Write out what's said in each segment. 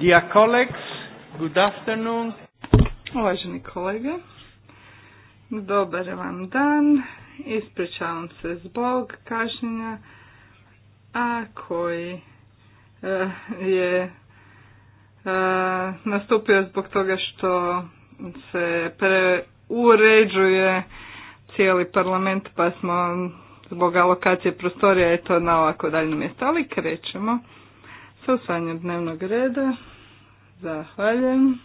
Dear colleagues, good afternoon. Uvaženi kolege, dobar vam dan. Ispričavam se zbog kašnjenja, a koji eh, je eh, nastupio zbog toga što se preuređuje cijeli parlament pa smo zbog alokacije prostorija je to na ovako daljno mjesto, ali krećemo sa dnevnog reda. Zahvaljujem.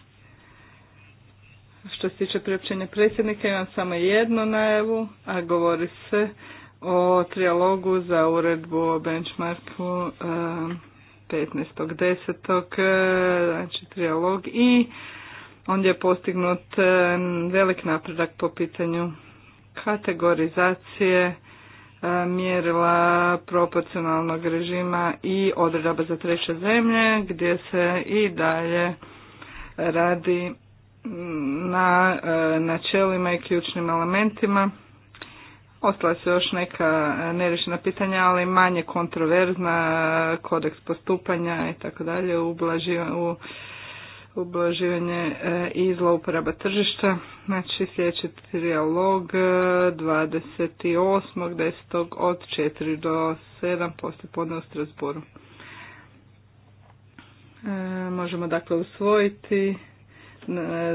Što se tiče priopćenja predsjednika, imam samo jednu najavu, a govori se o trijalogu za uredbu o benchmarku 15.10. Eh, eh, znači trijalog i ondje je postignut eh, velik napredak po pitanju kategorizacije E, mjerila proporcionalnog režima i odredaba za treće zemlje gdje se i dalje radi na e, načelima i ključnim elementima. Ostala su još neka nerešena pitanja, ali manje kontroverzna, kodeks postupanja i tako dalje, u ublaživanje e, i zlouporaba tržišta. Znači sljedeći trijalog 28.10. E, od 4 do 7 podne u Strasboru. E, možemo dakle usvojiti e,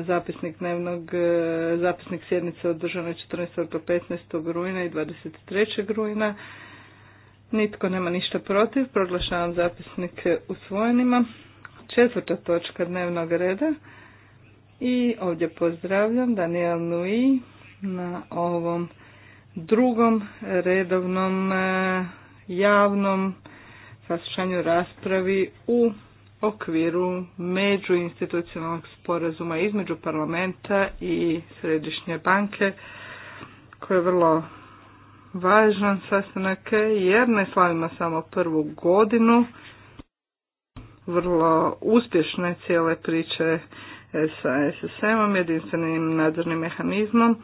zapisnik dnevnog, zapisnik sjednice održane 14. do 15. rujna i 23. rujna. Nitko nema ništa protiv, proglašavam zapisnik usvojenima četvrta točka dnevnog reda i ovdje pozdravljam Daniel Nui na ovom drugom redovnom e, javnom saslušanju raspravi u okviru međuinstitucionalnog sporazuma između parlamenta i središnje banke koji je vrlo važan sastanak jer ne slavimo samo prvu godinu vrlo uspješne cijele priče sa SSM-om, jedinstvenim nadzornim mehanizmom.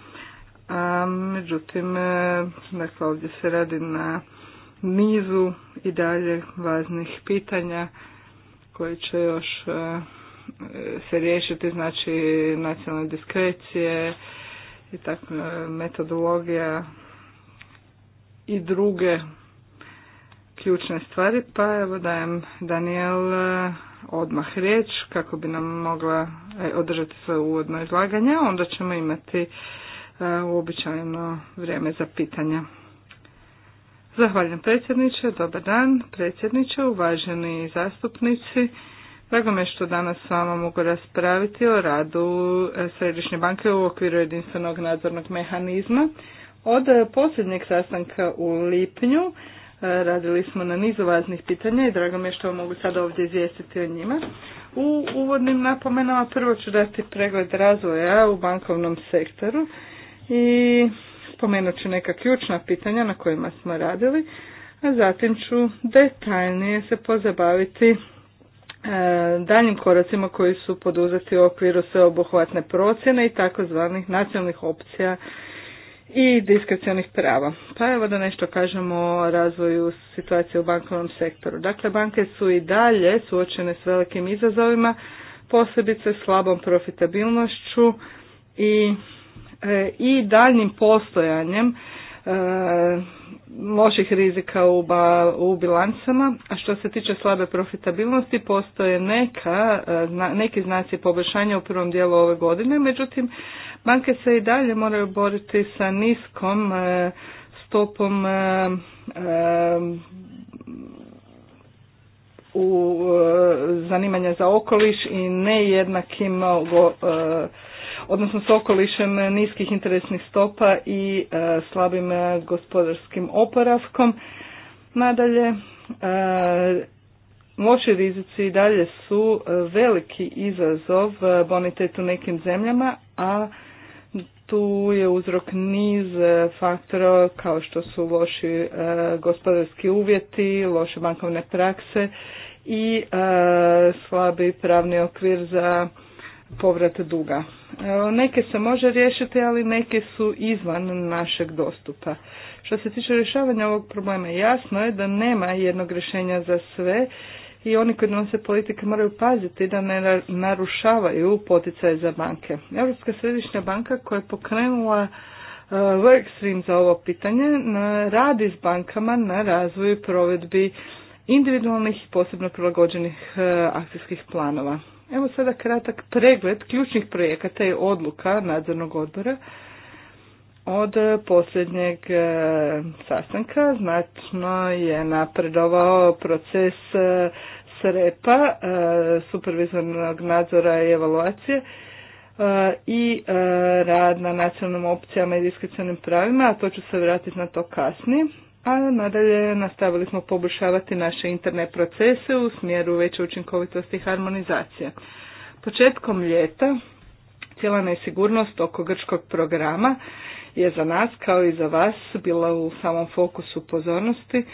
A, međutim, e, dakle, ovdje se radi na nizu i dalje važnih pitanja koji će još e, se riješiti, znači nacionalne diskrecije i tako e, metodologija i druge ključne stvari, pa evo dajem Daniel e, odmah riječ kako bi nam mogla e, održati svoje uvodno izlaganje, onda ćemo imati e, uobičajeno vrijeme za pitanja. Zahvaljujem predsjedniče, dobar dan predsjedniče, uvaženi zastupnici. Drago me što danas s vama mogu raspraviti o radu Središnje banke u okviru jedinstvenog nadzornog mehanizma. Od posljednjeg sastanka u lipnju E, radili smo na nizu važnih pitanja i drago mi je što mogu sada ovdje izvijestiti o njima. U uvodnim napomenama prvo ću dati pregled razvoja u bankovnom sektoru i spomenut ću neka ključna pitanja na kojima smo radili, a zatim ću detaljnije se pozabaviti e, daljim koracima koji su poduzeti u okviru sveobuhvatne procjene i takozvanih nacionalnih opcija i diskrecionih prava. Pa evo da nešto kažemo o razvoju situacije u bankovnom sektoru. Dakle, banke su i dalje suočene s velikim izazovima, posebice slabom profitabilnošću i, e, i daljnim postojanjem E, loših rizika u, u bilancama, a što se tiče slabe profitabilnosti postoje neka, e, neki znaci poboljšanja u prvom dijelu ove godine, međutim banke se i dalje moraju boriti sa niskom e, stopom u zanimanja za okoliš i nejednakim odnosno s okolišem niskih interesnih stopa i e, slabim e, gospodarskim oporavkom. Nadalje, Loši e, rizici i dalje su veliki izazov bonitetu nekim zemljama, a tu je uzrok niz faktora kao što su loši gospodarski uvjeti, loše bankovne prakse i slabi pravni okvir za povrat duga. E, neke se može riješiti, ali neke su izvan našeg dostupa. Što se tiče rješavanja ovog problema, jasno je da nema jednog rješenja za sve i oni koji donose politike moraju paziti da ne narušavaju poticaje za banke. Europska središnja banka koja je pokrenula e, workstream za ovo pitanje radi s bankama na razvoju provedbi individualnih i posebno prilagođenih e, akcijskih planova. Evo sada kratak pregled ključnih projekata i odluka nadzornog odbora od posljednjeg e, sastanka. Značno je napredovao proces e, SREPA, e, supervizornog nadzora i evaluacije i rad na nacionalnom opcijama i diskrecionim pravima, a to ću se vratiti na to kasnije a nadalje nastavili smo poboljšavati naše interne procese u smjeru veće učinkovitosti i harmonizacije. Početkom ljeta cijela nesigurnost oko grčkog programa je za nas kao i za vas bila u samom fokusu pozornosti.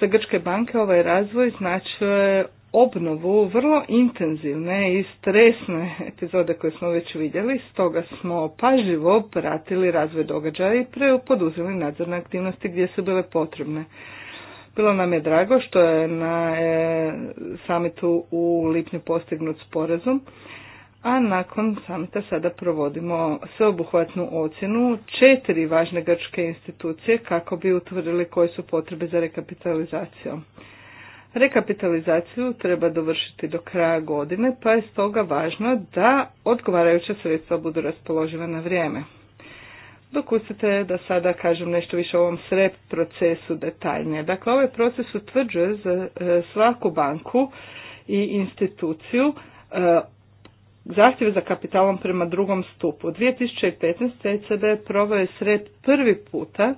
Za grčke banke ovaj razvoj značio je obnovu vrlo intenzivne i stresne epizode koje smo već vidjeli, stoga smo pažljivo pratili razvoj događaja i preupoduzili nadzorne aktivnosti gdje su bile potrebne. Bilo nam je drago što je na e, samitu u lipnju postignut sporazum, a nakon samita sada provodimo sveobuhvatnu ocjenu četiri važne grčke institucije kako bi utvrdili koje su potrebe za rekapitalizacijom. Rekapitalizaciju treba dovršiti do kraja godine, pa je stoga važno da odgovarajuća sredstva budu raspoloživa na vrijeme. Dopustite da sada kažem nešto više o ovom SREP procesu detaljnije. Dakle, ovaj proces utvrđuje za e, svaku banku i instituciju e, zahtjeve za kapitalom prema drugom stupu. U 2015. ECB proveo je SREP prvi puta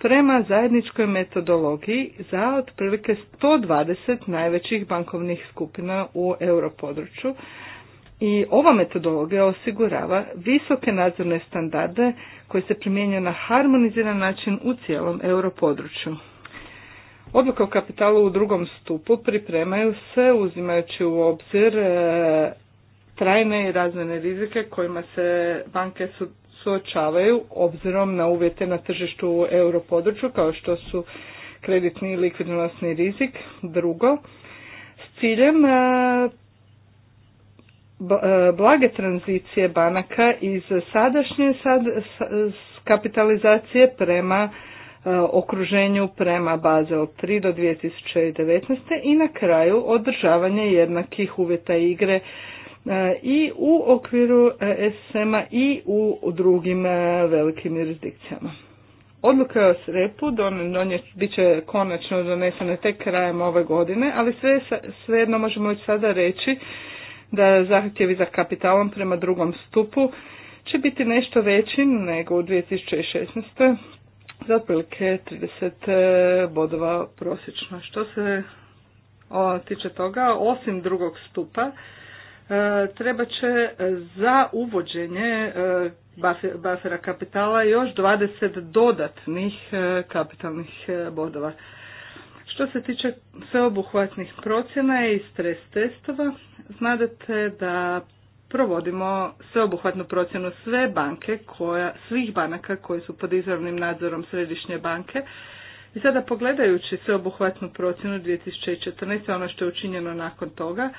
prema zajedničkoj metodologiji za otprilike 120 najvećih bankovnih skupina u europodručju i ova metodologija osigurava visoke nadzorne standarde koje se primjenjuju na harmoniziran način u cijelom europodručju. Odluka o kapitalu u drugom stupu pripremaju se uzimajući u obzir e, trajne i razvojne rizike kojima se banke su suočavaju obzirom na uvjete na tržištu u europodručju kao što su kreditni i likvidnostni rizik. Drugo, s ciljem e, e, blage tranzicije banaka iz sadašnje kapitalizacije prema e, okruženju prema baze od 3 do 2019. i na kraju održavanje jednakih uvjeta igre E, i u okviru e, SSM-a i u drugim e, velikim jurisdikcijama. Odluka o srepu, u bit će konačno donesena tek krajem ove godine, ali sve, svejedno možemo već sada reći da zahtjevi za kapitalom prema drugom stupu će biti nešto veći nego u 2016. za otprilike 30 bodova prosječno. Što se tiče toga, osim drugog stupa, E, treba će za uvođenje e, bafera kapitala još 20 dodatnih e, kapitalnih bodova. Što se tiče sveobuhvatnih procjena i stres testova, znadete da provodimo sveobuhvatnu procjenu sve banke koja, svih banaka koje su pod izravnim nadzorom središnje banke. I sada pogledajući sveobuhvatnu procjenu 2014. ono što je učinjeno nakon toga,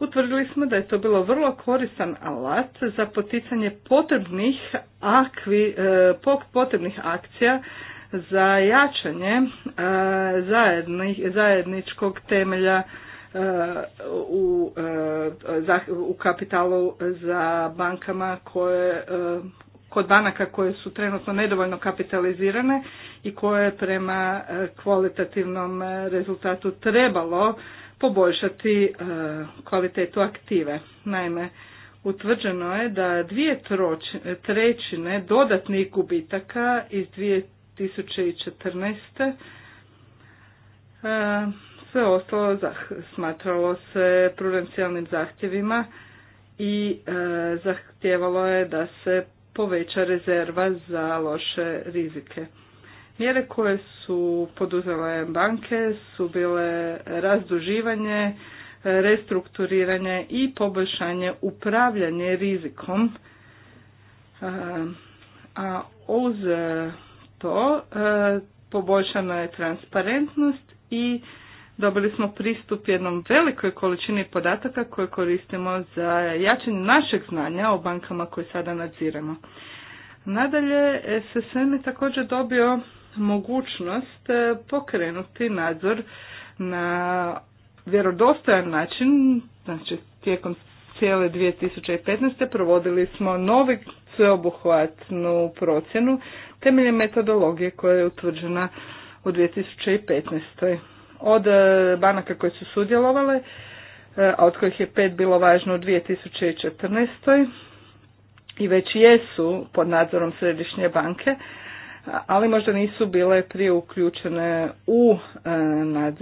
utvrdili smo da je to bilo vrlo koristan alat za poticanje potrebnih, akvi, e, potrebnih akcija za jačanje e, zajedničkog temelja e, u, u kapitalu za bankama koje kod banaka koje su trenutno nedovoljno kapitalizirane i koje prema kvalitativnom rezultatu trebalo poboljšati e, kvalitetu aktive. Naime, utvrđeno je da dvije trećine dodatnih gubitaka iz 2014. E, sve ostalo smatralo se prudencijalnim zahtjevima i e, zahtjevalo je da se poveća rezerva za loše rizike. Mjere koje su poduzele banke su bile razduživanje, restrukturiranje i poboljšanje upravljanje rizikom. A uz to e, poboljšana je transparentnost i dobili smo pristup jednom velikoj količini podataka koje koristimo za jačanje našeg znanja o bankama koje sada nadziramo. Nadalje, SSM je također dobio mogućnost eh, pokrenuti nadzor na vjerodostojan način, znači tijekom cijele 2015. provodili smo novi sveobuhvatnu procjenu temeljem metodologije koja je utvrđena u 2015. Od eh, banaka koje su sudjelovale, eh, a od kojih je pet bilo važno u 2014. i već jesu pod nadzorom Središnje banke, ali možda nisu bile prije uključene u,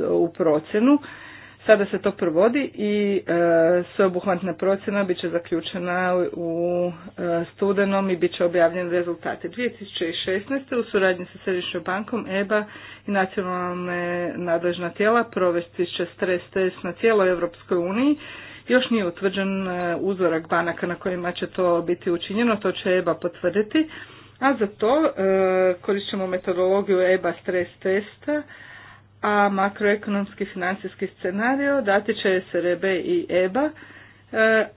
e, u procjenu. Sada se to provodi i e, sveobuhvatna procjena bit će zaključena u e, studenom i bit će objavljeni rezultati. 2016. u suradnji sa Središnjom bankom EBA i nacionalne nadležna tijela provesti će stres test na cijeloj Europskoj uniji. Još nije utvrđen uzorak banaka na kojima će to biti učinjeno, to će EBA potvrditi a za to e, koristit ćemo metodologiju EBA stres testa, a makroekonomski financijski scenario dati će SRB i EBA, e,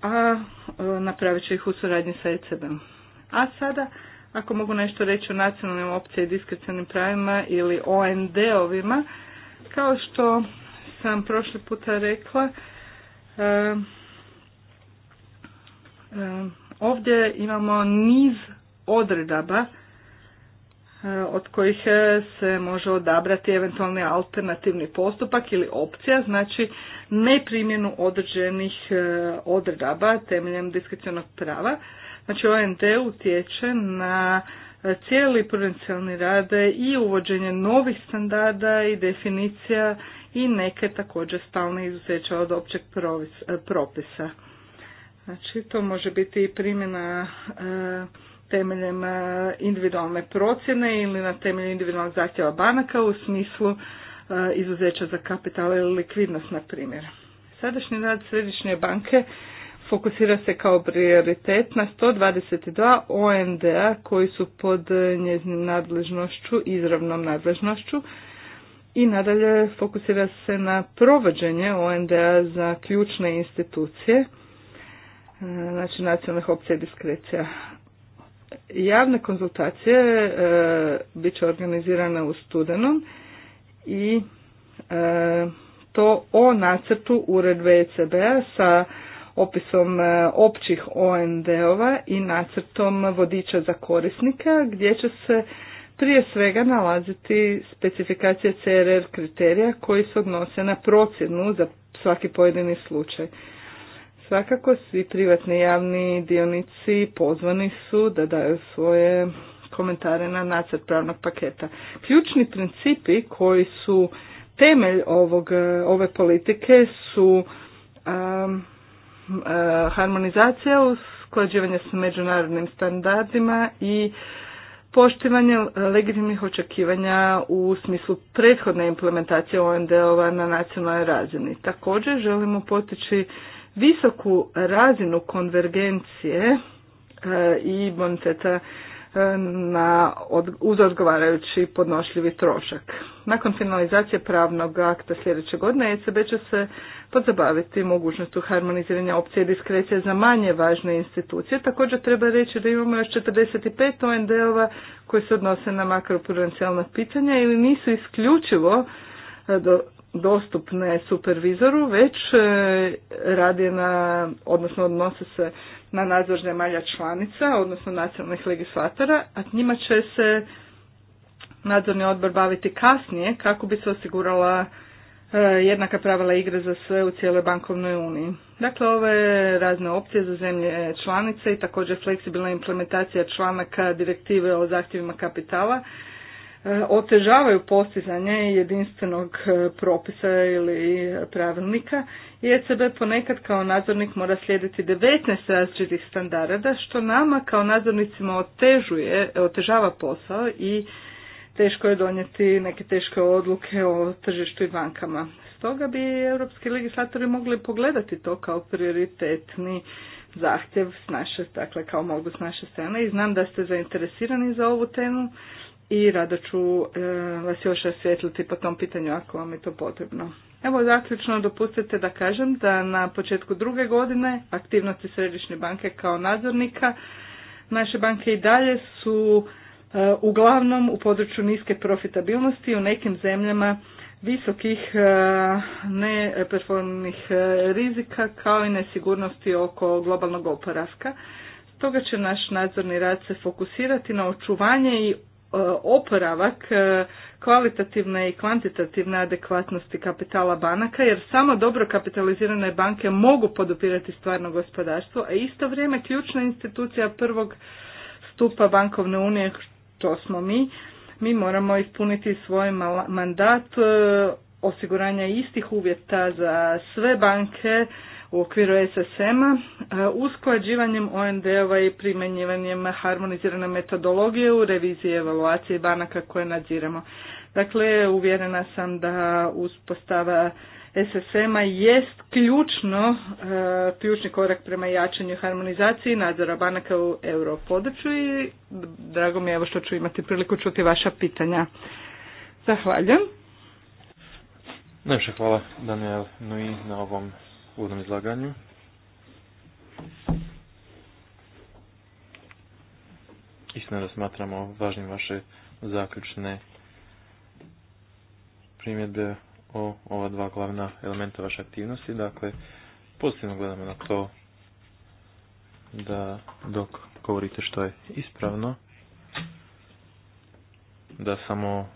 a e, napravit će ih u suradnji sa ecb A sada, ako mogu nešto reći o nacionalnim opcijama i diskrecionim pravima ili OND-ovima, kao što sam prošli puta rekla, ovdje imamo niz odredaba e, od kojih e, se može odabrati eventualni alternativni postupak ili opcija, znači ne određenih e, odredaba temeljem diskrecionog prava. Znači OND utječe na cijeli prudencijalni rade i uvođenje novih standarda i definicija i neke također stalne izuzeća od općeg propisa. Znači to može biti i primjena temeljem e, individualne procjene ili na temelju individualnog zahtjeva banaka u smislu e, izuzeća za kapital ili likvidnost, na primjer. Sadašnji rad Središnje banke fokusira se kao prioritet na 122 OND-a koji su pod njeznim nadležnošću, izravnom nadležnošću i nadalje fokusira se na provođenje ONDA za ključne institucije, e, znači nacionalnih opcija diskrecija javne konzultacije e, bit će organizirane u studenom i e, to o nacrtu uredbe ECB-a sa opisom e, općih OND-ova i nacrtom vodiča za korisnika gdje će se prije svega nalaziti specifikacije CRR kriterija koji se odnose na procjenu za svaki pojedini slučaj. Svakako svi privatni javni dionici pozvani su da daju svoje komentare na nacrt pravnog paketa. Ključni principi koji su temelj ovog, ove politike su um, uh, harmonizacija, usklađivanje s međunarodnim standardima i poštivanje legitimnih očekivanja u smislu prethodne implementacije OND-ova na nacionalnoj razini. Također želimo potići visoku razinu konvergencije e, i boniteta e, na, uz odgovarajući podnošljivi trošak. Nakon finalizacije pravnog akta sljedeće godine ECB će se pozabaviti mogućnostu harmoniziranja opcije diskrecije za manje važne institucije. Također treba reći da imamo još 45 OND-ova koji se odnose na makroprudencijalna pitanja ili nisu isključivo e, do, dostupne supervizoru, već e, radi na, odnosno odnose se na nadzorne malja članica, odnosno nacionalnih legislatora, a njima će se nadzorni odbor baviti kasnije kako bi se osigurala e, jednaka pravila igre za sve u cijeloj bankovnoj uniji. Dakle, ove razne opcije za zemlje članice i također fleksibilna implementacija članaka direktive o zahtjevima kapitala E, otežavaju postizanje jedinstvenog e, propisa ili pravilnika i ECB ponekad kao nadzornik mora slijediti 19 različitih standarda što nama kao nadzornicima otežuje, otežava posao i teško je donijeti neke teške odluke o tržištu i bankama. Stoga bi europski legislatori mogli pogledati to kao prioritetni zahtjev s naše, dakle kao mogu s naše strane i znam da ste zainteresirani za ovu temu i rado ću e, vas još osvjetliti po tom pitanju ako vam je to potrebno. Evo zaključno dopustite da kažem da na početku druge godine aktivnosti Središnje banke kao nadzornika naše banke i dalje su e, uglavnom u području niske profitabilnosti u nekim zemljama visokih e, neperformnih rizika kao i nesigurnosti oko globalnog oporavka. Stoga će naš nadzorni rad se fokusirati na očuvanje i E, oporavak e, kvalitativne i kvantitativne adekvatnosti kapitala banaka jer samo dobro kapitalizirane banke mogu podupirati stvarno gospodarstvo, a isto vrijeme ključna institucija prvog stupa bankovne unije, što smo mi, mi moramo ispuniti svoj mandat e, osiguranja istih uvjeta za sve banke u okviru SSM-a uh, usklađivanjem OND-ova i primjenjivanjem harmonizirane metodologije u reviziji evaluacije banaka koje nadziramo. Dakle, uvjerena sam da uspostava SSM-a jest ključno, uh, ključni korak prema jačanju harmonizaciji nadzora banaka u europodručju i drago mi je što ću imati priliku čuti vaša pitanja. Zahvaljujem. Najviše hvala Daniel Nui na ovom uvodnom izlaganju. Istina da smatramo važnim vaše zaključne primjedbe o ova dva glavna elementa vaše aktivnosti. Dakle, pozitivno gledamo na to da dok govorite što je ispravno, da samo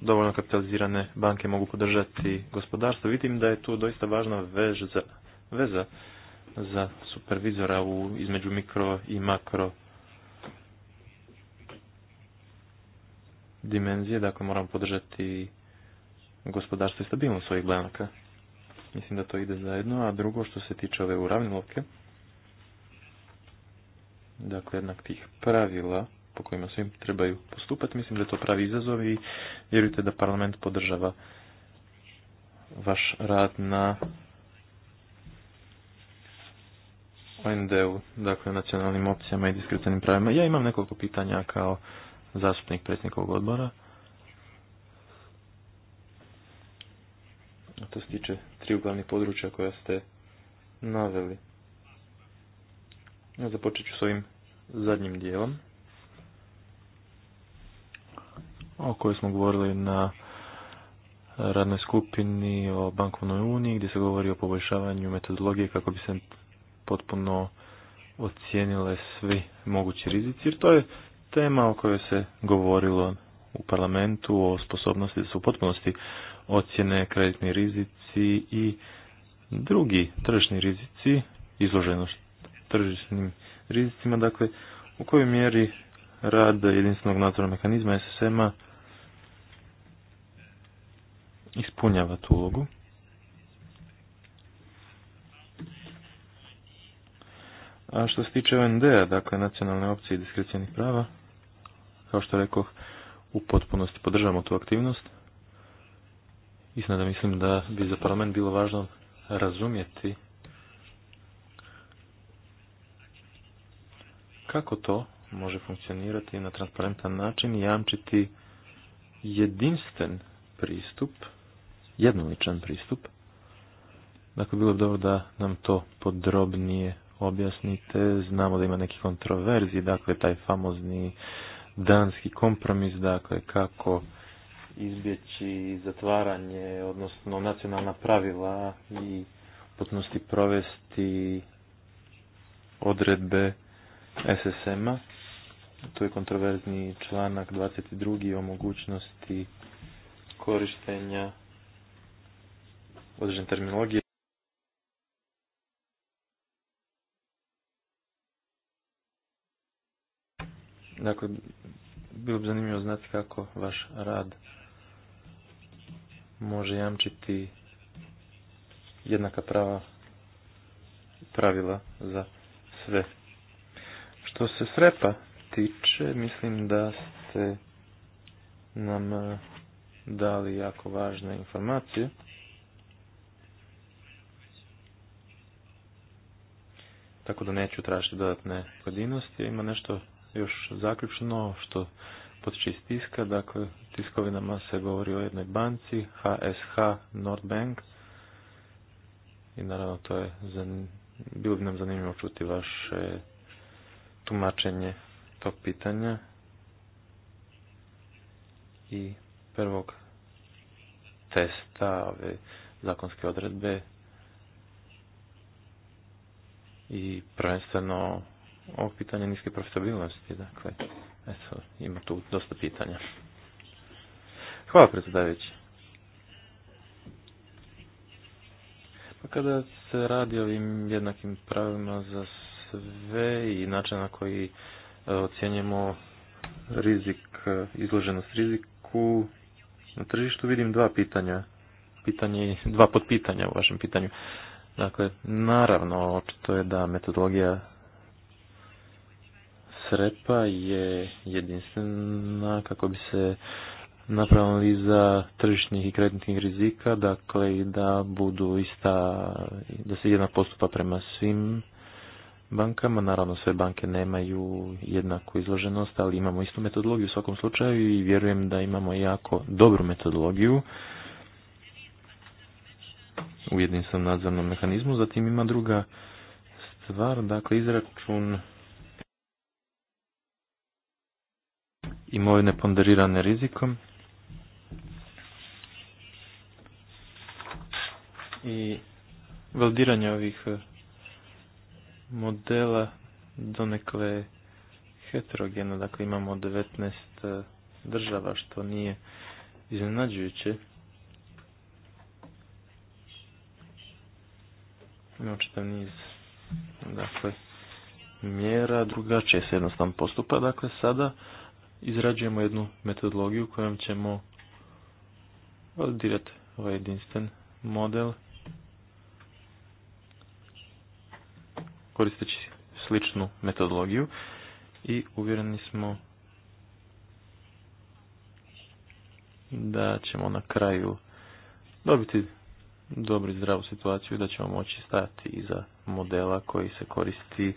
dovoljno kapitalizirane banke mogu podržati gospodarstvo. Vidim da je tu doista važna veza, veza za supervizora u, između mikro i makro dimenzije, dakle moramo podržati gospodarstvo i stabilnost svojih banaka. Mislim da to ide zajedno, a drugo što se tiče ove uravnilovke, dakle jednak tih pravila po kojima svi trebaju postupati. Mislim da je to pravi izazov i vjerujte da parlament podržava vaš rad na OND-u, dakle nacionalnim opcijama i diskretnim pravima. Ja imam nekoliko pitanja kao zastupnik predsjednikovog odbora. to se tiče tri uglavnih područja koja ste naveli. Ja započet ću s ovim zadnjim dijelom. o kojoj smo govorili na radnoj skupini o bankovnoj uniji gdje se govori o poboljšavanju metodologije kako bi se potpuno ocijenile svi mogući rizici. Jer to je tema o kojoj se govorilo u parlamentu o sposobnosti da se u potpunosti ocjene kreditni rizici i drugi tržišni rizici, izloženost tržišnim rizicima, dakle u kojoj mjeri rad jedinstvenog nadzornog mehanizma SSM-a ispunjava tu ulogu. A što se tiče OND-a, dakle nacionalne opcije i prava, kao što rekao, u potpunosti podržavamo tu aktivnost. Istina da mislim da bi za parlament bilo važno razumjeti kako to može funkcionirati na transparentan način i jamčiti jedinstven pristup jednoličan pristup. Dakle, bilo bi dobro da nam to podrobnije objasnite. Znamo da ima neki kontroverzi, dakle, taj famozni danski kompromis, dakle, kako izbjeći zatvaranje, odnosno nacionalna pravila i potnosti provesti odredbe SSM-a. To je kontroverzni članak 22. o mogućnosti korištenja određene terminologije Dakle, bilo bi zanimljivo znati kako vaš rad može jamčiti jednaka prava pravila za sve. Što se srepa tiče, mislim da ste nam eh, dali jako važne informacije. tako da neću tražiti dodatne pojedinosti. Ima nešto još zaključno što potiče iz tiska, dakle tiskovinama se govori o jednoj banci, HSH Nordbank i naravno to je bilo bi nam zanimljivo čuti vaše tumačenje tog pitanja i prvog testa ove zakonske odredbe i prvenstveno ovo pitanje niske profitabilnosti. Dakle, eto, ima tu dosta pitanja. Hvala predsjedavajući. Pa kada se radi o ovim jednakim pravima za sve i način na koji e, ocjenjujemo rizik, e, izloženost riziku na tržištu, vidim dva pitanja. Pitanje, dva podpitanja u vašem pitanju. Dakle, naravno, očito je da metodologija srepa je jedinstvena kako bi se napravila analiza tržišnih i kreditnih rizika, dakle i da budu ista, da se jednak postupa prema svim bankama. Naravno sve banke nemaju jednaku izloženost, ali imamo istu metodologiju u svakom slučaju i vjerujem da imamo jako dobru metodologiju u jedinstvenom nadzornom mehanizmu. Zatim ima druga stvar, dakle izračun imovine ponderirane rizikom. I validiranje ovih eh, modela donekle heterogeno, dakle imamo 19 eh, država što nije iznenađujuće ima čitav niz dakle, mjera, drugačije se jednostavno postupa. Dakle, sada izrađujemo jednu metodologiju kojom ćemo validirati ovaj jedinstven model koristeći sličnu metodologiju i uvjereni smo da ćemo na kraju dobiti dobru i zdravu situaciju da ćemo moći stati iza modela koji se koristi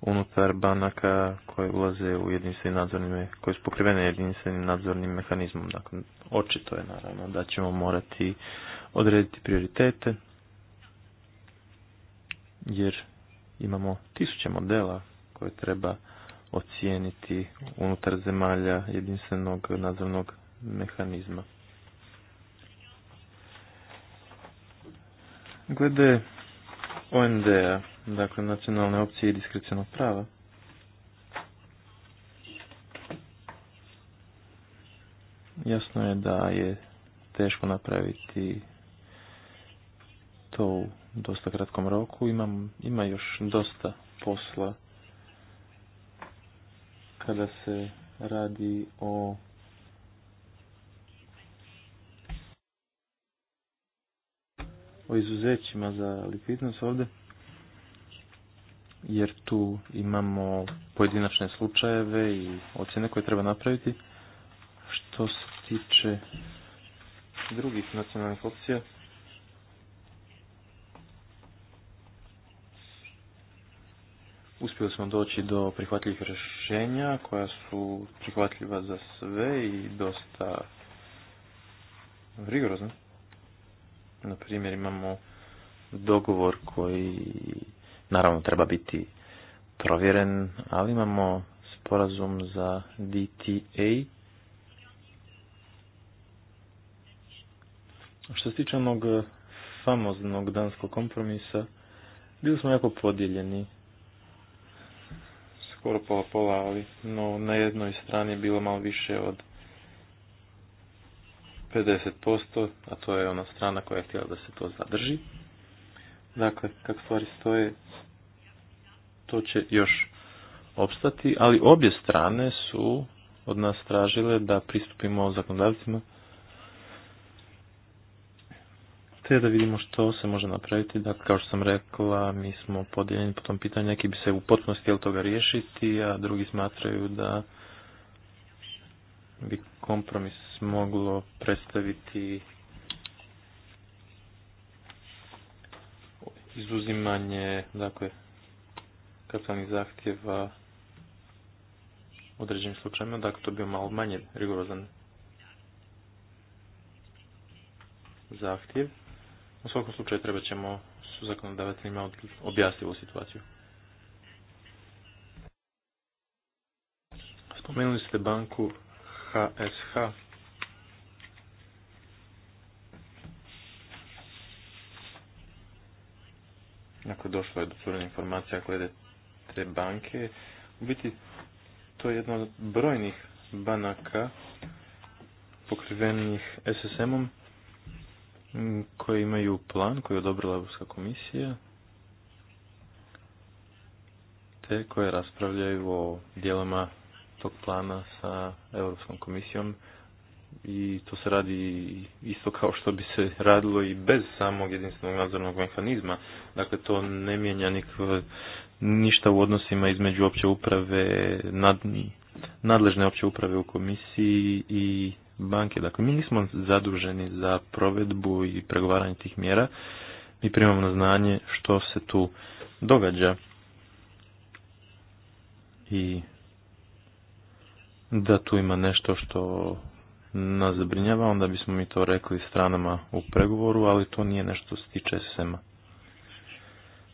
unutar banaka koje ulaze u jedinstveni nadzorni, koje su pokrivene jedinstvenim nadzornim mehanizmom. Dakle, očito je naravno da ćemo morati odrediti prioritete, jer imamo tisuće modela koje treba ocijeniti unutar zemalja jedinstvenog nadzornog mehanizma. Glede OND-a, dakle nacionalne opcije i diskrecionog prava, jasno je da je teško napraviti to u dosta kratkom roku. Imam, ima još dosta posla kada se radi o o izuzećima za likvidnost ovdje, jer tu imamo pojedinačne slučajeve i ocjene koje treba napraviti. Što se tiče drugih nacionalnih opcija, uspjeli smo doći do prihvatljivih rješenja koja su prihvatljiva za sve i dosta rigorozna na primjer imamo dogovor koji naravno treba biti provjeren, ali imamo sporazum za DTA. Što se tiče onog famoznog danskog kompromisa, bili smo jako podijeljeni. Skoro pola pola, ali no, na jednoj strani je bilo malo više od 50%, a to je ona strana koja je htjela da se to zadrži. Dakle, kako stvari stoje, to će još opstati, ali obje strane su od nas tražile da pristupimo zakonodavcima te da vidimo što se može napraviti. Dakle, kao što sam rekla, mi smo podijeljeni po tom pitanju, neki bi se u potpunosti htjeli toga riješiti, a drugi smatraju da bi kompromis moglo predstaviti izuzimanje dakle, kapitalnih zahtjeva određenim slučajima, dakle to bi bio malo manje rigorozan zahtjev. U svakom slučaju treba ćemo su zakonodavateljima objasniti ovu situaciju. Spomenuli ste banku HSH. Nako, došlo je do curenja informacija glede te banke, u biti to je jedna od brojnih banaka pokrivenih SSM-om koji imaju plan koji je odobrila Europska komisija te koje raspravljaju o dijelama tog plana sa Europskom komisijom i to se radi isto kao što bi se radilo i bez samog jedinstvenog nadzornog mehanizma. Dakle, to ne mijenja ništa u odnosima između opće uprave, nad, nadležne opće uprave u komisiji i banke. Dakle, mi nismo zaduženi za provedbu i pregovaranje tih mjera. Mi primamo na znanje što se tu događa. I da tu ima nešto što nas zabrinjava, onda bismo mi to rekli stranama u pregovoru, ali to nije nešto se tiče SEMA.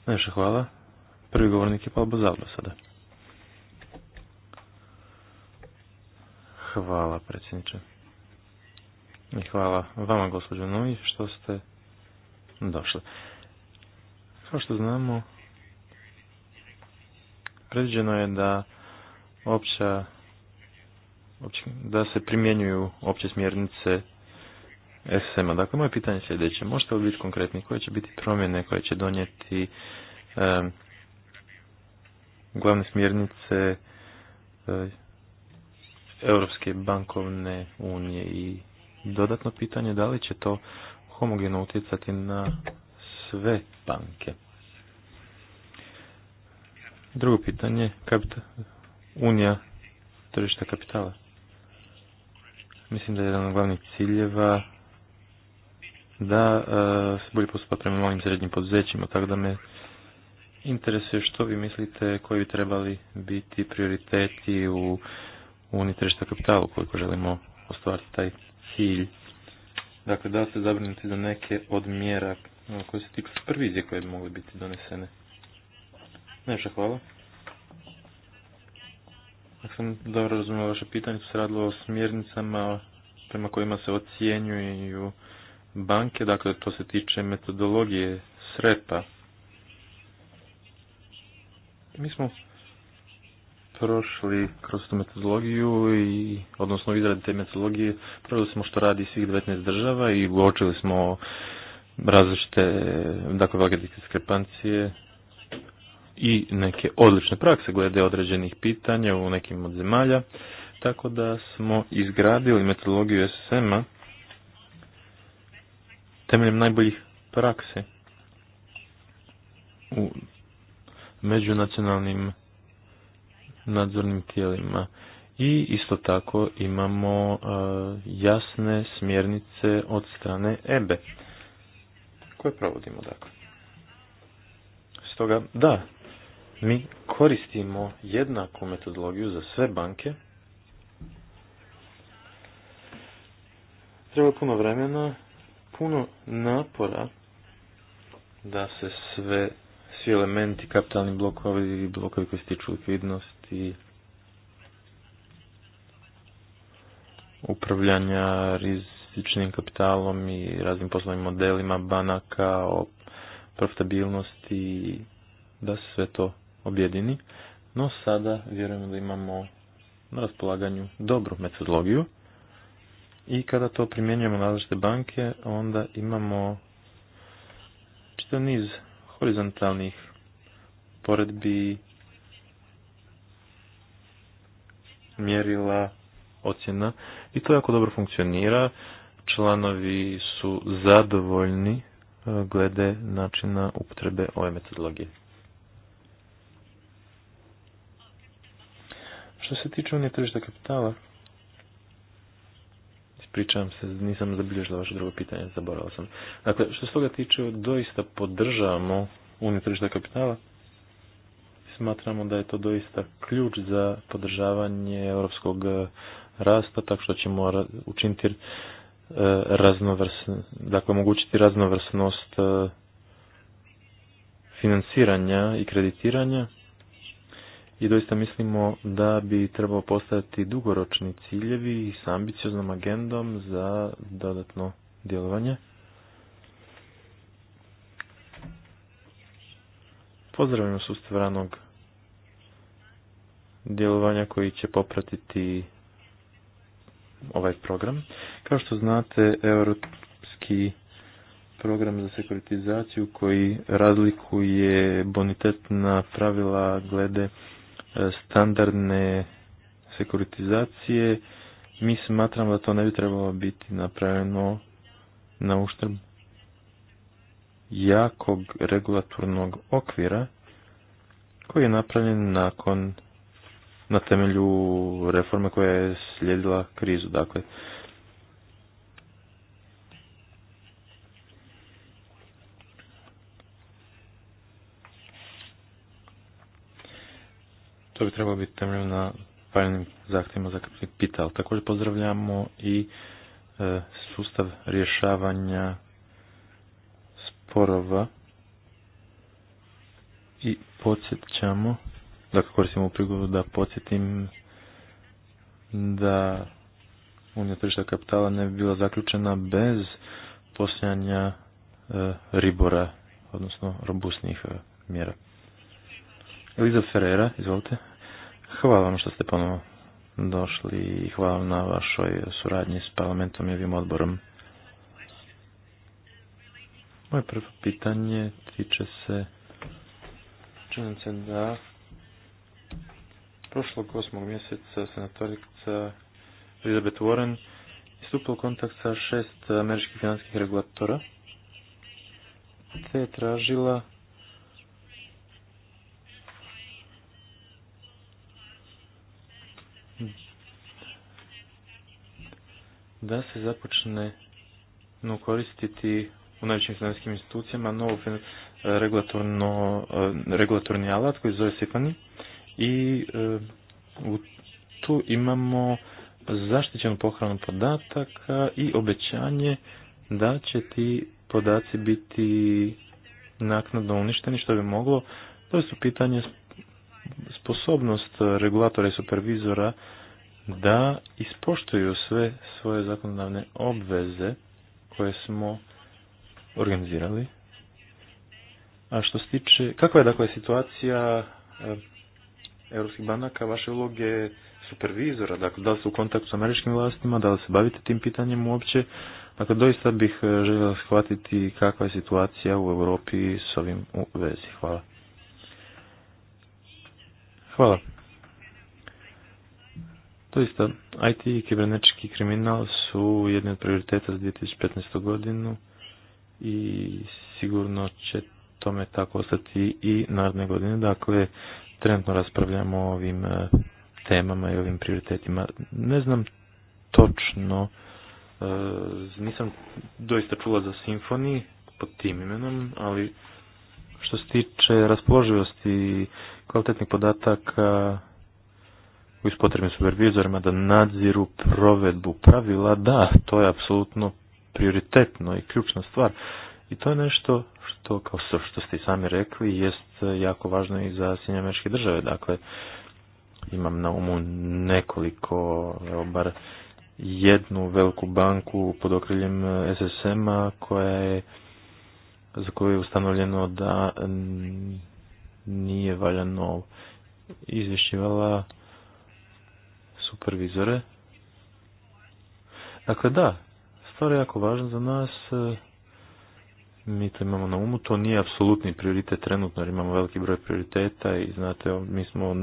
Najviše hvala. Prvi govornik je Palbo Zalba sada. Hvala, predsjedniče. I hvala vama, gospođo Novi, što ste došli. Kao što znamo, predviđeno je da opća Znači, da se primjenjuju opće smjernice ssm a Dakle, moje pitanje je sljedeće. Možete li biti konkretni? Koje će biti promjene koje će donijeti glavne smjernice e, Europske bankovne unije i dodatno pitanje da li će to homogeno utjecati na sve banke? Drugo pitanje, unija tržišta kapitala. Mislim da je jedan od glavnih ciljeva da e, se bolje postupa prema malim srednjim poduzećima, tako da me interesuje što vi mislite koji bi trebali biti prioriteti u unitrešta kapitalu, kapitala želimo ostvariti taj cilj. Dakle, da se zabrinuti za neke od mjera e, koje se tiču supervizije koje bi mogle biti donesene. Najviše hvala. Ako sam dobro razumio vaše pitanje, se radilo o smjernicama prema kojima se ocjenjuju banke, dakle to se tiče metodologije srepa. Mi smo prošli kroz tu metodologiju i, odnosno izradi te metodologije, prošli smo što radi svih 19 država i uočili smo različite, dakle, velike diskrepancije i neke odlične prakse glede određenih pitanja u nekim od zemalja, tako da smo izgradili metodologiju SSM-a temeljem najboljih prakse u međunacionalnim nadzornim tijelima. I isto tako imamo e, jasne smjernice od strane EBE e, koje provodimo dakle. Stoga, da, mi koristimo jednaku metodologiju za sve banke. Treba puno vremena, puno napora da se sve, svi elementi, kapitalni blokovi, blokovi koji se tiču likvidnosti, upravljanja rizičnim kapitalom i raznim poslovnim modelima banaka, o profitabilnosti, da se sve to objedini, no sada vjerujemo da imamo na raspolaganju dobru metodologiju i kada to primjenjujemo na različite banke, onda imamo čitav niz horizontalnih poredbi mjerila ocjena i to jako dobro funkcionira. Članovi su zadovoljni e, glede načina upotrebe ove metodologije. Što se tiče unije tržišta kapitala, ispričavam se, nisam zabilježila vaše drugo pitanje, zaboravio sam. Dakle, što se toga tiče, doista podržavamo unije tržišta kapitala. Smatramo da je to doista ključ za podržavanje europskog e, rasta, tako što ćemo učiniti e, raznovrsn, dakle, omogućiti raznovrsnost e, financiranja i kreditiranja i doista mislimo da bi trebao postaviti dugoročni ciljevi s ambicioznom agendom za dodatno djelovanje. Pozdravljamo sustavranog djelovanja koji će popratiti ovaj program. Kao što znate, europski program za sekuritizaciju koji razlikuje bonitetna pravila glede E, standardne sekuritizacije, mi smatramo da to ne bi trebalo biti napravljeno na uštrb jakog regulatornog okvira koji je napravljen nakon na temelju reforme koja je slijedila krizu. Dakle, To bi trebalo biti temeljeno na paljnim zahtjevima za kapital. Također pozdravljamo i e, sustav rješavanja sporova i podsjećamo, dakle koristimo u prigodu da podsjetim da unija tržišta kapitala ne bi bila zaključena bez postojanja e, ribora, odnosno robustnih e, mjera. Eliza Ferreira, izvolite. Hvala vam što ste ponovo došli i hvala na vašoj suradnji s parlamentom i ovim odborom. Moje prvo pitanje tiče se se da prošlog osmog mjeseca senatorica Elizabeth Warren istupila u kontakt sa šest američkih financijskih regulatora te je tražila da se započne no, koristiti u najvećim financijskim institucijama novo regulatorno, e, regulatorni alat koji zove SIPANI i e, u, tu imamo zaštićenu pohranu podataka i obećanje da će ti podaci biti naknadno uništeni što bi moglo to je su pitanje sposobnost regulatora i supervizora da ispoštuju sve svoje zakonodavne obveze koje smo organizirali. A što se tiče, kakva je dakle situacija europskih banaka, vaše uloge supervizora, dakle da li su u kontaktu s američkim vlastima, da li se bavite tim pitanjem uopće, dakle doista bih e, željela shvatiti kakva je situacija u Europi s ovim u vezi. Hvala. Hvala. Doista, IT i kibernetički kriminal su jedni od prioriteta za 2015. godinu i sigurno će tome tako ostati i naredne godine. Dakle, trenutno raspravljamo o ovim e, temama i ovim prioritetima. Ne znam točno, e, nisam doista čula za Simfoni pod tim imenom, ali što se tiče raspoloživosti kvalitetnih podataka u ispotrebnim supervizorima da nadziru provedbu pravila, da, to je apsolutno prioritetno i ključna stvar. I to je nešto što, kao što ste i sami rekli, jest jako važno i za Sjedinje države. Dakle, imam na umu nekoliko, evo bar jednu veliku banku pod okriljem SSM-a koja je za koju je ustanovljeno da nije valjano izvješćivala supervizore. Dakle, da, stvar je jako važna za nas. E, mi to imamo na umu. To nije apsolutni prioritet trenutno, jer imamo veliki broj prioriteta i znate, mi smo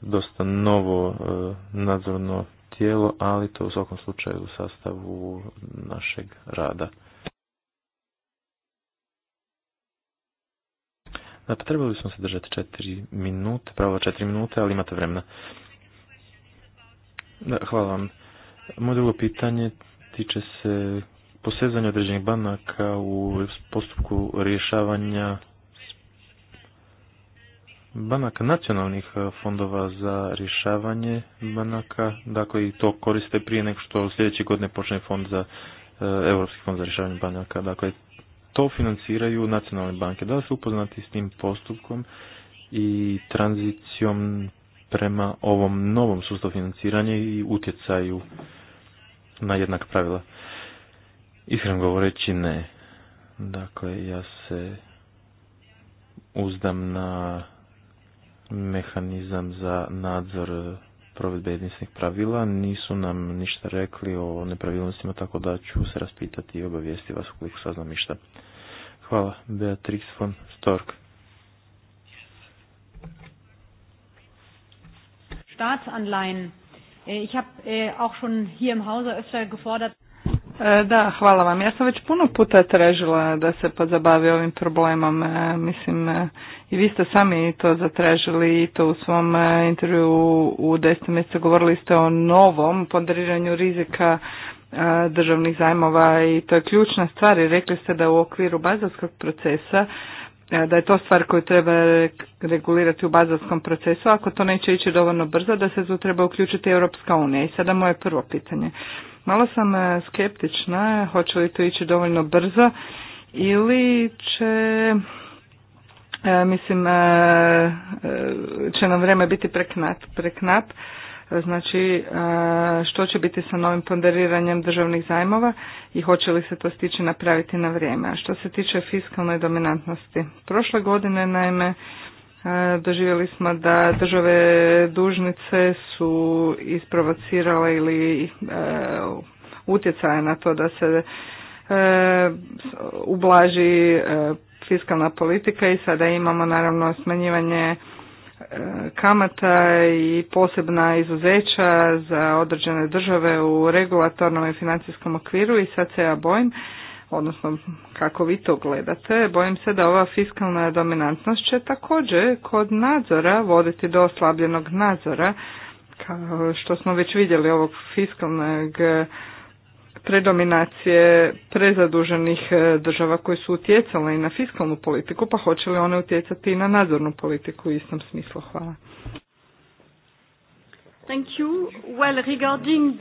dosta novo e, nadzorno tijelo, ali to u svakom slučaju u sastavu našeg rada. Dakle, trebali smo se držati četiri minute, pravo četiri minute, ali imate vremena. Da, hvala vam. Moje drugo pitanje tiče se posezanja određenih banaka u postupku rješavanja banaka nacionalnih e, fondova za rješavanje banaka, dakle i to koriste prije nego što sljedeće godine počne fond za e, Europski fond za rješavanje banaka. Dakle, to financiraju nacionalne banke. Da li su upoznati s tim postupkom i tranzicijom prema ovom novom sustavu financiranja i utjecaju na jednak pravila. Iskreno govoreći ne. Dakle, ja se uzdam na mehanizam za nadzor provedbe jedinstvenih pravila. Nisu nam ništa rekli o nepravilnostima, tako da ću se raspitati i obavijesti vas ukoliko saznam ništa. Hvala, Beatrix von Stork. Staatsanleihen. Äh, ich habe äh, auch schon hier im gefordert. E, da, hvala vam. Ja sam već puno puta tražila da se pozabavi ovim problemom. E, mislim, e, i vi ste sami to zatražili i to u svom intervju u 10. mjesecu govorili ste o novom ponderiranju rizika državnih zajmova i to je ključna stvar i rekli ste da u okviru bazarskog procesa E, da je to stvar koju treba regulirati u bazarskom procesu, ako to neće ići dovoljno brzo, da se tu treba uključiti Europska unija. I sada moje prvo pitanje. Malo sam e, skeptična, hoće li to ići dovoljno brzo ili će e, mislim će nam vrijeme biti preknat, preknap Znači, e, što će biti sa novim ponderiranjem državnih zajmova i hoće li se to stići napraviti na vrijeme. A što se tiče fiskalne dominantnosti, prošle godine naime e, doživjeli smo da države dužnice su isprovocirale ili e, utjecaje na to da se ublaži fiskalna politika i sada imamo naravno smanjivanje kamata i posebna izuzeća za određene države u regulatornom i financijskom okviru i sad se ja bojim, odnosno kako vi to gledate, bojim se da ova fiskalna dominantnost će također kod nadzora voditi do oslabljenog nadzora, kao što smo već vidjeli ovog fiskalnog predominacije prezaduženih e, država koje su utjecale i na fiskalnu politiku, pa hoće li one utjecati i na nadzornu politiku u istom smislu? Hvala. Thank you. Well, regarding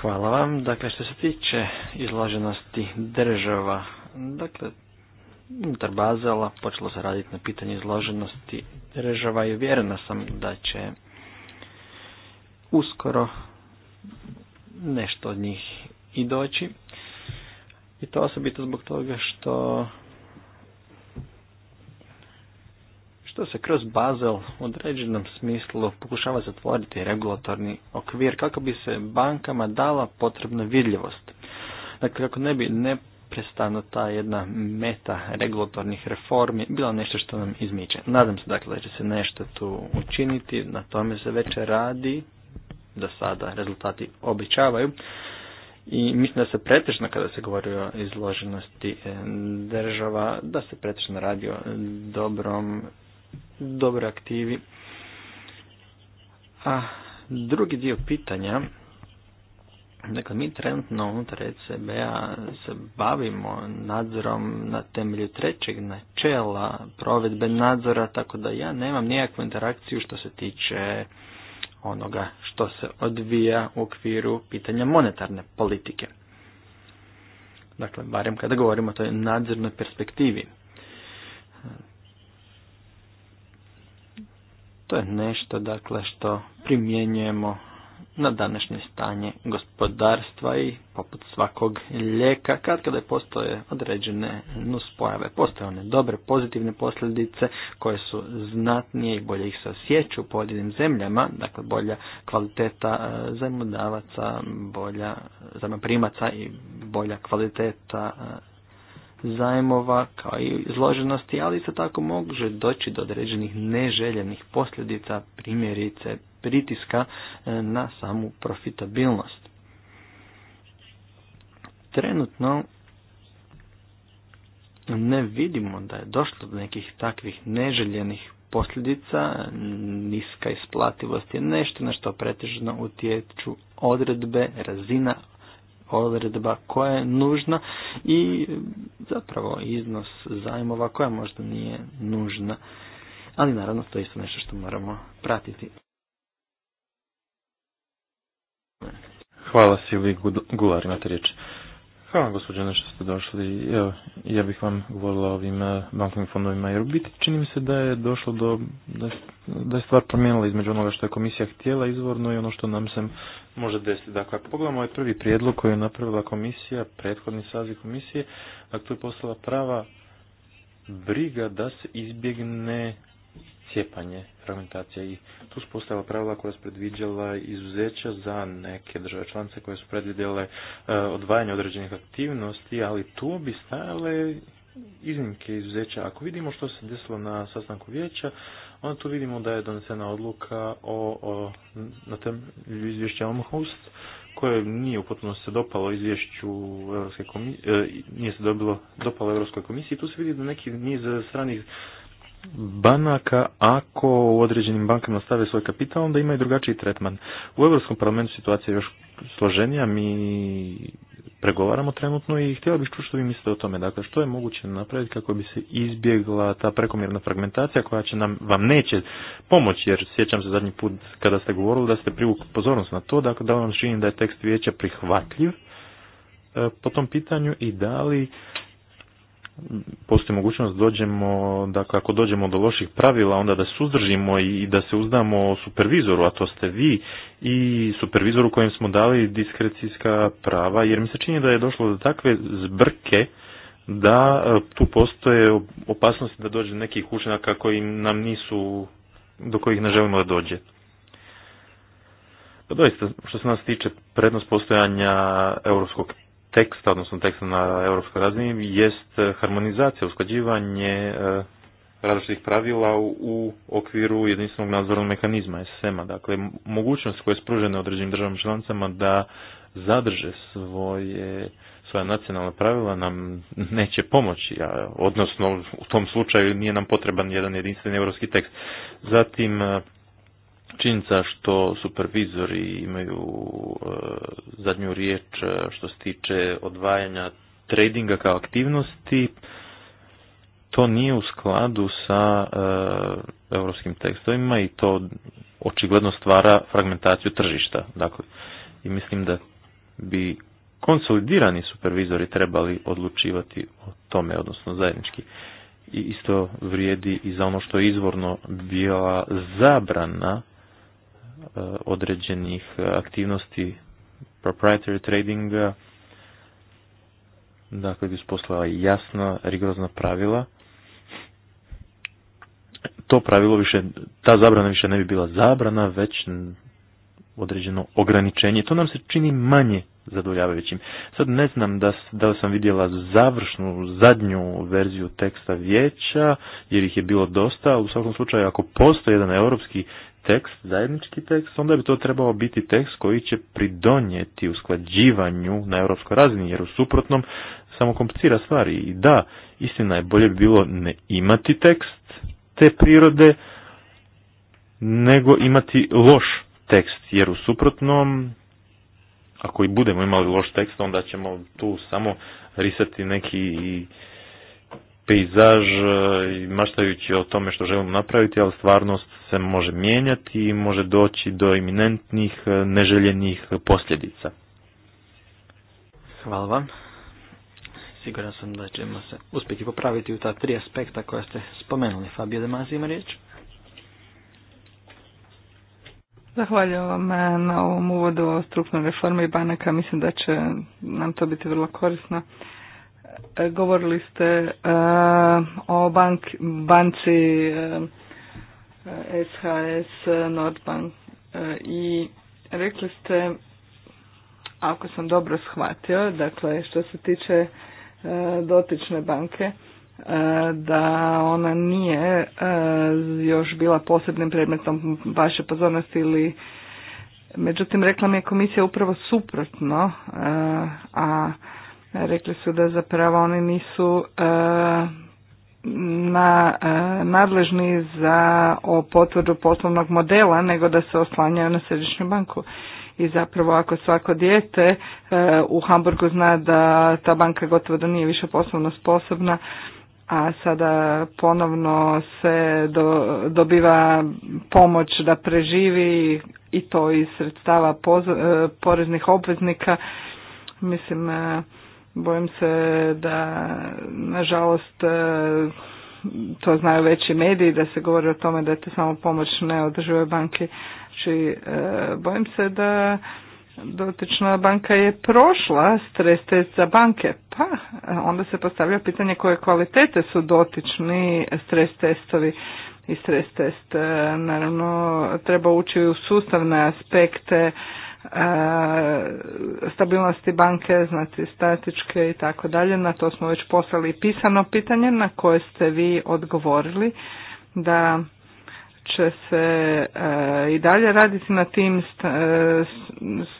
Hvala vam. Dakle, što se tiče izloženosti država, dakle, unutar Bazela počelo se raditi na pitanje izloženosti država i uvjerena sam da će uskoro nešto od njih i doći. I to osobito zbog toga što što se kroz Basel u određenom smislu pokušava zatvoriti regulatorni okvir kako bi se bankama dala potrebna vidljivost. Dakle, kako ne bi neprestano ta jedna meta regulatornih reformi bilo nešto što nam izmiče. Nadam se dakle, da će se nešto tu učiniti, na tome se već radi do sada rezultati običavaju. I mislim da se pretežno kada se govori o izloženosti e, država, da se pretežno radi o dobrom, dobroj aktivi. A drugi dio pitanja, dakle mi trenutno unutar ECB-a se bavimo nadzorom na temelju trećeg načela provedbe nadzora, tako da ja nemam nikakvu interakciju što se tiče onoga što se odvija u okviru pitanja monetarne politike. Dakle, barem kada govorimo o toj nadzirnoj perspektivi. To je nešto, dakle, što primjenjujemo na današnje stanje gospodarstva i poput svakog lijeka kad kada postoje određene nuspojave. Postoje one dobre, pozitivne posljedice koje su znatnije i bolje ih se osjeću u pojedinim zemljama, dakle bolja kvaliteta e, zajmodavaca, bolja zajmoprimaca i bolja kvaliteta e, zajmova kao i izloženosti, ali isto tako može doći do određenih neželjenih posljedica, primjerice pritiska e, na samu profitabilnost. Trenutno ne vidimo da je došlo do nekih takvih neželjenih posljedica, niska isplativost je nešto na što pretežno utječu odredbe, razina odredba koja je nužna i zapravo iznos zajmova koja možda nije nužna. Ali naravno to je isto nešto što moramo pratiti. Hvala Silvi na te riječi. Hvala gospođo što ste došli. Evo, ja bih vam govorila o ovim eh, bankovim fondovima jer u biti čini mi se da je došlo do, da je stvar promijenila između onoga što je komisija htjela izvorno i ono što nam se može desiti. Dakle, ako pogledamo ovaj prvi prijedlog koji je napravila komisija, prethodni saziv komisije, dakle, to je postala prava briga da se izbjegne cijepanje, fragmentacija i tu su postavila pravila koja su predviđala izuzeća za neke države članice koje su predvidjele e, odvajanje određenih aktivnosti, ali tu bi stajale iznimke izuzeća. Ako vidimo što se desilo na sastanku vijeća, onda tu vidimo da je donesena odluka o, na temelju izvješća Omhost koje nije u potpunosti se dopalo izvješću Europske komisije, nije se dopalo Europskoj komisiji, tu se vidi da neki niz stranih banaka ako u određenim bankama stave svoj kapital, onda imaju drugačiji tretman. U Europskom parlamentu situacija je još složenija, mi pregovaramo trenutno i htio bih što vi mislite o tome. Dakle, što je moguće napraviti kako bi se izbjegla ta prekomjerna fragmentacija koja će nam, vam neće pomoći, jer sjećam se zadnji put kada ste govorili da ste privukli pozornost na to, dakle da vam činim da je tekst vijeća prihvatljiv e, po tom pitanju i da li postoji mogućnost dođemo, da dakle, ako dođemo do loših pravila, onda da suzdržimo i da se uzdamo supervizoru, a to ste vi, i supervizoru kojem smo dali diskrecijska prava, jer mi se čini da je došlo do takve zbrke da e, tu postoje opasnosti da dođe nekih učinaka koji nam nisu, do kojih ne želimo da dođe. Pa doista, što se nas tiče, prednost postojanja europskog teksta, odnosno teksta na europskoj razini, jest e, harmonizacija, usklađivanje e, različitih pravila u okviru jedinstvenog nadzornog mehanizma SM-a. Dakle, mogućnost koja je spružena određenim državama članicama da zadrže svoje svoja nacionalna pravila nam neće pomoći, a, odnosno u tom slučaju nije nam potreban jedan jedinstveni europski tekst. Zatim e, činjenica što supervizori imaju e, zadnju riječ e, što se tiče odvajanja tradinga kao aktivnosti, to nije u skladu sa europskim tekstovima i to očigledno stvara fragmentaciju tržišta. Dakle, i mislim da bi konsolidirani supervizori trebali odlučivati o tome, odnosno zajednički. I isto vrijedi i za ono što je izvorno bila zabrana Eh, određenih eh, aktivnosti proprietary tradinga, dakle bi usposlala jasna, rigorozna pravila. To pravilo više, ta zabrana više ne bi bila zabrana, već određeno ograničenje. To nam se čini manje zadovoljavajućim. Sad ne znam da, da li sam vidjela završnu, zadnju verziju teksta vijeća, jer ih je bilo dosta. U svakom slučaju, ako postoji jedan europski tekst, zajednički tekst, onda bi to trebao biti tekst koji će pridonijeti usklađivanju na europskoj razini, jer u suprotnom samo komplicira stvari. I da, istina je, bolje bi bilo ne imati tekst te prirode, nego imati loš tekst, jer u suprotnom, ako i budemo imali loš tekst, onda ćemo tu samo risati neki pejzaž e, maštajući o tome što želimo napraviti, ali stvarnost se može mijenjati i može doći do iminentnih e, neželjenih posljedica. Hvala vam. Siguran sam da ćemo se uspjeti popraviti u ta tri aspekta koja ste spomenuli. Fabio Demazi ima riječ. Zahvaljujem vam e, na ovom uvodu o strukturnoj reformi i banaka. Mislim da će nam to biti vrlo korisno. E, govorili ste o bank, banci uh, SHS, Nordbank i rekli ste, ako sam dobro shvatio, dakle što se tiče e, dotične banke, e, da ona nije e, još bila posebnim predmetom vaše pozornosti ili međutim rekla mi je komisija upravo suprotno a rekli su da zapravo oni nisu na e, nadležni za o potvrdu poslovnog modela nego da se oslanjaju na središnju banku i zapravo ako svako dijete e, u Hamburgu zna da ta banka gotovo da nije više poslovno sposobna, a sada ponovno se dobiva pomoć da preživi i to iz sredstava e, poreznih obveznika, mislim Bojim se da, nažalost, e, to znaju veći mediji, da se govori o tome da je to samo pomoć neodržive banke. Znači, e, bojim se da dotična banka je prošla stres test za banke. Pa, e, onda se postavlja pitanje koje kvalitete su dotični stres testovi i stres test. Naravno, treba ući u sustavne aspekte E, stabilnosti banke, znači statičke i tako dalje. Na to smo već poslali pisano pitanje na koje ste vi odgovorili da će se e, i dalje raditi na tim e,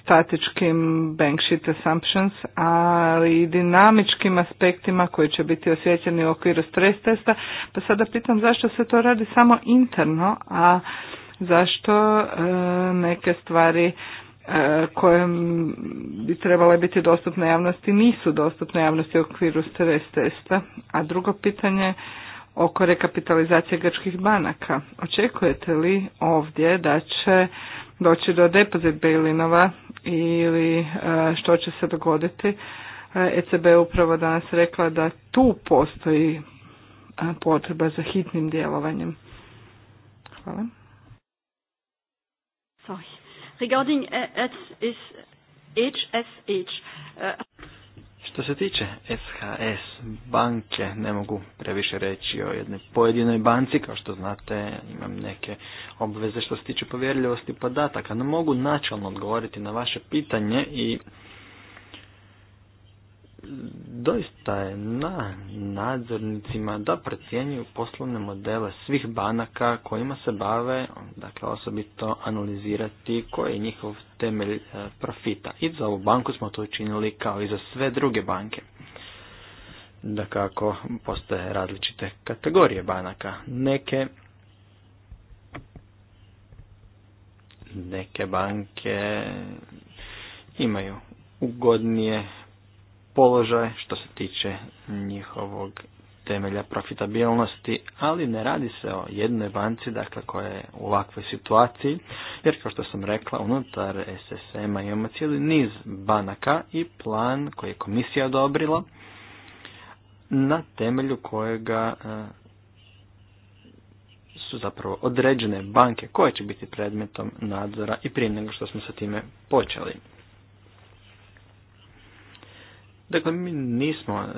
statičkim bank statičkim assumptions, ali i dinamičkim aspektima koji će biti osjećeni u okviru stres testa. Pa sada pitam zašto se to radi samo interno, a zašto neke stvari E, koje bi trebale biti dostupne javnosti nisu dostupne javnosti u okviru stres testa. A drugo pitanje oko rekapitalizacije grčkih banaka. Očekujete li ovdje da će doći do depozit bailinova ili e, što će se dogoditi? ECB e upravo danas rekla da tu postoji potreba za hitnim djelovanjem. Hvala. So Regarding HSH, uh, uh, što se tiče SHS banke, ne mogu previše reći o jednoj pojedinoj banci, kao što znate imam neke obveze što se tiče povjerljivosti podataka, no mogu načalno odgovoriti na vaše pitanje i doista je na nadzornicima da procjenjuju poslovne modele svih banaka kojima se bave, dakle osobito analizirati koji je njihov temelj e, profita. I za ovu banku smo to učinili kao i za sve druge banke. Dakako, postoje različite kategorije banaka. Neke neke banke imaju ugodnije položaj što se tiče njihovog temelja profitabilnosti, ali ne radi se o jednoj banci dakle, koja je u ovakvoj situaciji, jer kao što sam rekla, unutar SSM-a imamo cijeli niz banaka i plan koji je komisija odobrila na temelju kojega e, su zapravo određene banke koje će biti predmetom nadzora i prije nego što smo sa time počeli. Dakle, mi nismo, e,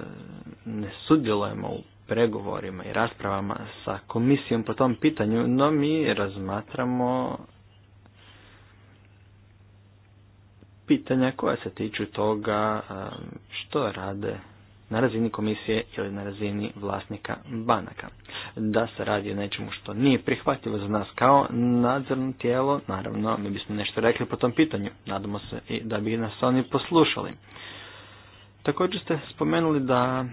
ne sudjelujemo u pregovorima i raspravama sa komisijom po tom pitanju, no mi razmatramo pitanja koja se tiču toga e, što rade na razini komisije ili na razini vlasnika banaka. Da se radi o nečemu što nije prihvatljivo za nas kao nadzorno tijelo, naravno mi bismo nešto rekli po tom pitanju. Nadamo se i da bi nas oni poslušali. Također ste spomenuli da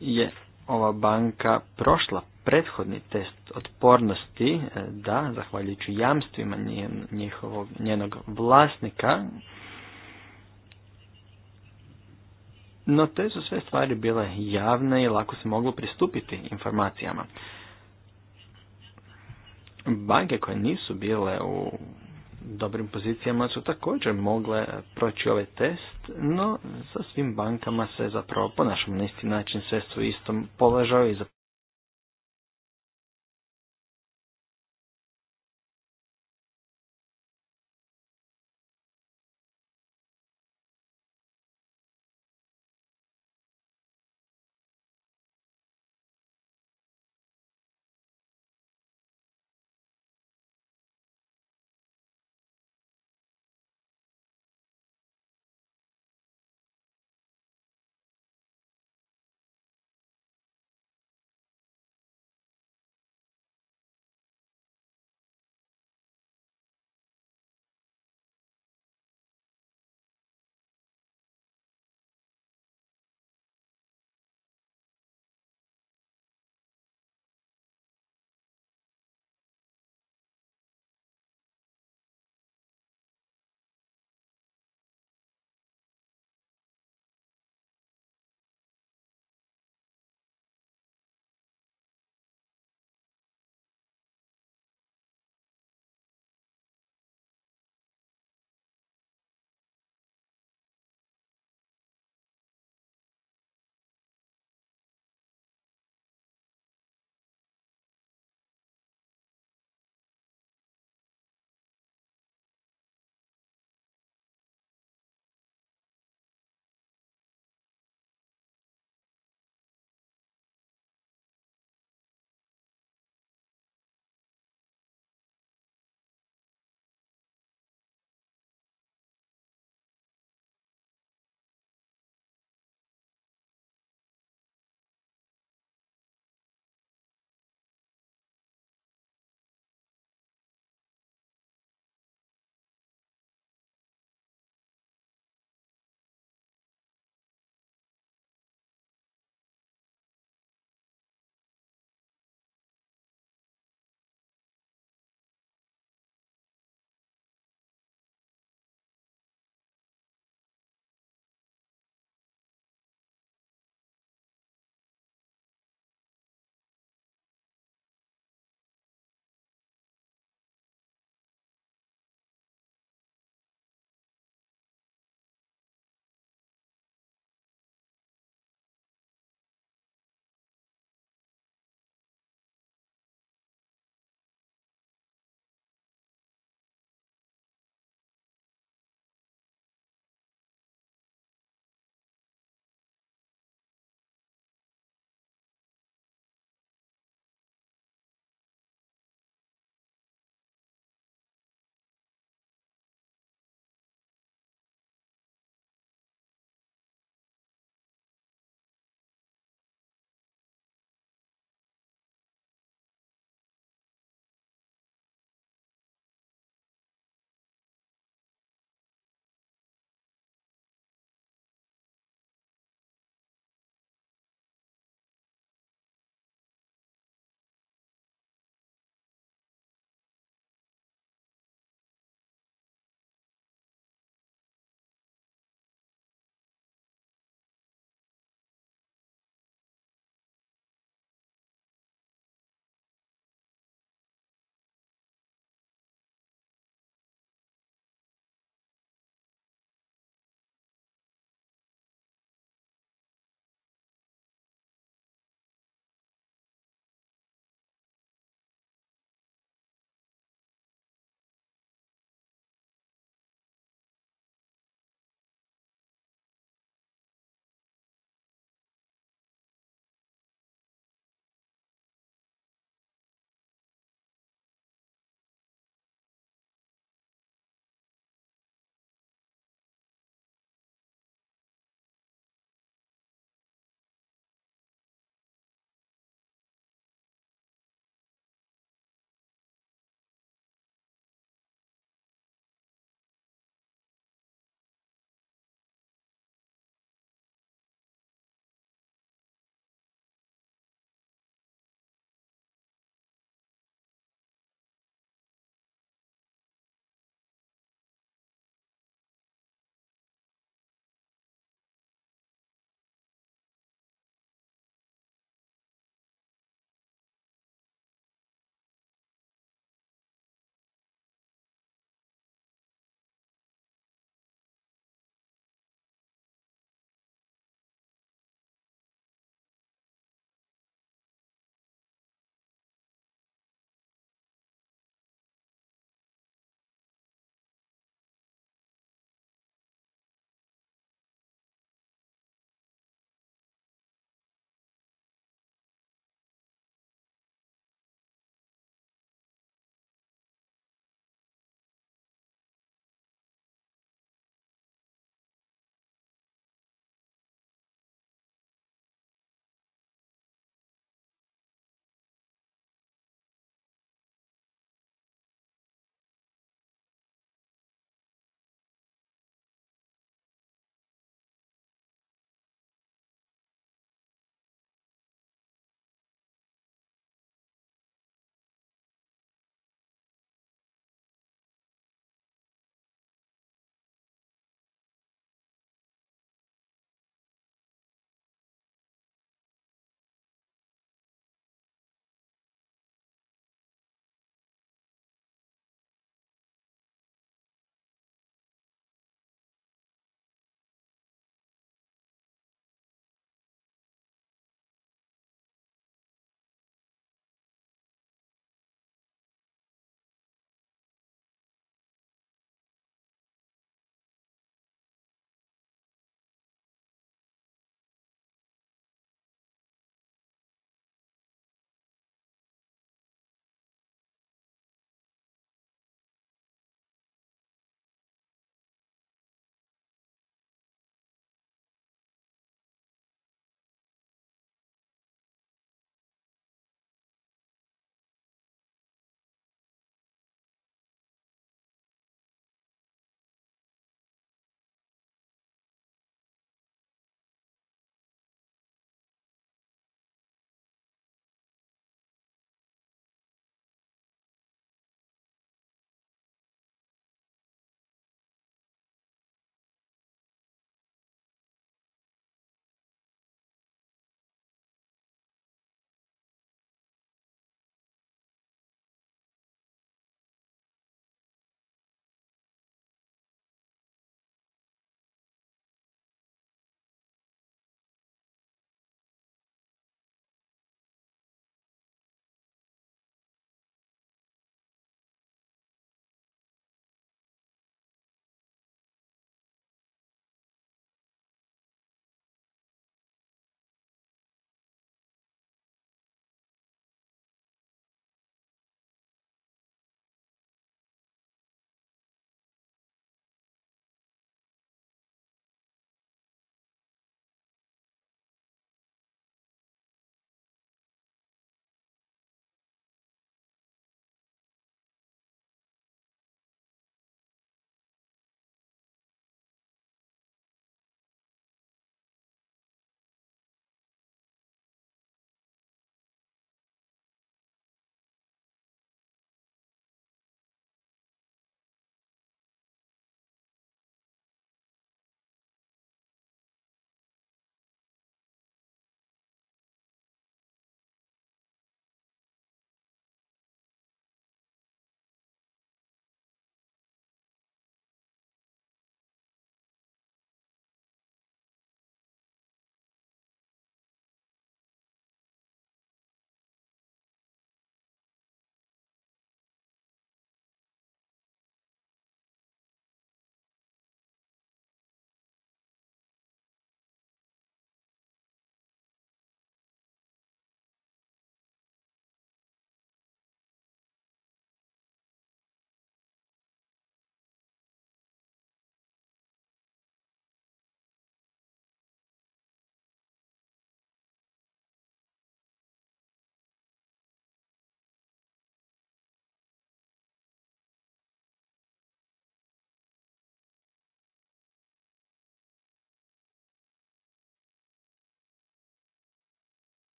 je ova banka prošla prethodni test otpornosti, e, da, zahvaljujući jamstvima njihovog, njenog vlasnika, no te su sve stvari bile javne i lako se moglo pristupiti informacijama. Banke koje nisu bile u dobrim pozicijama su također mogle proći ovaj test, no sa svim bankama se zapravo ponašamo na isti način, sve su u istom položaju i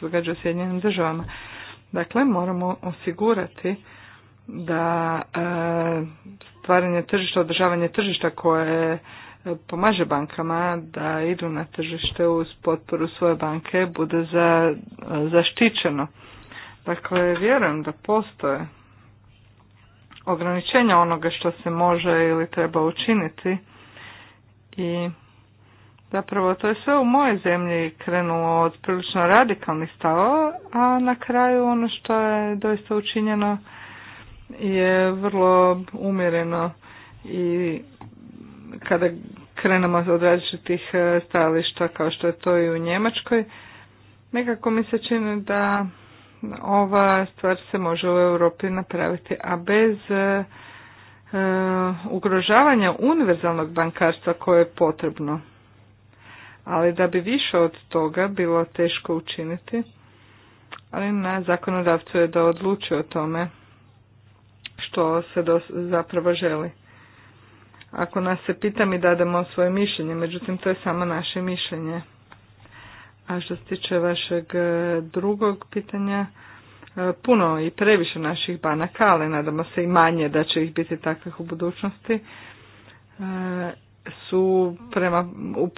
se događa u Sjedinjenim državama. Dakle, moramo osigurati da e, stvaranje tržišta, održavanje tržišta koje e, pomaže bankama da idu na tržište uz potporu svoje banke bude za, e, zaštićeno. Dakle, vjerujem da postoje ograničenja onoga što se može ili treba učiniti i Zapravo, to je sve u mojoj zemlji krenulo od prilično radikalnih stavova, a na kraju ono što je doista učinjeno je vrlo umjereno i kada krenemo od različitih e, stajališta kao što je to i u Njemačkoj, nekako mi se čini da ova stvar se može u Europi napraviti, a bez e, e, ugrožavanja univerzalnog bankarstva koje je potrebno ali da bi više od toga bilo teško učiniti, ali na zakonodavcu je da odluči o tome što se do zapravo želi. Ako nas se pita mi dademo svoje mišljenje, međutim to je samo naše mišljenje. A što se tiče vašeg e, drugog pitanja, e, puno i previše naših banaka, ali nadamo se i manje da će ih biti takvih u budućnosti e, su prema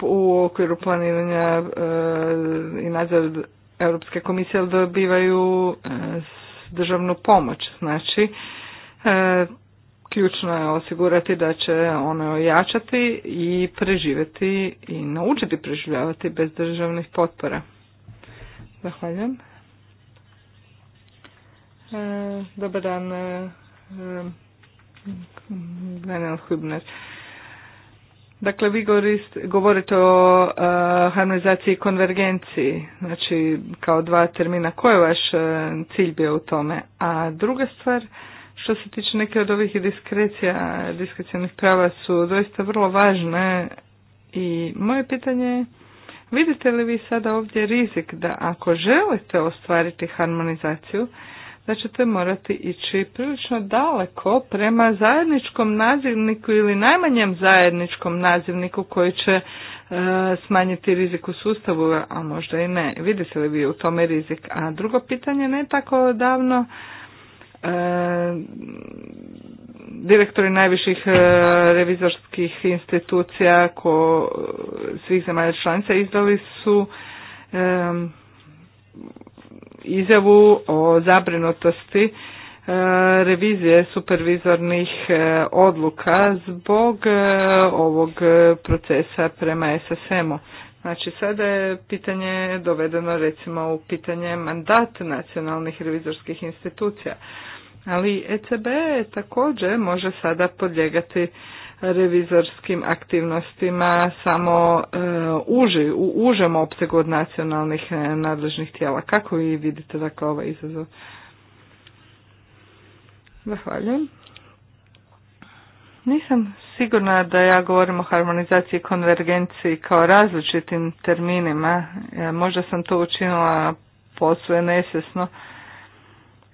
u, okviru planiranja e, i nadzor Europske komisije dobivaju e, državnu pomoć. Znači, e, ključno je osigurati da će one ojačati i preživjeti i naučiti preživljavati bez državnih potpora. Zahvaljujem. Dobar dan, Daniel Hübner. Dakle, vi govorite o e, harmonizaciji i konvergenciji, znači kao dva termina. Koji je vaš e, cilj bio u tome? A druga stvar, što se tiče neke od ovih diskrecija, diskrecijnih prava su doista vrlo važne i moje pitanje je vidite li vi sada ovdje rizik da ako želite ostvariti harmonizaciju, da ćete morati ići prilično daleko prema zajedničkom nazivniku ili najmanjem zajedničkom nazivniku koji će e, smanjiti rizik u sustavu, a možda i ne. Vidite li vi u tome rizik? A drugo pitanje, ne tako davno, e, direktori najviših e, revizorskih institucija ko svih zemalja članica izdali su e, izjavu o zabrinutosti e, revizije supervizornih e, odluka zbog e, ovog procesa prema SSM-u. Znači sada je pitanje dovedeno recimo u pitanje mandat nacionalnih revizorskih institucija. Ali ECB također može sada podlijegati revizorskim aktivnostima samo e, u užem opsegu od nacionalnih e, nadležnih tijela. Kako vi vidite dakle ovaj izazov? Zahvaljujem. Nisam sigurna da ja govorim o harmonizaciji i konvergenciji kao različitim terminima. E, možda sam to učinila posve nesvjesno.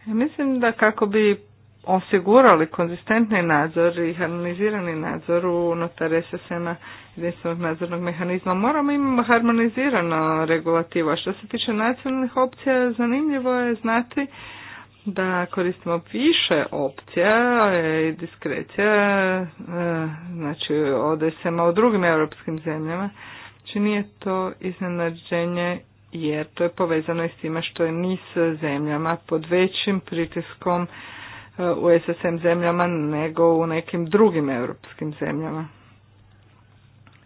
Mislim da kako bi osigurali konzistentni nadzor i harmonizirani nadzor unutar SSM-a jedinstvenog nadzornog mehanizma. Moramo imamo harmonizirano regulativo. Što se tiče nacionalnih opcija, zanimljivo je znati da koristimo više opcija i diskrecija, e, znači od SMA u drugim europskim zemljama. Znači nije to iznenađenje jer to je povezano i s time što je niz zemljama pod većim pritiskom u SSM zemljama nego u nekim drugim europskim zemljama.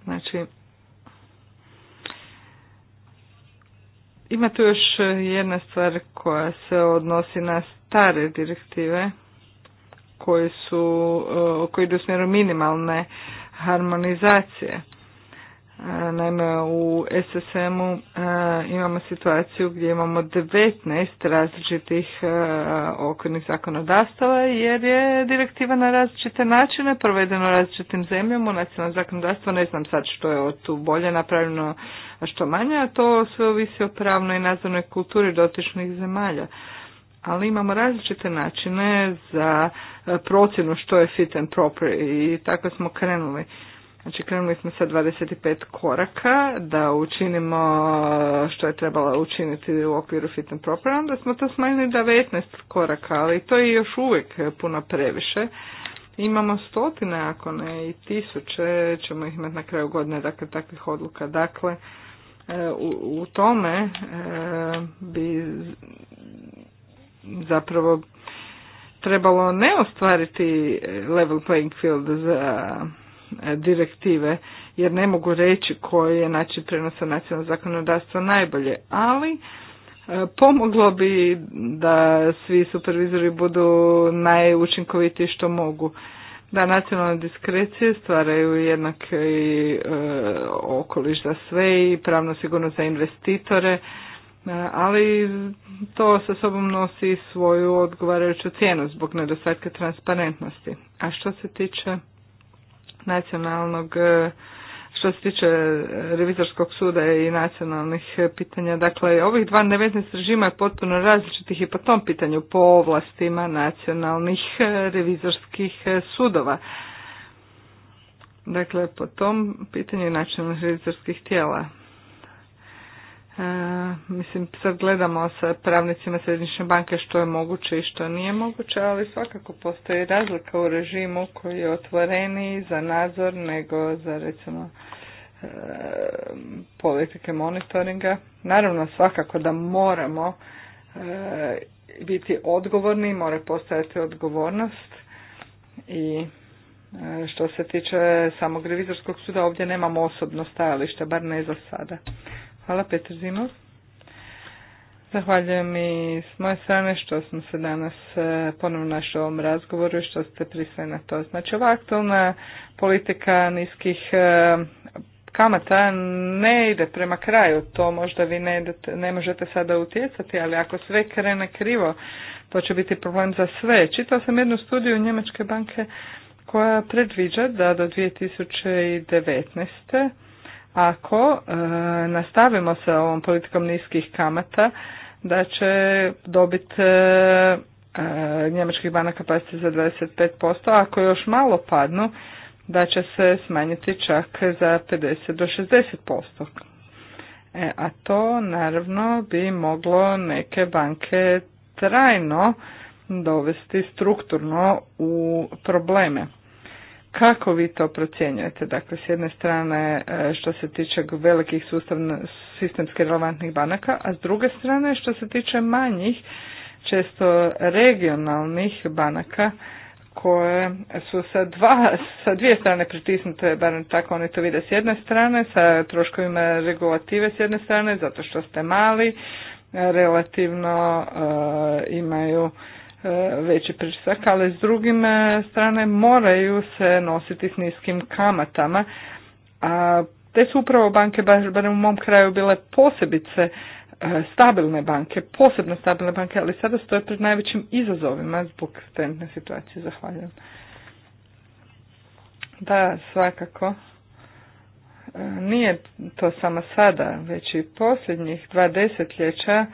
Znači, ima tu još jedna stvar koja se odnosi na stare direktive koje su, koji idu smjeru minimalne harmonizacije. Naime, u SSM-u e, imamo situaciju gdje imamo 19 različitih e, okvirnih zakonodavstava jer je direktiva na različite načine provedeno različitim zemljama. U nacionalnom ne znam sad što je od tu bolje napravljeno, a što manje, a to sve ovisi o pravnoj i nadzornoj kulturi dotičnih zemalja. Ali imamo različite načine za e, procjenu što je fit and proper i tako smo krenuli. Znači krenuli smo sa 25 koraka da učinimo što je trebalo učiniti u okviru fit and onda smo to smanjili 19 koraka, ali to je još uvijek puno previše. Imamo stotine, ako ne i tisuće, ćemo ih imati na kraju godine, dakle takvih odluka. Dakle, e, u, u tome e, bi zapravo trebalo ne ostvariti level playing field za E, direktive jer ne mogu reći koji je način prenosa nacionalnog zakonodavstva najbolje, ali e, pomoglo bi da svi supervizori budu najučinkovitiji što mogu. Da nacionalne diskrecije stvaraju jednak i, e, okoliš za sve i pravnu sigurnost za investitore, ali to sa sobom nosi svoju odgovarajuću cijenu zbog nedostatka transparentnosti. A što se tiče nacionalnog e, što se tiče revizorskog suda i nacionalnih e, pitanja. Dakle, ovih dva neveznih režima je potpuno različitih i po tom pitanju po ovlastima nacionalnih e, revizorskih sudova. Dakle, po tom pitanju nacionalnih revizorskih tijela. E, mislim sad gledamo sa pravnicima središnje banke što je moguće i što nije moguće, ali svakako postoji razlika u režimu koji je otvoreniji za nadzor nego za recimo e, politike monitoringa. Naravno svakako da moramo e, biti odgovorni, mora postojati odgovornost i što se tiče samog revizorskog suda ovdje nemamo osobno stajalište, bar ne za sada. Hvala Petar Zimov. Zahvaljujem i s moje strane što smo se danas e, ponovno našli u ovom razgovoru i što ste prisve na to. Znači ova aktualna politika niskih e, kamata ne ide prema kraju, to možda vi ne, idete, ne možete sada utjecati, ali ako sve krene krivo, to će biti problem za sve. Čitao sam jednu studiju Njemačke banke koja predviđa da do 2019 ako e, nastavimo sa ovom politikom niskih kamata, da će dobit e, e njemačkih banaka pasti za 25%, ako još malo padnu, da će se smanjiti čak za 50 do 60%. E, a to naravno bi moglo neke banke trajno dovesti strukturno u probleme. Kako vi to procjenjujete? Dakle, s jedne strane e, što se tiče velikih sustavno, sistemski relevantnih banaka, a s druge strane što se tiče manjih, često regionalnih banaka koje su sa, dva, sa dvije strane pritisnute, barem tako oni to vide s jedne strane, sa troškovima regulative s jedne strane, zato što ste mali, e, relativno e, imaju E, veći pritisak, ali s drugim e, strane moraju se nositi s niskim kamatama. A te su upravo banke, barem u mom kraju, bile posebice e, stabilne banke, posebno stabilne banke, ali sada stoje pred najvećim izazovima zbog trenutne situacije. Zahvaljujem. Da, svakako. Nije to samo sada, već i posljednjih dva desetljeća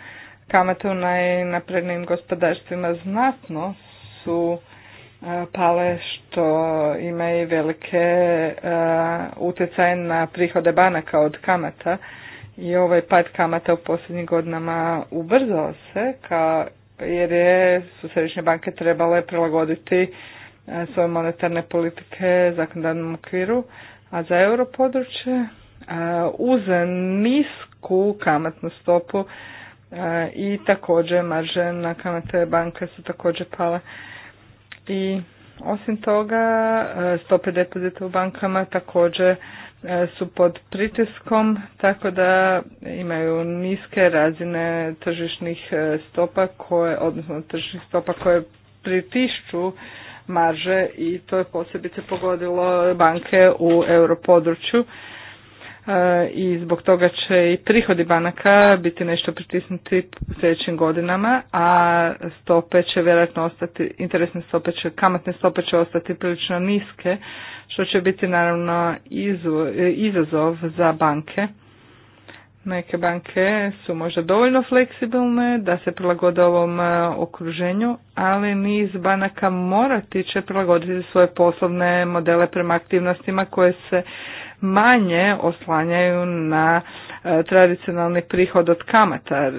u najnaprednijim gospodarstvima znatno su e, pale što ima i velike e, utjecaje na prihode banaka od kamata i ovaj pad kamata u posljednjim godinama ubrzao se jer je, su središnje banke trebale prilagoditi e, svoje monetarne politike zakonodavnom okviru, a za europodručje uz nisku kamatnu stopu E, i također marže na kamate banke su također pale. I osim toga, e, stope depozita u bankama također e, su pod pritiskom, tako da imaju niske razine tržišnih stopa koje, odnosno tržišnih stopa koje pritišću marže i to je posebice pogodilo banke u europodručju. E, i zbog toga će i prihodi banaka biti nešto pritisnuti u sljedećim godinama, a stope će vjerojatno ostati, interesne stope će, kamatne stope će ostati prilično niske, što će biti naravno e, izazov za banke. Neke banke su možda dovoljno fleksibilne da se prilagode ovom e, okruženju, ali niz banaka morati će prilagoditi svoje poslovne modele prema aktivnostima koje se manje oslanjaju na e, tradicionalni prihod od kamata,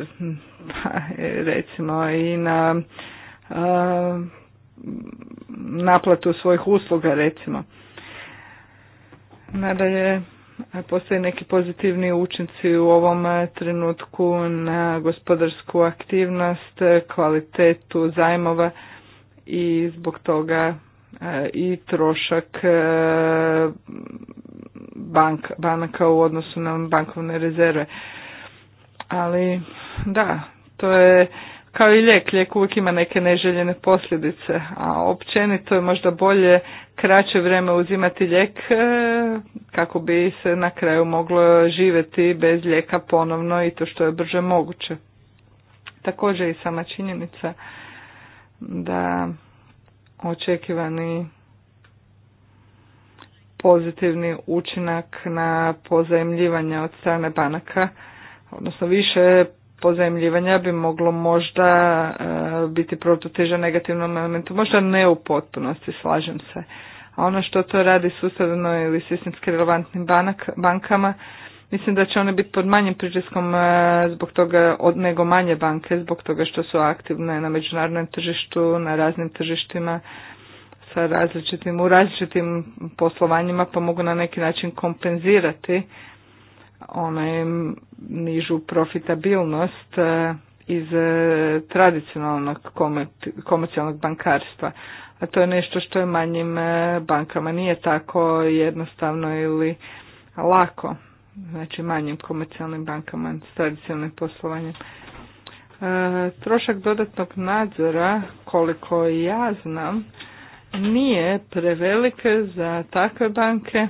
recimo i na e, naplatu svojih usluga recimo. Nadalje, postoje neki pozitivni učinci u ovom e, trenutku na gospodarsku aktivnost, kvalitetu zajmova i zbog toga i trošak e, bank, banaka u odnosu na bankovne rezerve. Ali da, to je kao i lijek, lijek uvijek ima neke neželjene posljedice, a općenito je možda bolje kraće vrijeme uzimati lijek e, kako bi se na kraju moglo živjeti bez lijeka ponovno i to što je brže moguće. Također i sama činjenica da očekivani pozitivni učinak na pozajemljivanje od strane banaka, odnosno više pozajemljivanja bi moglo možda e, biti prototeža negativnom elementu, možda ne u potpunosti, slažem se. A ono što to radi sustavno ili sistemski relevantnim bankama, Mislim da će one biti pod manjim pritiskom e, zbog toga od nego manje banke zbog toga što su aktivne na međunarodnom tržištu, na raznim tržištima sa različitim, u različitim poslovanjima pa mogu na neki način kompenzirati onaj nižu profitabilnost e, iz e, tradicionalnog komercijalnog bankarstva. A to je nešto što je manjim bankama. Nije tako jednostavno ili lako znači manjim komercijalnim bankama s tradicionalnim poslovanjem. E, trošak dodatnog nadzora, koliko ja znam, nije prevelike za takve banke,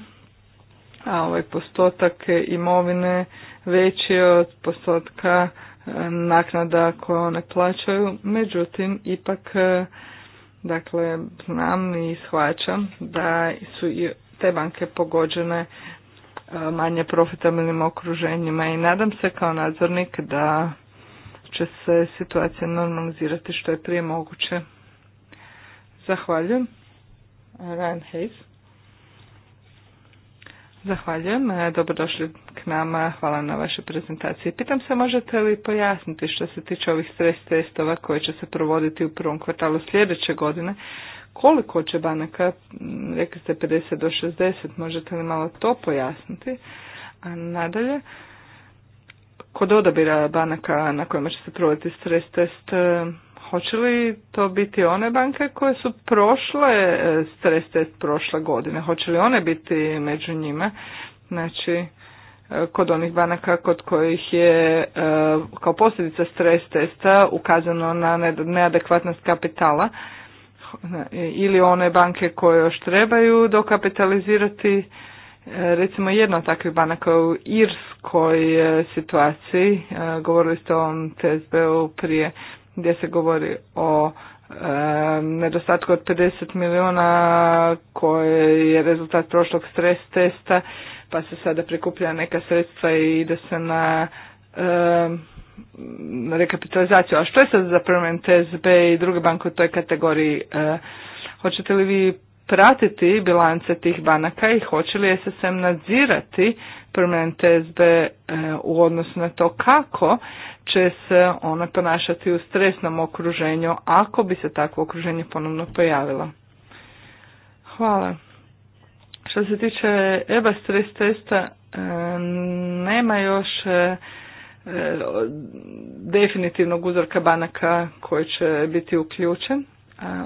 a ovaj postotak imovine veći od postotka e, naknada koje one plaćaju, međutim ipak e, dakle znam i shvaćam da su i te banke pogođene manje profitabilnim okruženjima i nadam se kao nadzornik da će se situacija normalizirati što je prije moguće. Zahvaljujem. Ryan Hayes. Zahvaljujem, e, dobrodošli k nama, hvala na vašoj prezentaciji. Pitam se možete li pojasniti što se tiče ovih stres testova koji će se provoditi u prvom kvartalu sljedeće godine, koliko će banaka, rekli ste 50 do 60, možete li malo to pojasniti? A nadalje, kod odabira banaka na kojima će se provoditi stres test, e, hoće li to biti one banke koje su prošle e, stres test prošle godine? Hoće li one biti među njima? Znači, e, kod onih banaka kod kojih je kao posljedica stres testa ukazano na neadekvatnost kapitala, ili one banke koje još trebaju dokapitalizirati. E, recimo jedna od takvih banaka u irskoj situaciji, e, govorili ste o ovom TSB-u prije gdje se govori o e, nedostatku od 50 milijuna koje je rezultat prošlog stres testa pa se sada prikuplja neka sredstva i ide se na rekapitalizaciju. A što je sad za Permanent TSB i druge banke u toj kategoriji? E, hoćete li vi pratiti bilance tih banaka i hoće li SSM nadzirati Permanent SB e, u odnosu na to kako će se ona ponašati u stresnom okruženju ako bi se takvo okruženje ponovno pojavilo? Hvala. Što se tiče EBA stres testa, e, nema još E, definitivnog uzorka banaka koji će biti uključen.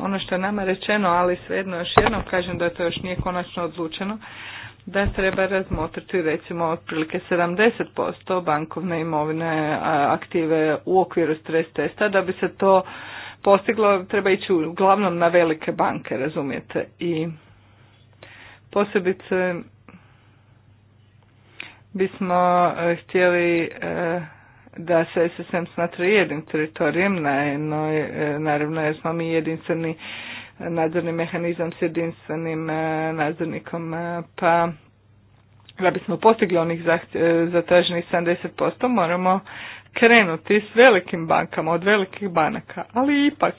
Ono što je nama rečeno, ali svejedno još jednom kažem da to još nije konačno odlučeno, da treba razmotriti recimo otprilike 70% bankovne imovine aktive u okviru stres testa da bi se to postiglo treba ići uglavnom na velike banke, razumijete. I posebice bismo e, htjeli e, da se SSM smatra jednim teritorijem, e, naravno jer smo mi jedinstveni nadzorni mehanizam s jedinstvenim e, nadzornikom, e, pa da bismo postigli onih zatraženih 70%, moramo krenuti s velikim bankama, od velikih banaka, ali ipak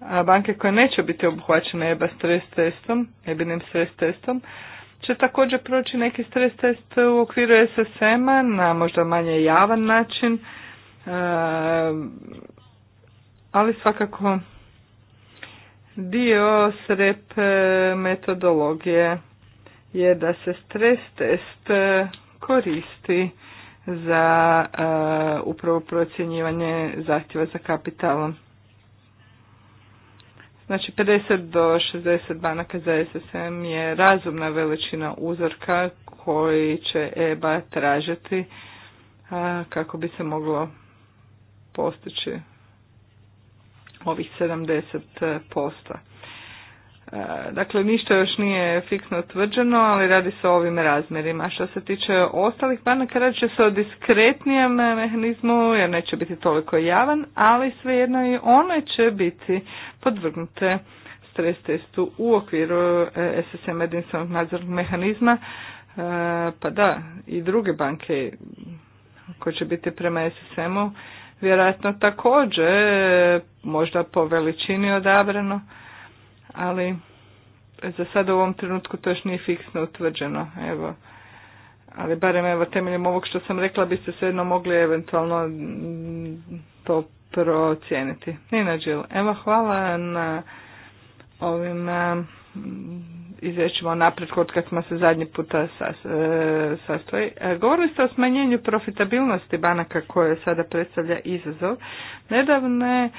a banke koje neće biti obuhvaćene EBA stres testom, EBINim stres testom, će također proći neki stres test u okviru SSM-a na možda manje javan način, e, ali svakako dio srep e, metodologije je da se stres test e, koristi za upravo procjenjivanje zahtjeva za kapitalom. Znači 50 do 60 banaka za SSM je razumna veličina uzorka koji će EBA tražiti kako bi se moglo postići ovih 70%. E, dakle, ništa još nije fiksno tvrđeno, ali radi se o ovim razmjerima. Što se tiče ostalih banaka, radi će se o diskretnijem mehanizmu, jer neće biti toliko javan, ali svejedno i one će biti podvrgnute stres testu u okviru e, SSM jedinstvenog nadzornog mehanizma. E, pa da, i druge banke koje će biti prema SSM-u, vjerojatno također, možda po veličini odabrano, ali za sada u ovom trenutku to još nije fiksno utvrđeno. Evo. Ali barem evo temeljem ovog što sam rekla biste se jedno mogli eventualno to procijeniti. Jill. evo hvala na ovim izrećima o napretku kad smo se zadnji puta e, sastoji. E, govorili ste o smanjenju profitabilnosti banaka koje sada predstavlja izazov. Nedavne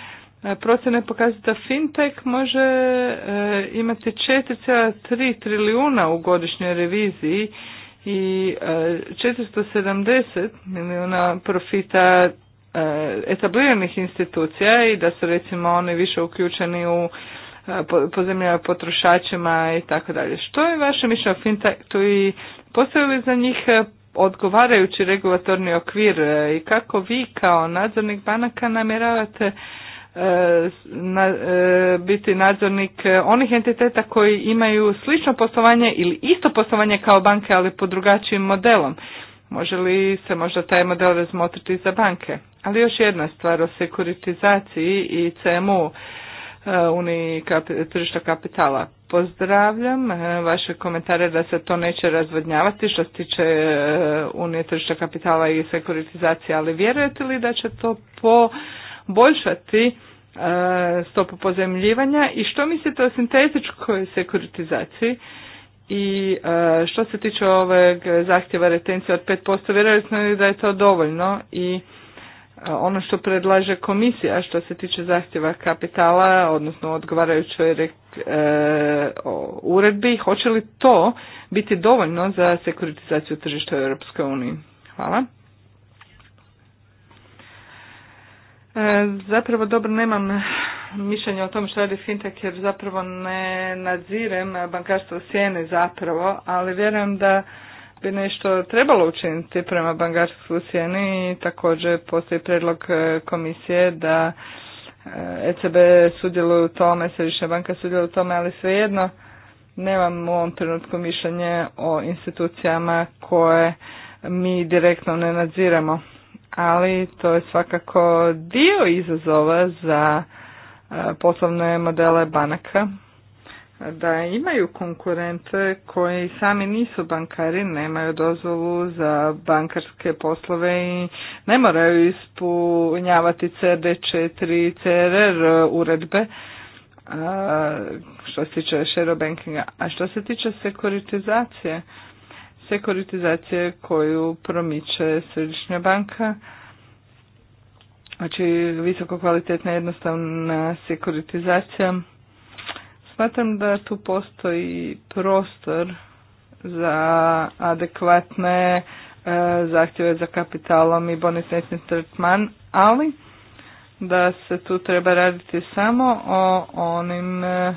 E, Procjene pokazuju da fintech može e, imati 4,3 trilijuna u godišnjoj reviziji i 470 e, milijuna profita etabliranih institucija i da su recimo oni više uključeni u pozemljava potrošačima i tako dalje. Što je vaše mišljenje o Tu i postavili za njih odgovarajući regulatorni okvir i kako vi kao nadzornik banaka namjeravate E, e, biti nadzornik e, onih entiteta koji imaju slično poslovanje ili isto poslovanje kao banke, ali pod drugačijim modelom. Može li se možda taj model razmotriti za banke? Ali još jedna stvar o sekuritizaciji i CMU Uniji tržišta kapitala. Pozdravljam vaše komentare da se to neće razvodnjavati što se tiče Unije tržišta kapitala i sekuritizacije, ali vjerujete li da će to po poboljšati e, stopu pozemljivanja i što mislite o sintetičkoj sekuritizaciji i e, što se tiče ovog zahtjeva retencije od 5%, vjerojatno je da je to dovoljno i e, ono što predlaže komisija što se tiče zahtjeva kapitala, odnosno odgovarajućoj e, uredbi, hoće li to biti dovoljno za sekuritizaciju tržišta u Europskoj uniji? Hvala. E, zapravo dobro nemam mišljenja o tom što radi fintech jer zapravo ne nadzirem bankarstvo sjene zapravo, ali vjerujem da bi nešto trebalo učiniti prema bankarstvu sjeni i također postoji predlog e, komisije da e, ECB sudjeluje u tome, Središnja banka sudjeluje u tome, ali svejedno nemam u ovom trenutku mišljenje o institucijama koje mi direktno ne nadziramo ali to je svakako dio izazova za e, poslovne modele banaka da imaju konkurente koji sami nisu bankari, nemaju dozvolu za bankarske poslove i ne moraju ispunjavati CD4 CRR uredbe što se tiče shadow bankinga. A što se tiče sekuritizacije, sekuritizacije koju promiče Središnja banka. Znači, visoko kvalitetna jednostavna sekuritizacija. Smatram da tu postoji prostor za adekvatne e, zahtjeve za kapitalom i bonitetni tretman, ali da se tu treba raditi samo o onim e,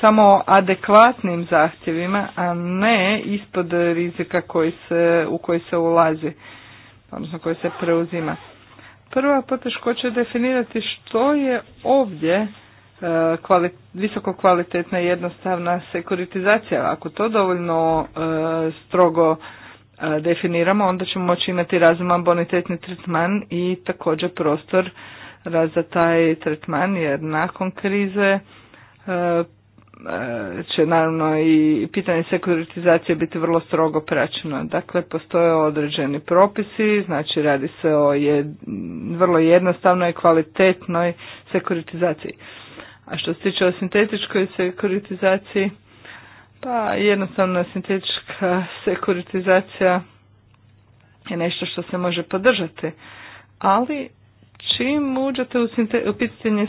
samo adekvatnim zahtjevima, a ne ispod rizika koji se, u koji se ulazi, odnosno koji se preuzima. Prva poteškoća je definirati što je ovdje e, visoko kvalitetna i jednostavna sekuritizacija. Ako to dovoljno e, strogo e, definiramo, onda ćemo moći imati razuman bonitetni tretman i također prostor za taj tretman, jer nakon krize E, će naravno i pitanje sekuritizacije biti vrlo strogo praćeno. Dakle, postoje određeni propisi, znači radi se o jed, vrlo jednostavnoj kvalitetnoj sekuritizaciji. A što se tiče o sintetičkoj sekuritizaciji, pa jednostavno sintetička sekuritizacija je nešto što se može podržati, ali čim uđete u, pitanje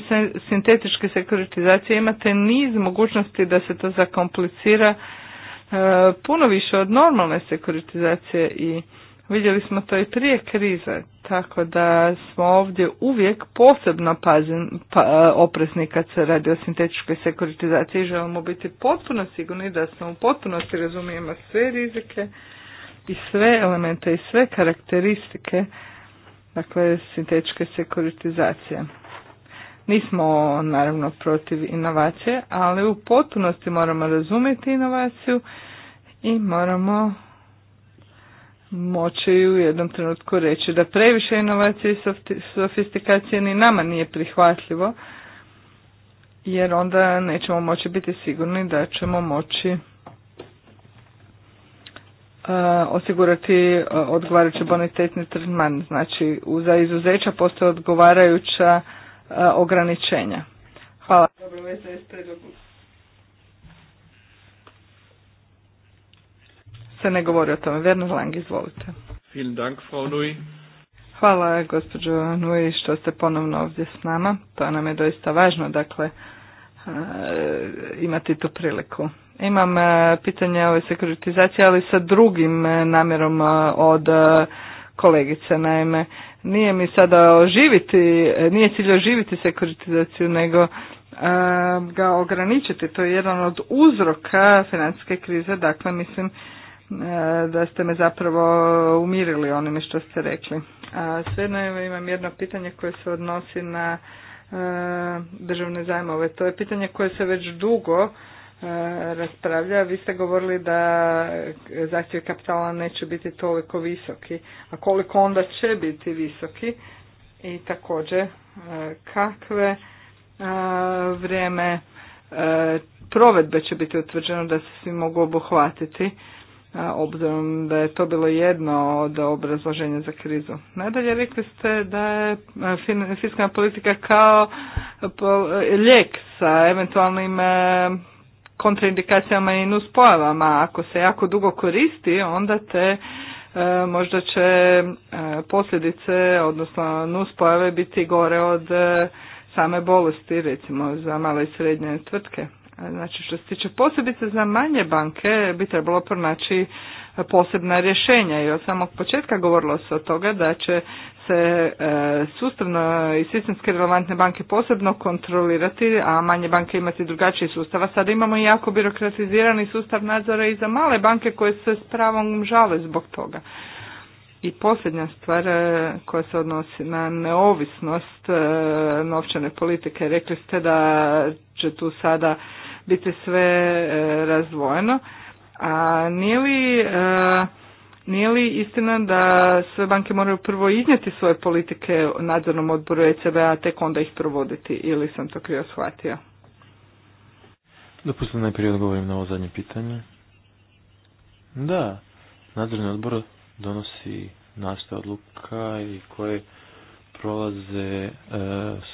sintetičke sekuritizacije imate niz mogućnosti da se to zakomplicira e, puno više od normalne sekuritizacije i vidjeli smo to i prije krize, tako da smo ovdje uvijek posebno pazin, pa, e, oprezni kad se radi o sintetičkoj sekuritizaciji i želimo biti potpuno sigurni da smo u potpunosti razumijemo sve rizike i sve elemente i sve karakteristike dakle sintetičke sekuritizacije. Nismo naravno protiv inovacije, ali u potpunosti moramo razumjeti inovaciju i moramo moći u jednom trenutku reći da previše inovacije i sofistikacije ni nama nije prihvatljivo, jer onda nećemo moći biti sigurni da ćemo moći Eh, osigurati eh, odgovarajući bonitetni tretman. Znači, za izuzeća postoje odgovarajuća eh, ograničenja. Hvala. se ne govori o tome. Lang, izvolite. Hvala, gospođo Nui, što ste ponovno ovdje s nama. To nam je doista važno, dakle, imati tu priliku. Imam e, pitanje ove sekuritizacije, ali sa drugim e, namjerom e, od kolegice. Naime, nije mi sada oživiti, nije cilj oživiti sekuritizaciju, nego ga ograničiti. To je jedan od uzroka financijske krize, dakle mislim da ste me zapravo umirili onime što ste rekli. A svejedno imam jedno pitanje koje se odnosi na državne zajmove. To je pitanje koje se već dugo raspravlja. Vi ste govorili da zahtjev kapitala neće biti toliko visoki. A koliko onda će biti visoki? I također e, kakve e, vrijeme e, provedbe će biti utvrđeno da se svi mogu obuhvatiti obzirom da je to bilo jedno od obrazloženja za krizu. Nadalje rekli ste da je fiskalna politika kao lijek sa eventualnim kontraindikacijama i nuspojavama. Ako se jako dugo koristi, onda te e, možda će e, posljedice, odnosno nuspojave biti gore od e, same bolesti, recimo za male i srednje tvrtke. Znači što se tiče posebice za manje banke bi trebalo pronaći posebna rješenja i od samog početka govorilo se o toga da će se e, sustavno i sistemske relevantne banke posebno kontrolirati, a manje banke imati drugačiji sustav. A sada imamo jako birokratizirani sustav nadzora i za male banke koje se s pravom žale zbog toga. I posljednja stvar e, koja se odnosi na neovisnost e, novčane politike, rekli ste da će tu sada biti sve razdvojeno, a nije li nije li istina da sve banke moraju prvo iznijeti svoje politike nadzornom odboru ECB-a, tek onda ih provoditi, ili sam to krivo shvatio? Dopustite najprije odgovorim na ovo zadnje pitanje. Da, nadzorni odbor donosi našte odluka i koje prolaze e,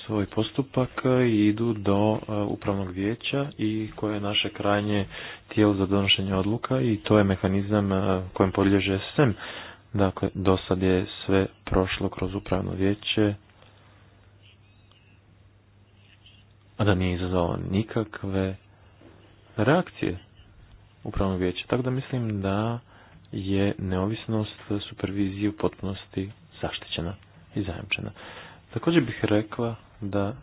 svoj postupak e, i idu do e, upravnog vijeća i koje je naše krajnje tijelo za donošenje odluka i to je mehanizam kojem podlježe SEM. Dakle, do sad je sve prošlo kroz upravno vijeće, a da nije izazvalo nikakve reakcije upravnog vijeća. Tako da mislim da je neovisnost supervizije u potpunosti zaštićena i Također bih rekla da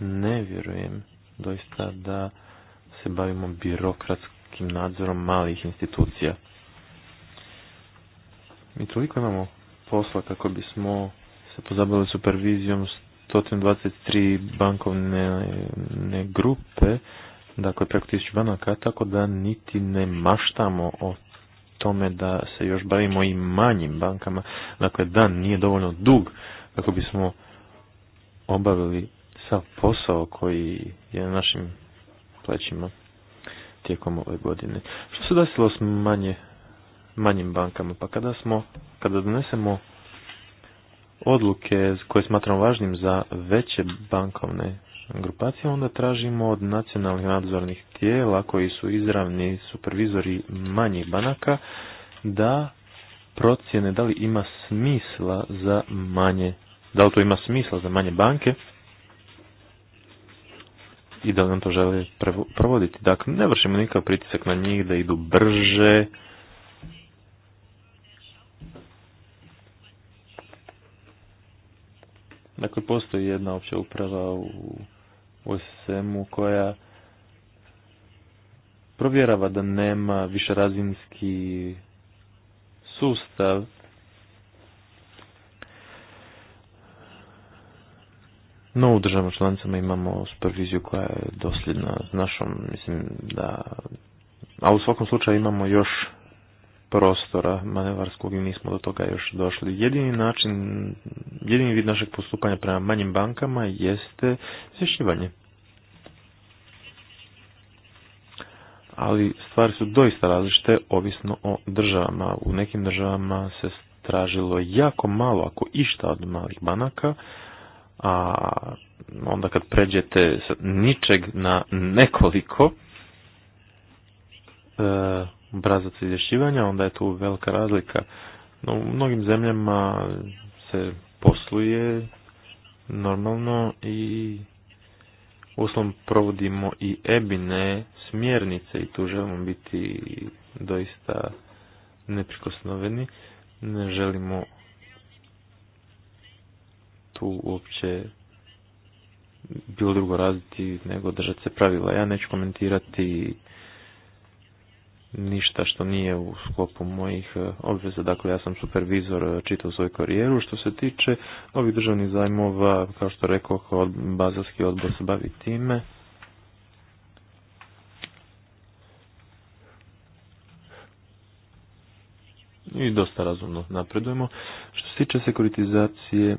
ne vjerujem doista da se bavimo birokratskim nadzorom malih institucija. Mi toliko imamo posla kako bismo se pozabavili supervizijom 123 bankovne grupe, dakle preko 1000 banaka, tako da niti ne maštamo o tome da se još bavimo i manjim bankama. Dakle, dan nije dovoljno dug kako bismo obavili sav posao koji je na našim plećima tijekom ove godine. Što se desilo s manje, manjim bankama? Pa kada smo, kada donesemo odluke koje smatramo važnim za veće bankovne grupacije, onda tražimo od nacionalnih nadzornih tijela koji su izravni supervizori manjih banaka da procjene da li ima smisla za manje da li to ima smisla za manje banke i da li on to žele provoditi. Dakle, ne vršimo nikakav pritisak na njih da idu brže, Dakle, postoji jedna opća uprava u OSM-u koja provjerava da nema razinski sustav No, u državama članicama imamo superviziju koja je dosljedna s našom, mislim da... A u svakom slučaju imamo još prostora manevarskog i nismo do toga još došli. Jedini način, jedini vid našeg postupanja prema manjim bankama jeste izvješćivanje. Ali stvari su doista različite ovisno o državama. U nekim državama se stražilo jako malo, ako išta od malih banaka, a onda kad pređete ničeg na nekoliko e, obrazac izvješćivanja, onda je tu velika razlika. No, u mnogim zemljama se posluje normalno i uslom provodimo i ebine smjernice i tu želimo biti doista neprikosnoveni. Ne želimo tu uopće bilo drugo raditi nego držati se pravila. Ja neću komentirati ništa što nije u sklopu mojih e, obveza. Dakle, ja sam supervizor e, čitao svoju karijeru. Što se tiče ovih državnih zajmova, kao što rekao, od, bazarski odbor se bavi time. I dosta razumno napredujemo. Što se tiče sekuritizacije,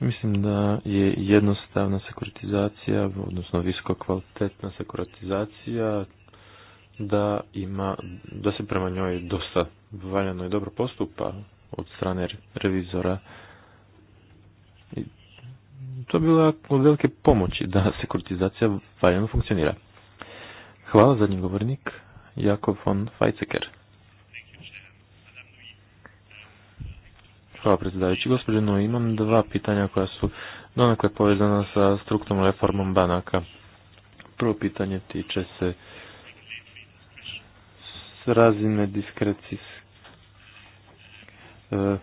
Mislim da je jednostavna sekuritizacija, odnosno visoko kvalitetna sekuritizacija, da ima, da se prema njoj dosta valjano i dobro postupa od strane revizora. I to je bila od velike pomoći da sekuritizacija valjano funkcionira. Hvala zadnji govornik, Jakov von Feizeker. Hvala predsjedavajući. Gospodinu, imam dva pitanja koja su donekle povezana sa strukturnom reformom banaka. Prvo pitanje tiče se razine diskrecije, e,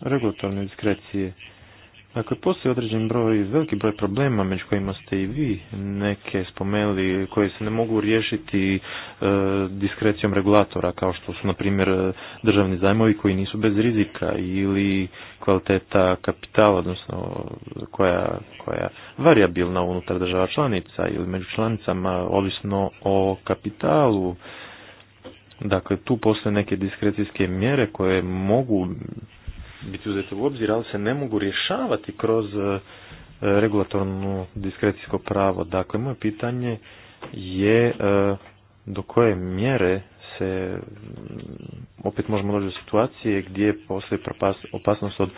regulatorne diskrecije. Dakle, postoji određen broj, veliki broj problema među kojima ste i vi neke spomenuli koje se ne mogu riješiti e, diskrecijom regulatora kao što su, na primjer, državni zajmovi koji nisu bez rizika ili kvaliteta kapitala, odnosno koja, koja variabilna unutar država članica ili među članicama, ovisno o kapitalu. Dakle, tu postoje neke diskrecijske mjere koje mogu biti uzeti u obzir, ali se ne mogu rješavati kroz e, regulatorno diskrecijsko pravo. Dakle, moje pitanje je e, do koje mjere se mm, opet možemo doći do situacije gdje postoji opasnost od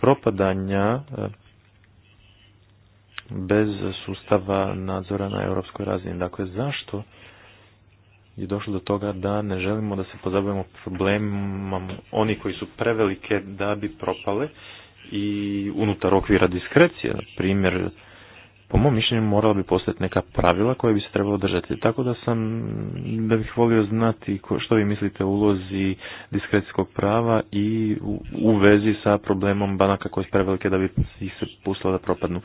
propadanja e, bez sustava nadzora na europskoj razini. Dakle, zašto je došlo do toga da ne želimo da se pozabavimo problemom oni koji su prevelike da bi propale i unutar okvira diskrecije, na primjer, po mom mišljenju morala bi postati neka pravila koje bi se trebalo držati. Tako da sam, da bih volio znati što vi mislite o ulozi diskrecijskog prava i u, u vezi sa problemom banaka koje su prevelike da bi ih se pustilo da propadnu.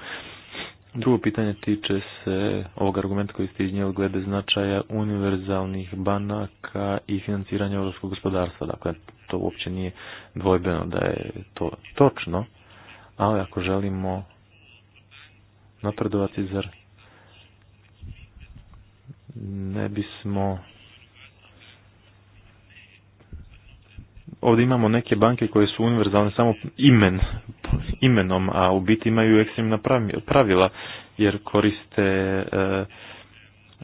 Drugo pitanje tiče se ovog argumenta koji ste iznijeli glede značaja univerzalnih banaka i financiranja europskog gospodarstva. Dakle, to uopće nije dvojbeno da je to točno, ali ako želimo napredovati, zar ne bismo ovdje imamo neke banke koje su univerzalne samo imen, imenom, a u biti imaju ekstremna pravila jer koriste e,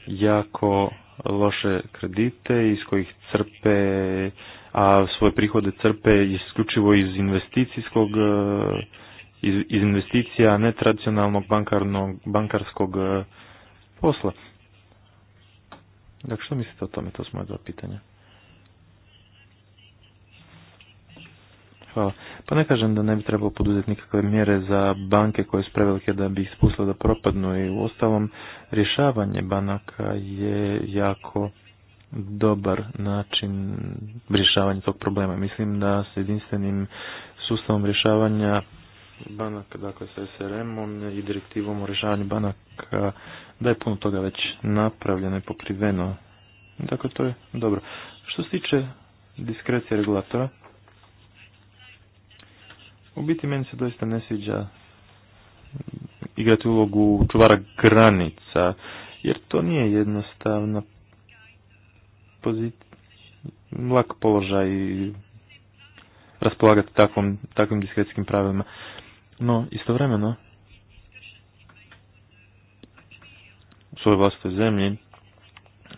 jako loše kredite iz kojih crpe, a svoje prihode crpe isključivo iz investicijskog e, iz, investicija netradicionalnog bankarnog, bankarskog e, posla. Dakle, što mislite o tome? To su moje dva pitanja. Hvala. Pa ne kažem da ne bi trebalo poduzeti nikakve mjere za banke koje su prevelike da bi ih spustile da propadnu i u ostalom rješavanje banaka je jako dobar način rješavanja tog problema. Mislim da s jedinstvenim sustavom rješavanja banaka, dakle sa SRM-om i direktivom o rješavanju banaka, da je puno toga već napravljeno i pokriveno. Dakle, to je dobro. Što se tiče diskrecije regulatora, u biti meni se doista ne sviđa igrati ulogu čuvara granica, jer to nije jednostavna pozicija, lak položaj i raspolagati takvom, takvim diskretskim pravilima. No, istovremeno, u svojoj vlastitoj zemlji,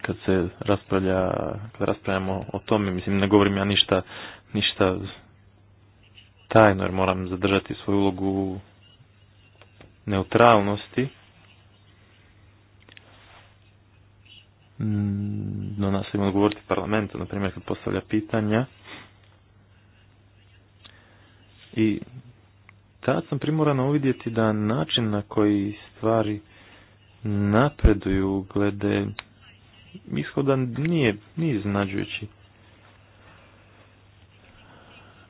kad se raspravlja, kad raspravljamo o tome, mislim, ne govorim ja ništa, ništa tajno jer moram zadržati svoju ulogu neutralnosti. Mm, no ima odgovoriti parlamentu, na primjer kad postavlja pitanja. I tad sam primoran uvidjeti da način na koji stvari napreduju glede ishoda nije, nije iznađujući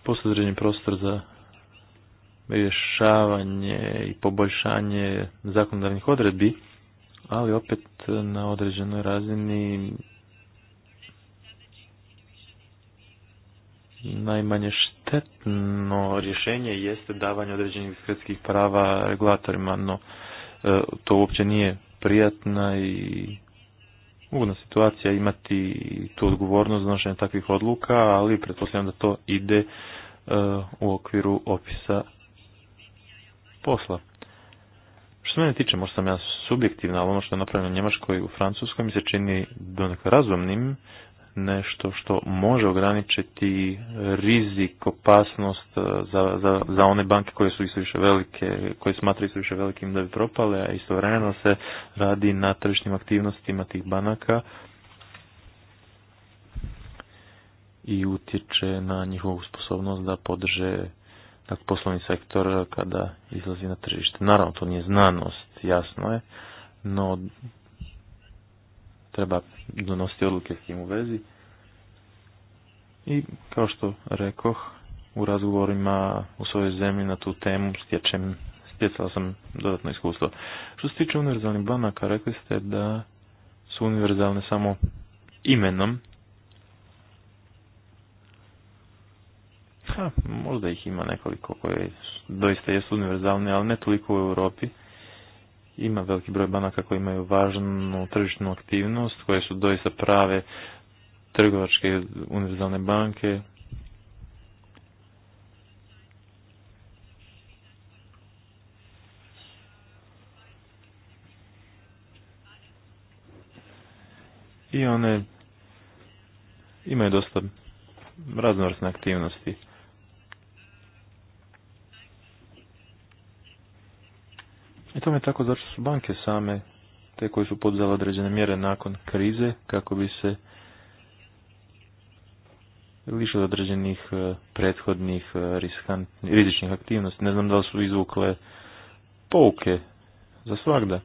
postoji prostor za rješavanje i poboljšanje zakonodavnih odredbi, ali opet na određenoj razini najmanje štetno rješenje jeste davanje određenih diskretskih prava regulatorima, no e, to uopće nije prijatna i ugodna situacija imati tu odgovornost donošenja takvih odluka, ali pretpostavljam da to ide e, u okviru opisa posla. Što se mene tiče, možda sam ja subjektivna, ali ono što je napravljeno u Njemačkoj i u Francuskoj mi se čini donekle razumnim, nešto što može ograničiti rizik, opasnost e, za, za, za one banke koje su više velike, koje smatraju više velikim da bi propale, a istovremeno se radi na tržišnim aktivnostima tih banaka i utječe na njihovu sposobnost da podrže tak poslovni sektor kada izlazi na tržište. Naravno, to nije znanost, jasno je, no treba donositi odluke s tim u vezi. I kao što rekoh, u razgovorima u svojoj zemlji na tu temu stječem, stjecala sam dodatno iskustvo. Što se tiče univerzalnih banaka, rekli ste da su univerzalne samo imenom. Ha, možda ih ima nekoliko koje doista jesu univerzalne, ali ne toliko u Europi ima veliki broj banaka koji imaju važnu tržišnu aktivnost, koje su doista prave trgovačke univerzalne banke. I one imaju dosta raznovrsne aktivnosti. I tome tako zašto su banke same te koje su poduzele određene mjere nakon krize kako bi se više određenih e, prethodnih e, rizičnih aktivnosti. Ne znam da li su izvukle pouke za svakda.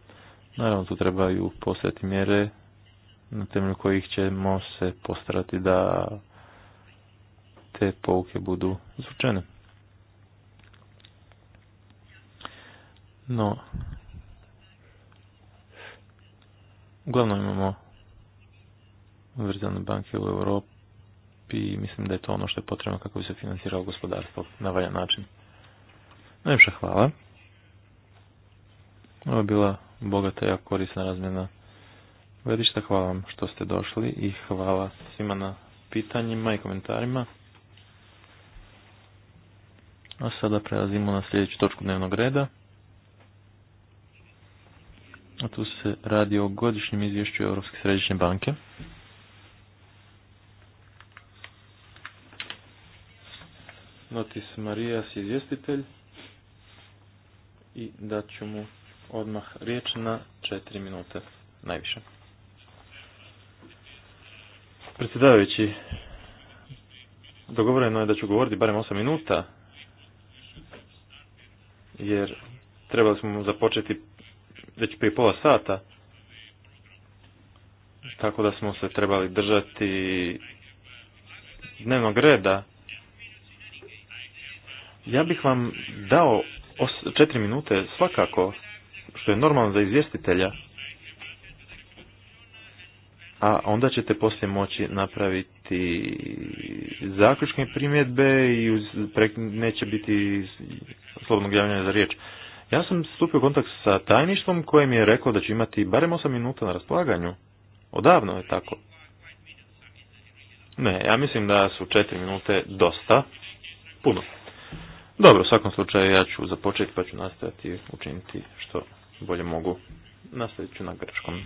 Naravno, tu trebaju postaviti mjere na temelju kojih ćemo se postarati da te pouke budu izvučene. No, uglavnom imamo vrzane banke u Europi i mislim da je to ono što je potrebno kako bi se financirao gospodarstvo na valjan način. Najviše hvala. Ovo je bila bogata i korisna razmjena gledišta. Hvala vam što ste došli i hvala svima na pitanjima i komentarima. A sada prelazimo na sljedeću točku dnevnog reda. A tu se radi o godišnjem izvješću Europske središnje banke. Notis Marijas izvjestitelj i ću mu odmah riječ na četiri minute najviše. Predsjedavajući, dogovoreno je da ću govoriti barem 8 minuta, jer trebali smo započeti već prije pola sata. Tako da smo se trebali držati dnevnog reda. Ja bih vam dao četiri minute svakako, što je normalno za izvjestitelja. A onda ćete poslije moći napraviti zaključke primjedbe i neće biti slobodnog javljanja za riječ. Ja sam stupio u kontakt sa tajništvom koje mi je rekao da će imati barem 8 minuta na raspolaganju. Odavno je tako. Ne, ja mislim da su 4 minute dosta. Puno. Dobro, u svakom slučaju ja ću započeti pa ću nastaviti učiniti što bolje mogu. Nastavit ću na grčkom.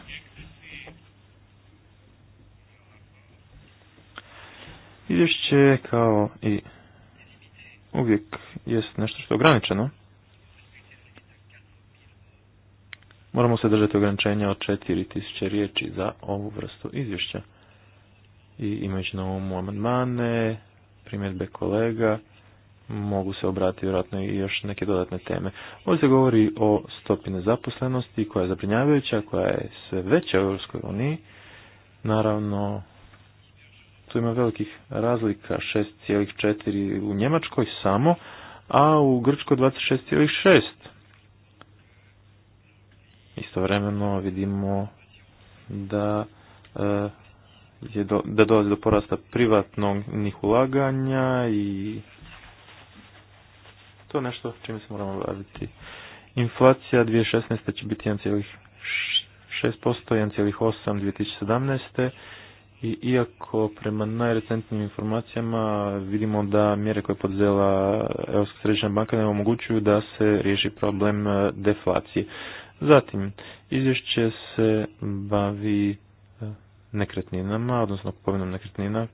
Izvješće kao i uvijek jest nešto što je ograničeno. Moramo se držati ograničenja od 4000 riječi za ovu vrstu izvješća. I imajući na umu amandmane, primjedbe kolega, mogu se obratiti vjerojatno i još neke dodatne teme. Ovdje se govori o stopi nezaposlenosti koja je zabrinjavajuća, koja je sve veća u Europskoj uniji. Naravno, tu ima velikih razlika, 6,4 u Njemačkoj samo, a u Grčkoj 26,6 Istovremeno vidimo da e, je do, da dolazi do porasta privatnog ulaganja i to je nešto čime se moramo baviti. Inflacija 2016. će biti 1,6%, 1,8% 2017. I iako prema najrecentnijim informacijama vidimo da mjere koje je podzela Europska središnja banka ne omogućuju da se riješi problem deflacije. Zatim, izvješće se bavi e, nekretninama, odnosno kupovinom nekretnina.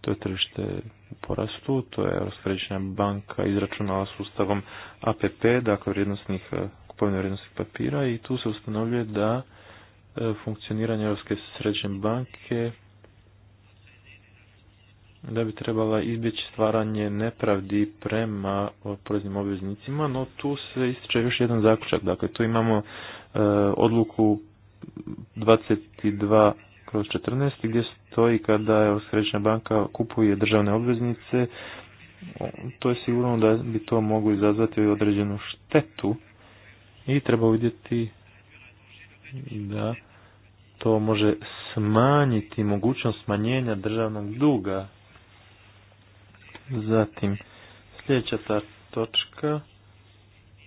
To je tržište u porastu, to je Europska banka izračunala Ustavom APP, dakle vrijednostnih, e, kupovine vrijednostnih papira i tu se ustanovljuje da e, funkcioniranje Europske središnje banke da bi trebala izbjeći stvaranje nepravdi prema poreznim obveznicima, no tu se ističe još jedan zaključak. Dakle, tu imamo e, odluku 22 kroz 14 gdje stoji kada je središnja banka kupuje državne obveznice, to je sigurno da bi to moglo izazvati određenu štetu i treba vidjeti da to može smanjiti mogućnost smanjenja državnog duga Zatim, sljedeća ta točka,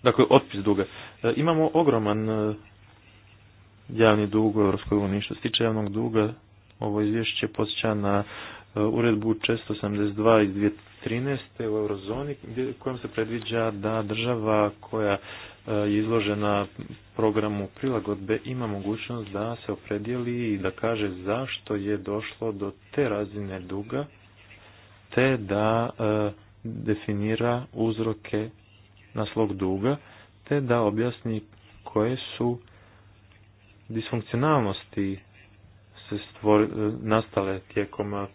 dakle, otpis duga. E, imamo ogroman e, javni dug u Europskoj uniji. Što se tiče javnog duga, ovo izvješće posjeća na e, uredbu 682 iz 2013. u eurozoni, gdje, kojom se predviđa da država koja e, je izložena programu prilagodbe ima mogućnost da se opredijeli i da kaže zašto je došlo do te razine duga te da e, definira uzroke naslog duga, te da objasni koje su disfunkcionalnosti se e, nastale tijekom e,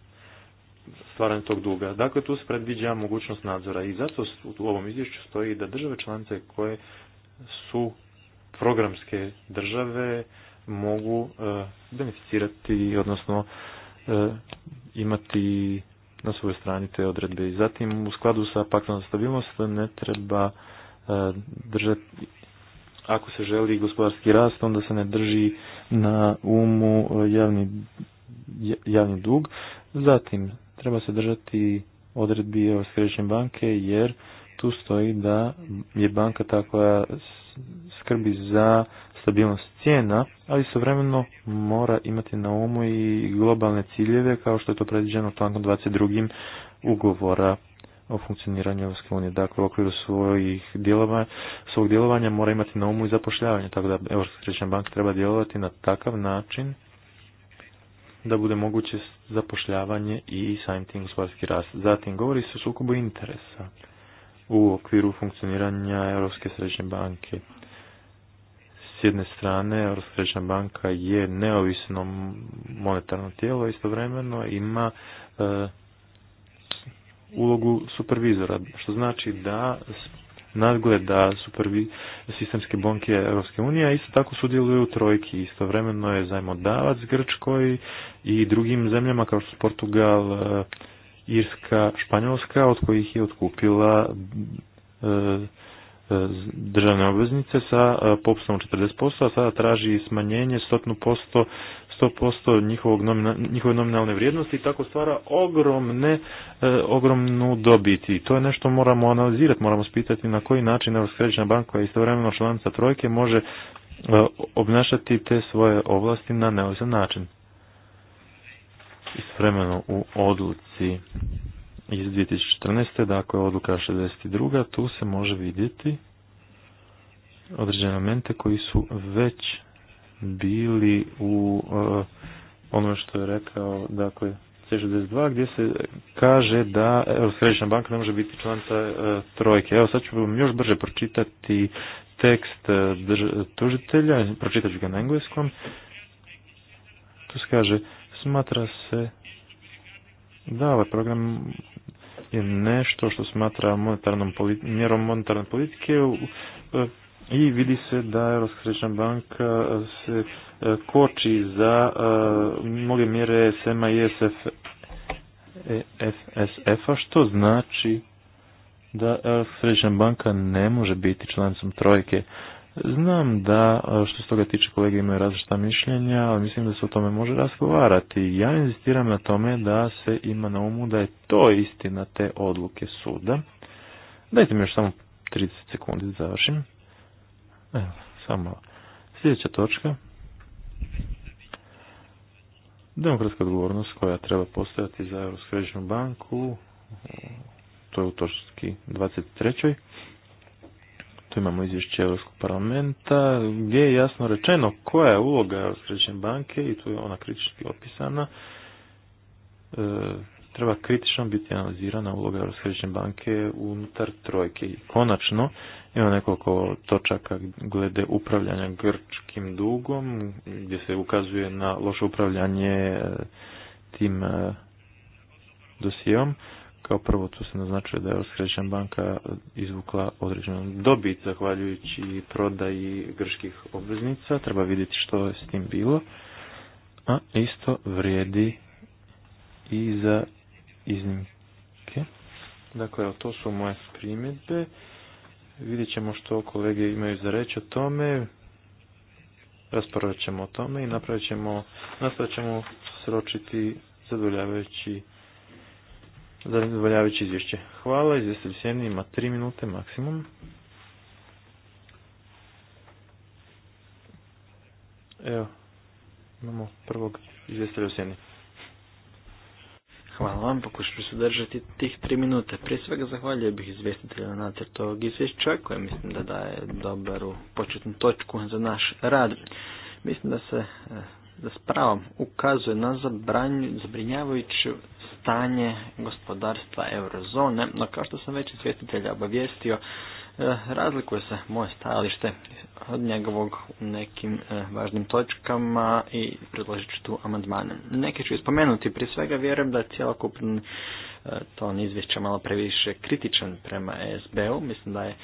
stvaranja tog duga. Dakle, tu se predviđa mogućnost nadzora i zato u ovom izvješću stoji da države članice koje su programske države mogu beneficirati, odnosno imati na svojoj strani te odredbe. I zatim u skladu sa paktom za stabilnost ne treba e, držati, ako se želi gospodarski rast, onda se ne drži na umu e, javni, javni dug. Zatim treba se držati odredbi o središnje banke jer tu stoji da je banka ta koja skrbi za stabilnost cijena, ali istovremeno mora imati na umu i globalne ciljeve kao što je to predviđeno člankom 22. ugovora o funkcioniranju EU. Dakle, u okviru svojih svog djelovanja mora imati na umu i zapošljavanje, tako da Europska središnja banka treba djelovati na takav način da bude moguće zapošljavanje i samim tim gospodarski rast. Zatim govori se o sukobu interesa u okviru funkcioniranja Europske središnje banke s jedne strane Europska središnja banka je neovisno monetarno tijelo istovremeno ima e, ulogu supervizora što znači da nadgleda supervi, sistemske banke Europske unije, a isto tako sudjeluju u trojki. Istovremeno je zajmodavac Grčkoj i drugim zemljama kao što su Portugal, e, Irska, Španjolska, od kojih je otkupila e, E, državne obveznice sa e, popustom 40%, a sada traži smanjenje 100%, 100% njihovog njihove nominalne vrijednosti i tako stvara ogromne, e, ogromnu dobit. I to je nešto moramo analizirati, moramo spitati na koji način Europska središnja banka je istovremeno članica trojke može obnašati te svoje ovlasti na neovisan način. Istovremeno u odluci iz 2014. Dakle, odluka 62. Tu se može vidjeti određene elemente koji su već bili u ono što je rekao, dakle, C62 gdje se kaže da Središnja banka ne može biti članica eh, trojke. Evo sad ću vam još brže pročitati tekst uh, tužitelja, pročitat ću ga na engleskom. Tu se kaže, smatra se da, ovaj program je nešto što smatra monetarnom mjerom monetarne politike e, i vidi se da Europska središnja banka se e, koči za e, mnoge mjere SMA i FSF-a, što znači da središnja banka ne može biti članicom trojke. Znam da što se toga tiče kolege imaju različita mišljenja, ali mislim da se o tome može razgovarati. Ja insistiram na tome da se ima na umu da je to istina te odluke suda. Dajte mi još samo 30 sekundi da završim. Evo, samo sljedeća točka. Demokratska odgovornost koja treba postojati za Europsku banku, to je u točki 23 tu imamo izvješće Europskog parlamenta, gdje je jasno rečeno koja je uloga Središnje banke i tu je ona kritički opisana. E, treba kritično biti analizirana uloga Središnje banke unutar trojke. I konačno, ima nekoliko točaka glede upravljanja grčkim dugom, gdje se ukazuje na loše upravljanje e, tim e, dosijom. Kao prvo tu se naznačuje da je Europska banka izvukla određenu dobit zahvaljujući prodaji grških obveznica. Treba vidjeti što je s tim bilo. A isto vrijedi i za iznimke. Dakle, to su moje primjedbe. Vidjet ćemo što kolege imaju za reći o tome. Raspravit ćemo o tome i napravit ćemo, ćemo sročiti zadovoljavajući zadovoljavajuće izvješće. Hvala, izvjestitelj Sjeni ima tri minute maksimum. Evo, imamo prvog izvjestitelja u Sjeni. Hvala vam, pokušat ću se držati tih tri minute. Prije svega zahvaljujem bih izvjestitelja na nacrt ovog izvješća koje mislim da daje dobaru početnu točku za naš rad. Mislim da se eh, s pravom ukazuje na zabrinjavajuće stanje gospodarstva eurozone, no kao što sam već izvjestitelja obavijestio, e, razlikuje se moje stajalište od njegovog u nekim e, važnim točkama i predložit ću tu amandmane. Neke ću ispomenuti, prije svega vjerujem da je to e, ton izvješća malo previše kritičan prema sbu u mislim da je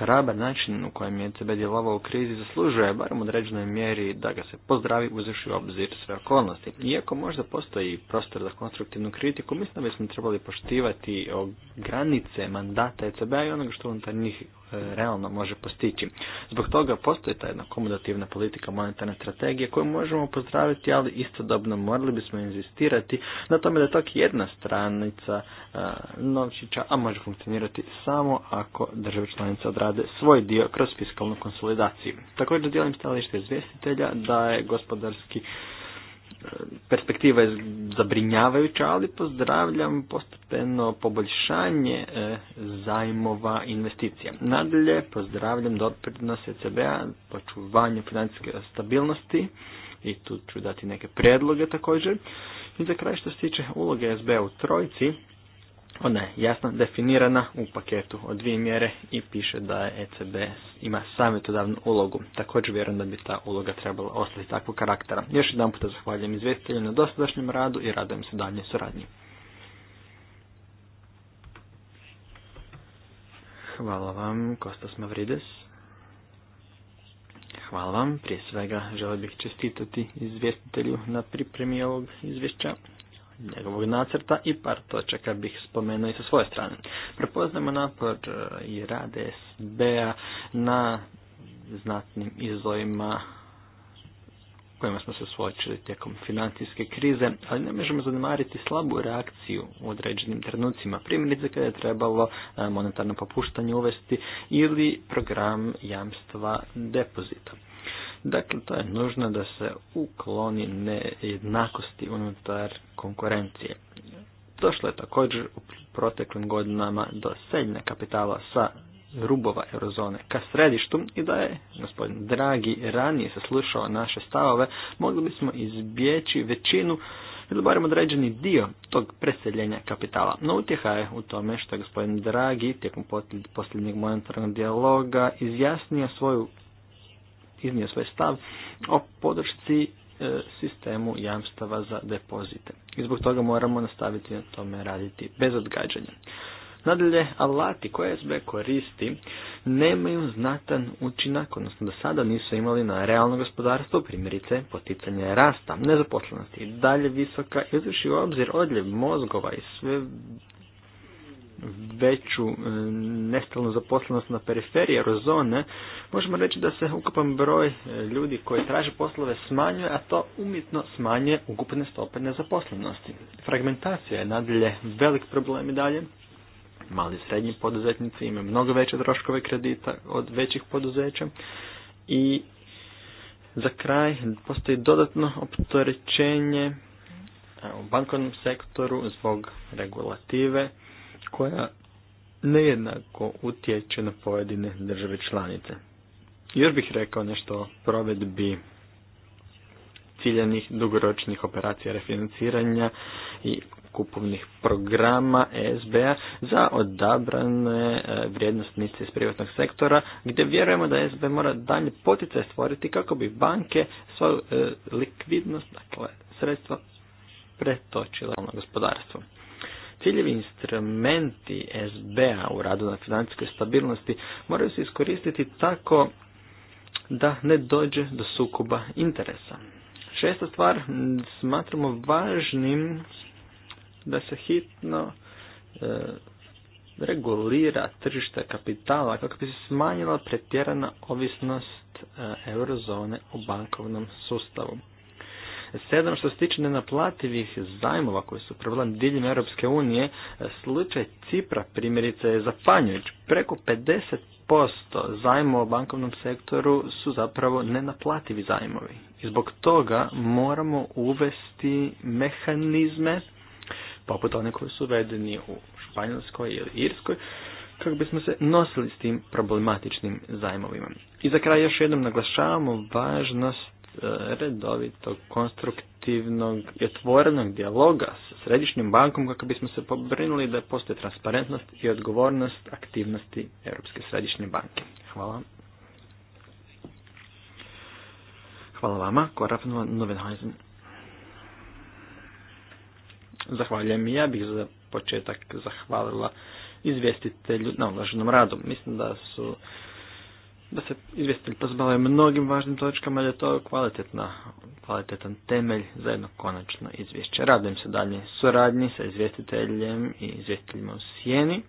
hrabar način u kojem je ECB djelovao u krizi zaslužuje, barem u određenoj mjeri, da ga se pozdravi uzeši u obzir sve okolnosti. Iako možda postoji prostor za konstruktivnu kritiku, mislim da bismo trebali poštivati granice mandata ECB i onoga što unutar njih realno može postići. Zbog toga postoji ta jedna komodativna politika monetarne strategije koju možemo pozdraviti, ali istodobno morali bismo inzistirati na tome da je to jedna stranica novčića, a može funkcionirati samo ako države članice odrade svoj dio kroz fiskalnu konsolidaciju. Također dijelim stalište izvjestitelja da je gospodarski perspektiva je zabrinjavajuća, ali pozdravljam postepeno poboljšanje e, zajmova investicija. Nadalje, pozdravljam doprinos ECB-a, očuvanju financijske stabilnosti i tu ću dati neke predloge također. I za kraj što se tiče uloge SB u trojci, ona je jasno definirana u paketu od dvije mjere i piše da je ECB ima savjetodavnu ulogu. Također vjerujem da bi ta uloga trebala ostati takvog karaktera. Još jedan puta zahvaljujem izvjestitelju na dosadašnjem radu i radujem se daljnje suradnji. Hvala vam, Kostas Mavrides. Hvala vam. Prije svega želio bih čestitati izvjestitelju na pripremi ovog izvješća njegovog nacrta i par točaka bih spomenuo i sa svoje strane. prepoznajemo napor e, i rade SB-a na znatnim izazovima kojima smo se suočili tijekom financijske krize, ali ne možemo zanemariti slabu reakciju u određenim trenucima. Primjerice kada je trebalo e, monetarno popuštanje uvesti ili program jamstva depozita. Dakle, to je nužno da se ukloni nejednakosti unutar konkurencije. Došlo je također u proteklim godinama do seljenja kapitala sa rubova eurozone ka središtu i da je gospodin Dragi ranije saslušao naše stavove, mogli bismo izbjeći većinu ili barem određeni dio tog preseljenja kapitala. No utjeha je u tome što je gospodin Dragi tijekom posljednjeg monetarnog dijaloga izjasnio svoju iznio svoj stav o podršci e, sistemu jamstava za depozite. I zbog toga moramo nastaviti na tome raditi bez odgađanja. Nadalje, alati koje SB koristi nemaju znatan učinak, odnosno da sada nisu imali na realno gospodarstvo, primjerice poticanje rasta, nezaposlenosti, dalje visoka, izvrši obzir odljev mozgova i sve veću e, nestalnu zaposlenost na periferiji eurozone, možemo reći da se ukupan broj e, ljudi koji traže poslove smanjuje, a to umjetno smanjuje ukupne stope nezaposlenosti. Fragmentacija je nadalje velik problem i dalje. Mali i srednji poduzetnici imaju mnogo veće troškove kredita od većih poduzeća i za kraj postoji dodatno opterećenje e, u bankovnom sektoru zbog regulative koja nejednako utječe na pojedine države članice. Još bih rekao nešto o provedbi ciljanih dugoročnih operacija refinanciranja i kupovnih programa e sba a za odabrane e, vrijednostnice iz privatnog sektora, gdje vjerujemo da e SB mora dalje poticaj stvoriti kako bi banke svoju likvidnost, dakle sredstva, pretočile na ono gospodarstvo. Ciljevi instrumenti SBA u radu na financijskoj stabilnosti moraju se iskoristiti tako da ne dođe do sukoba interesa. Šesta stvar, smatramo važnim da se hitno e, regulira tržište kapitala kako bi se smanjila pretjerana ovisnost e, eurozone u bankovnom sustavu. Sedam što se tiče nenaplativih zajmova koji su problem diljem Europske unije, slučaj Cipra primjerice je zapanjujuć. Preko 50% zajmova u bankovnom sektoru su zapravo nenaplativi zajmovi. I zbog toga moramo uvesti mehanizme poput one koji su uvedeni u Španjolskoj ili Irskoj, kako bismo se nosili s tim problematičnim zajmovima. I za kraj još jednom naglašavamo važnost redovitog, konstruktivnog i otvorenog dijaloga sa središnjom bankom kako bismo se pobrinuli da postoje transparentnost i odgovornost aktivnosti Europske središnje banke. Hvala. Hvala vama, Korafno Novenhajzen. Zahvaljujem ja bih za početak zahvalila izvjestitelju na odlaženom radu. Mislim da su da se izvjestitelj pozbave mnogim važnim točkama, da je to kvalitetna, kvalitetan temelj za jedno konačno izvješće. Radujem se dalje suradnji sa izvjestiteljem i izvjestiteljima u sjeni,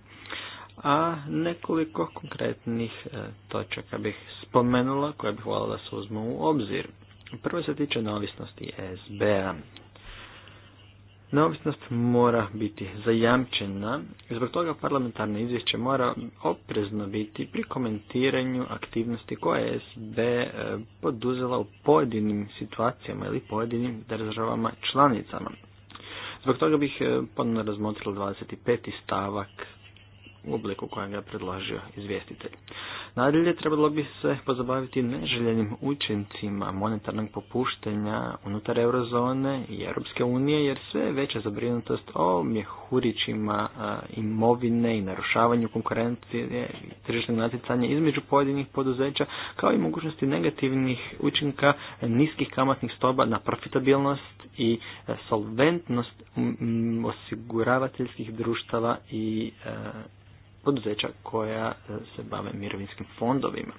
a nekoliko konkretnih e, točaka bih spomenula koje bih voljela da se uzmu u obzir. Prvo se tiče neovisnosti SB-a. Neovisnost mora biti zajamčena i zbog toga parlamentarno izvješće mora oprezno biti pri komentiranju aktivnosti koje je SB e, poduzela u pojedinim situacijama ili pojedinim državama članicama. Zbog toga bih e, ponovno razmotrila 25. stavak u obliku kojem ga je predložio izvjestitelj. Nadalje trebalo bi se pozabaviti neželjenim učincima monetarnog popuštenja unutar eurozone i Europske unije jer sve veća zabrinutost o mjehurićima imovine i narušavanju konkurencije i tržišnog natjecanja između pojedinih poduzeća kao i mogućnosti negativnih učinka niskih kamatnih stoba na profitabilnost i e, solventnost osiguravateljskih društava i e, poduzeća koja e, se bave mirovinskim fondovima.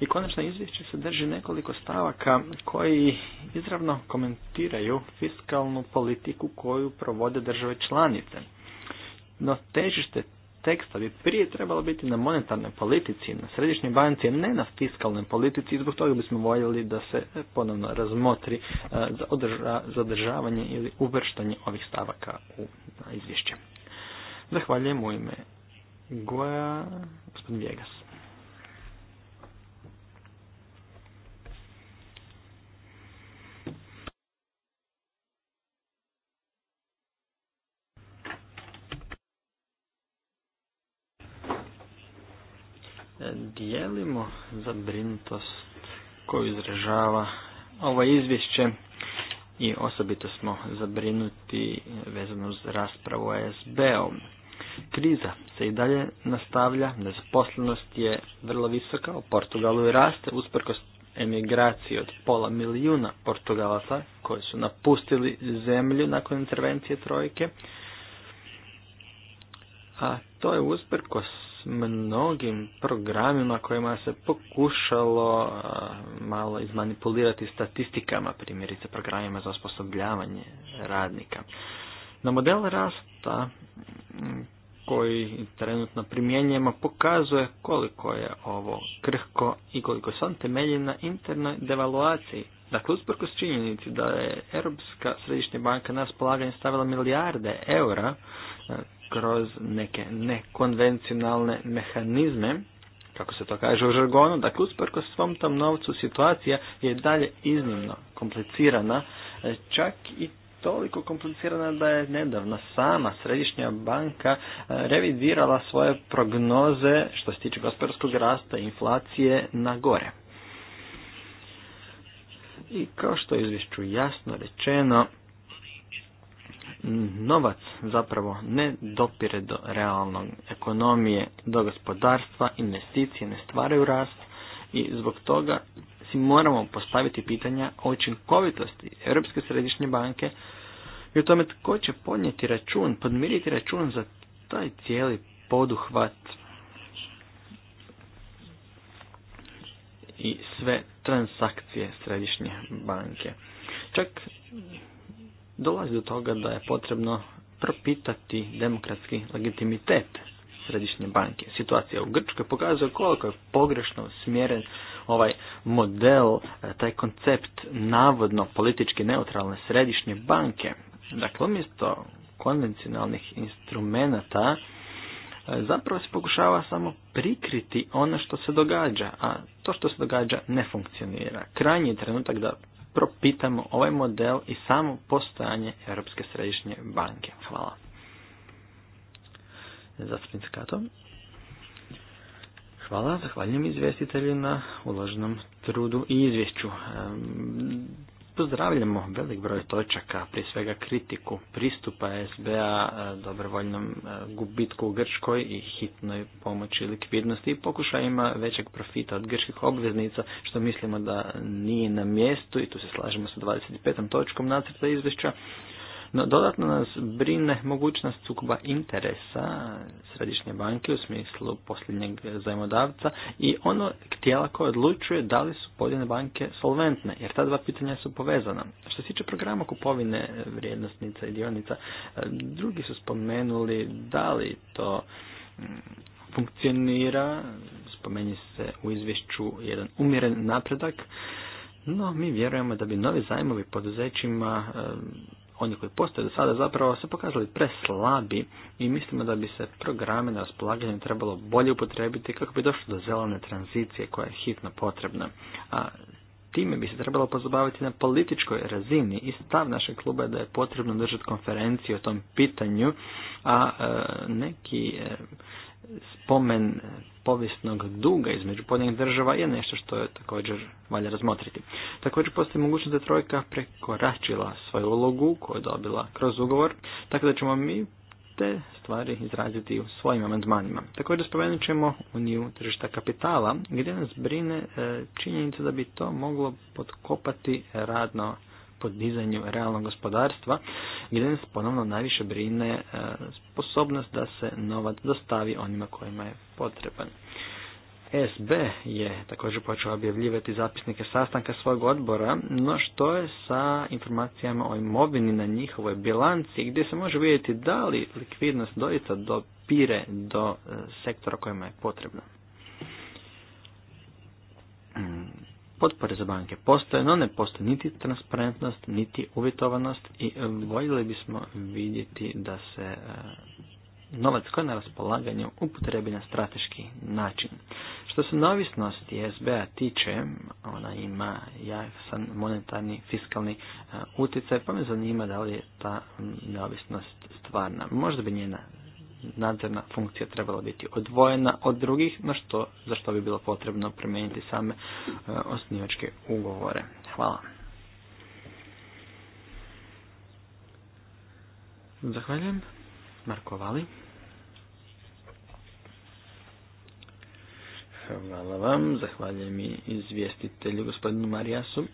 I konačno izvješće sadrži nekoliko stavaka koji izravno komentiraju fiskalnu politiku koju provode države članice. No težište teksta bi prije trebalo biti na monetarnoj politici, na središnjoj banci, ne na fiskalnoj politici i zbog toga bismo voljeli da se ponovno razmotri e, za zadržavanje ili uvrštanje ovih stavaka u izvješće. Zahvaljujem u ime Goja, gospodin Vjegas. Dijelimo zabrinutost koju izražava ovo izvješće i osobito smo zabrinuti vezano uz raspravu o SB-om. Kriza se i dalje nastavlja, nezaposlenost je vrlo visoka, u Portugalu i raste, usprkos emigraciji od pola milijuna Portugalaca koji su napustili zemlju nakon intervencije trojke. A to je usprkos mnogim programima kojima se pokušalo malo izmanipulirati statistikama, primjerice programima za osposobljavanje radnika. Na model rasta koji trenutno primjenjujemo pokazuje koliko je ovo krhko i koliko se on temelji na internoj devaluaciji. Dakle, usprkos činjenici da je Europska središnja banka na raspolaganje stavila milijarde eura e, kroz neke nekonvencionalne mehanizme, kako se to kaže u žargonu, dakle, usprkos svom tom novcu situacija je dalje iznimno komplicirana, e, čak i toliko komplicirana da je nedavno sama središnja banka e, revidirala svoje prognoze što se tiče gospodarskog rasta i inflacije na gore. I kao što je izvješću jasno rečeno, novac zapravo ne dopire do realnog ekonomije, do gospodarstva, investicije ne stvaraju rast i zbog toga si moramo postaviti pitanja o učinkovitosti Europske središnje banke i o tome tko će podnijeti račun, podmiriti račun za taj cijeli poduhvat i sve transakcije središnje banke. Čak dolazi do toga da je potrebno propitati demokratski legitimitet središnje banke. Situacija u Grčkoj pokazuje koliko je pogrešno smjeren ovaj model, eh, taj koncept navodno politički neutralne središnje banke. Dakle, umjesto konvencionalnih instrumenata e, zapravo se pokušava samo prikriti ono što se događa, a to što se događa ne funkcionira. Krajnji je trenutak da propitamo ovaj model i samo postojanje Europske središnje banke. Hvala. Kato. Hvala, zahvaljujem izvjestitelju na uloženom trudu i izvješću. Pozdravljamo velik broj točaka, prije svega kritiku pristupa SBA e, dobrovoljnom e, gubitku u Grčkoj i hitnoj pomoći likvidnosti i pokušajima većeg profita od grčkih obveznica, što mislimo da nije na mjestu i tu se slažemo sa 25. točkom nacrta izvješća no dodatno nas brine mogućnost sukoba interesa središnje banke u smislu posljednjeg zajmodavca i ono tijela koje odlučuje da li su pojedine banke solventne, jer ta dva pitanja su povezana. Što se tiče programa kupovine vrijednostnica i dionica, drugi su spomenuli da li to mm, funkcionira, spomeni se u izvješću jedan umjeren napredak, no mi vjerujemo da bi novi zajmovi poduzećima oni koji postoje do sada zapravo se pokazali preslabi i mislimo da bi se programe na raspolaganju trebalo bolje upotrebiti kako bi došlo do zelene tranzicije koja je hitno potrebna. A time bi se trebalo pozabaviti na političkoj razini i stav našeg kluba je da je potrebno držati konferenciju o tom pitanju, a e, neki e, spomen povijesnog duga između pojedinih država je nešto što je također valja razmotriti. Također postoji mogućnost da trojka prekoračila svoju ulogu koju je dobila kroz ugovor, tako da ćemo mi te stvari izraziti u svojim amandmanima. Također spomenut ćemo uniju tržišta kapitala gdje nas brine e, činjenica da bi to moglo potkopati radno podizanju realnog gospodarstva, gdje nas ponovno najviše brine e, sposobnost da se novac dostavi onima kojima je potreban. SB je također počeo objavljivati zapisnike sastanka svog odbora, no što je sa informacijama o imovini na njihovoj bilanci gdje se može vidjeti da li likvidnost doista dopire do e, sektora kojima je potrebna. potpore za banke postoje, no ne postoji niti transparentnost, niti uvjetovanost i e, voljeli bismo vidjeti da se e, novac koji je na raspolaganju upotrebi na strateški način. Što se neovisnosti SBA tiče, ona ima jasan monetarni fiskalni e, utjecaj, pa me zanima da li je ta neovisnost stvarna. Možda bi njena nadzorna funkcija trebala biti odvojena od drugih, na što, za što bi bilo potrebno promijeniti same e, osnivačke ugovore. Hvala. Zahvaljujem. Marko Vali. Hvala vam. Zahvaljujem i izvjestitelju gospodinu Marijasu.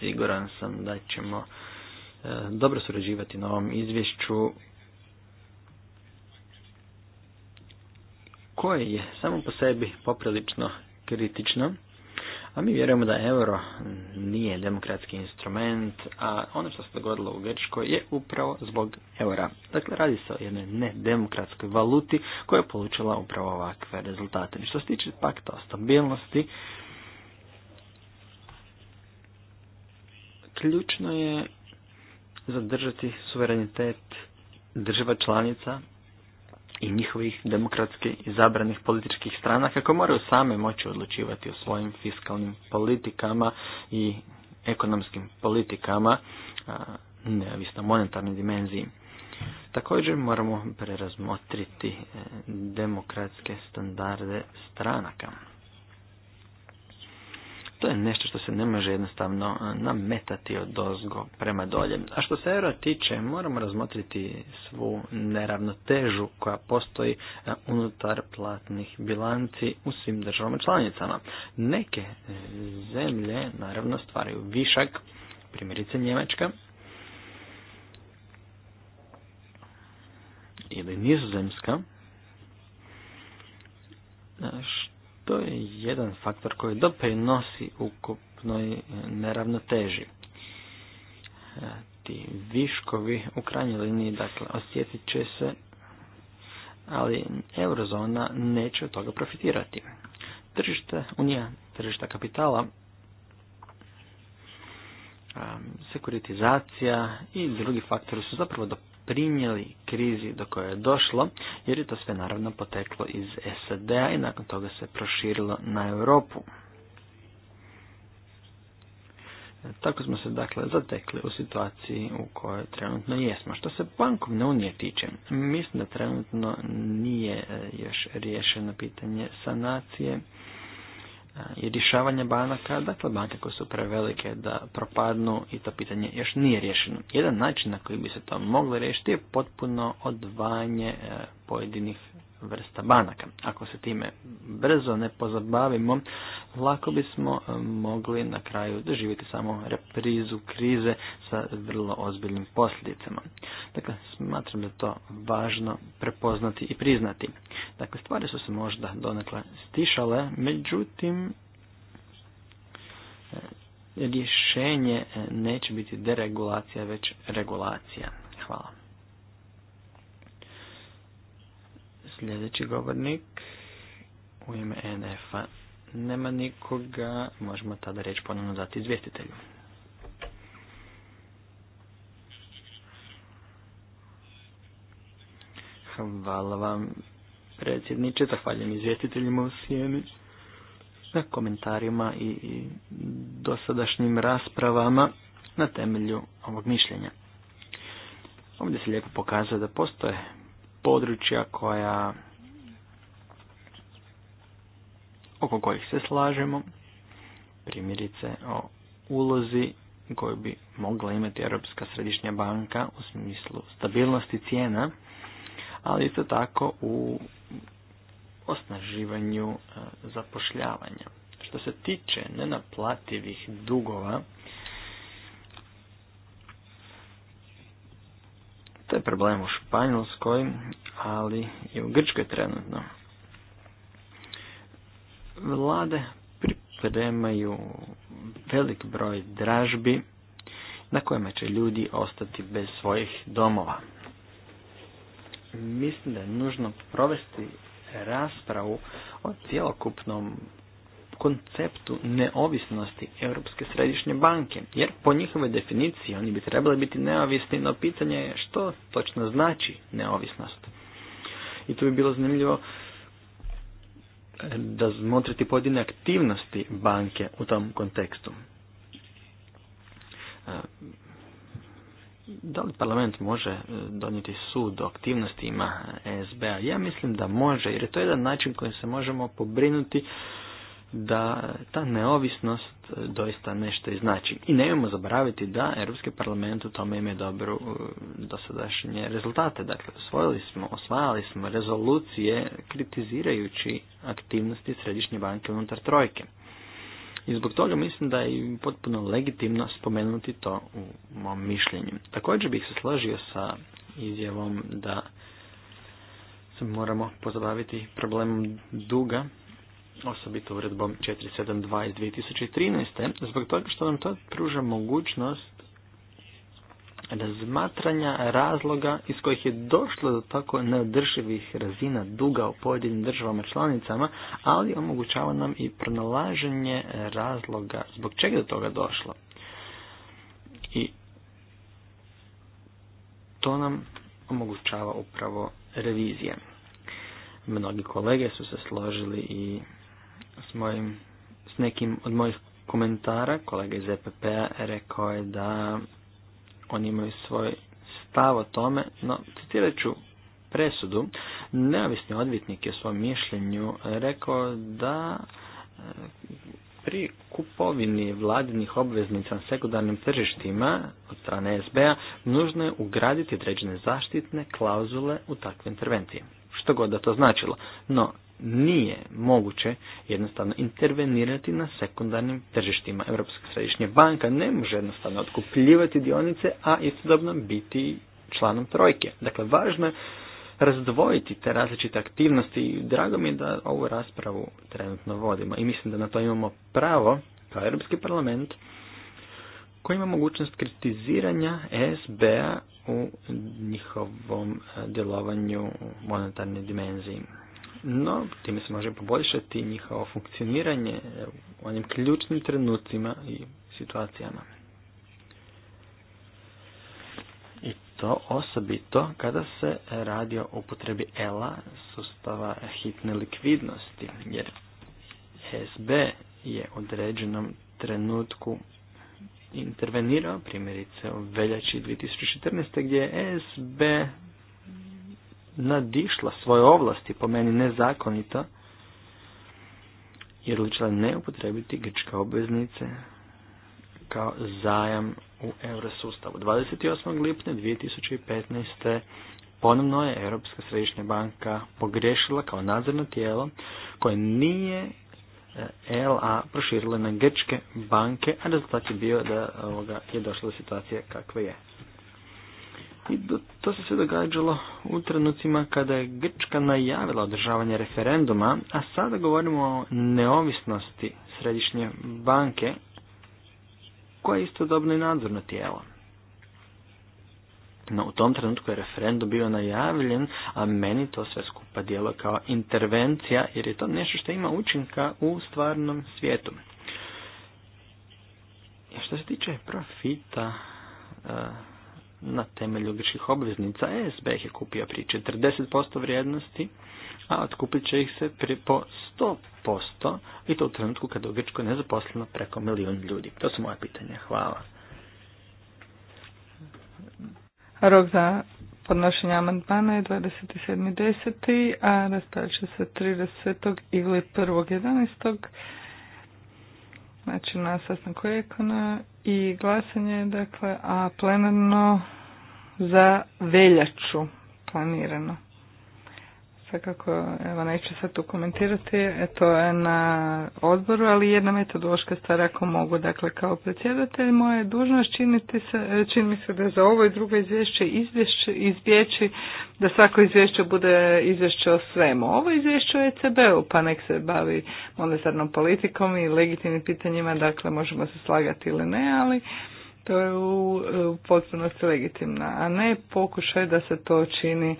Siguran sam da ćemo e, dobro surađivati na ovom izvješću koje je samo po sebi poprilično kritično, a mi vjerujemo da euro nije demokratski instrument, a ono što se dogodilo u Grčkoj je upravo zbog eura. Dakle, radi se o jednoj nedemokratskoj valuti koja je polučila upravo ovakve rezultate. što se tiče pakta o stabilnosti, ključno je zadržati suverenitet država članica i njihovih demokratski izabranih političkih strana kako moraju same moći odlučivati o svojim fiskalnim politikama i ekonomskim politikama neovisno monetarnoj dimenziji. Također moramo prerazmotriti e, demokratske standarde stranaka. To je nešto što se ne može jednostavno eh, nametati od dozgo prema dolje. A što se euro tiče, moramo razmotriti svu neravnotežu koja postoji eh, unutar platnih bilanci u svim državama članicama. Neke zemlje naravno stvaraju višak, primjerice Njemačka, ili nizozemska, eh, to je jedan faktor koji doprinosi ukupnoj e, neravnoteži. E, ti viškovi u krajnjoj liniji dakle, osjetit će se, ali eurozona neće od toga profitirati. Tržište Unija, tržišta kapitala, sekuritizacija i drugi faktori su zapravo doprinijeli krizi do koje je došlo, jer je to sve naravno poteklo iz SAD-a i nakon toga se proširilo na Europu. Tako smo se dakle zatekli u situaciji u kojoj trenutno jesmo. Što se bankovne unije tiče, mislim da trenutno nije e, još riješeno pitanje sanacije i rješavanje banaka, dakle banke koje su prevelike da propadnu i to pitanje još nije riješeno. Jedan način na koji bi se to moglo riješiti je potpuno odvajanje e, pojedinih vrsta banaka. Ako se time brzo ne pozabavimo, lako bismo e, mogli na kraju doživjeti samo reprizu krize sa vrlo ozbiljnim posljedicama. Dakle, smatram da je to važno prepoznati i priznati. Dakle, stvari su se možda donekle stišale, međutim, e, rješenje e, neće biti deregulacija, već regulacija. Hvala. Sljedeći govornik u ime NF-a nema nikoga, možemo tada reći ponovno dati izvjestitelju. Hvala vam predsjedniče, zahvaljujem izvjestiteljima u Sijeni na komentarima i dosadašnjim raspravama na temelju ovog mišljenja. Ovdje se lijepo pokazuje da postoje područja koja oko kojih se slažemo, primjerice o ulozi koju bi mogla imati Europska središnja banka u smislu stabilnosti cijena, ali isto tako u osnaživanju e, zapošljavanja. Što se tiče nenaplativih dugova, To je problem u Španjolskoj, ali i u Grčkoj trenutno. Vlade pripremaju velik broj dražbi na kojima će ljudi ostati bez svojih domova. Mislim da je nužno provesti raspravu o cjelokupnom konceptu neovisnosti Europske središnje banke, jer po njihovoj definiciji oni bi trebali biti neovisni, no pitanje je što točno znači neovisnost. I tu bi bilo zanimljivo da zmotriti pojedine aktivnosti banke u tom kontekstu. E, da li parlament može e, donijeti sud o aktivnostima e SBA? Ja mislim da može, jer je to jedan način kojim se možemo pobrinuti da ta neovisnost doista nešto i znači. I nemojmo zaboraviti da Europski parlament u tome ima dobru uh, dosadašnje rezultate. Dakle, osvojili smo, osvajali smo rezolucije kritizirajući aktivnosti Središnje banke unutar trojke. I zbog toga mislim da je potpuno legitimno spomenuti to u mom mišljenju. Također bih se složio sa izjavom da se moramo pozabaviti problemom duga osobito uredbom 472 iz 2013. Zbog toga što nam to pruža mogućnost razmatranja razloga iz kojih je došlo do tako neodrživih razina duga u pojedinim državama članicama, ali omogućava nam i pronalaženje razloga zbog čega do toga došlo. I to nam omogućava upravo revizija. Mnogi kolege su se složili i mojim, s nekim od mojih komentara, kolega iz EPP-a rekao je da oni imaju svoj stav o tome, no citirat ću presudu, neovisni odvjetnik je u svom mišljenju rekao da e, pri kupovini vladinih obveznica na sekundarnim tržištima od strane SBA nužno je ugraditi određene zaštitne klauzule u takve intervencije. Što god da to značilo. No, nije moguće jednostavno intervenirati na sekundarnim tržištima. Europska središnja banka ne može jednostavno otkupljivati dionice, a istodobno biti članom trojke. Dakle, važno je razdvojiti te različite aktivnosti i drago mi je da ovu raspravu trenutno vodimo i mislim da na to imamo pravo kao Europski parlament koji ima mogućnost kritiziranja SBA a u njihovom eh, djelovanju monetarne monetarnoj dimenziji. No, time se može poboljšati njihovo funkcioniranje u onim ključnim trenucima i situacijama. I to osobito kada se radi o upotrebi ELA sustava hitne likvidnosti, jer SB je u određenom trenutku intervenirao, primjerice u veljači 2014. gdje je ESB nadišla svoje ovlasti, po meni nezakonito, jer li ne upotrebiti grčke obveznice kao zajam u eurosustavu. 28. lipnja 2015. ponovno je Europska središnja banka pogrešila kao nadzorno tijelo koje nije e, LA proširila na grčke banke, a rezultat je bio da je došla do situacije kakve je. I to se sve događalo u trenucima kada je Grčka najavila održavanje referenduma, a sada govorimo o neovisnosti središnje banke, koja je istodobno i nadzorno tijelo. No, u tom trenutku je referendum bio najavljen, a meni to sve skupa djeluje kao intervencija, jer je to nešto što ima učinka u stvarnom svijetu. I što se tiče profita, eh, na temelju grčkih obveznica. ESB ih je kupio pri 40% vrijednosti, a otkupit će ih se pri po 100% i to u trenutku kada u Grčkoj je nezaposleno preko milijun ljudi. To su moje pitanja. Hvala. Rok za podnošenje amandmana je 27.10. a raspravit će se 30. ili 1.11 znači na sastanku Ekona i glasanje dakle, a plenarno za veljaču planirano. Dakle, kako evo neću sad tu komentirati, e, to je na odboru, ali jedna metodološka stvar ako mogu, dakle kao predsjedatelj moja dužnost e, čini mi se da za ovo i drugo izvješće, izvješće izbjeći da svako izvješće bude izvješće o svemu. Ovo izvješće o ECB-u, pa nek se bavi monetarnom politikom i legitimnim pitanjima, dakle možemo se slagati ili ne, ali to je u, u potpunosti legitimna, a ne pokušaj da se to čini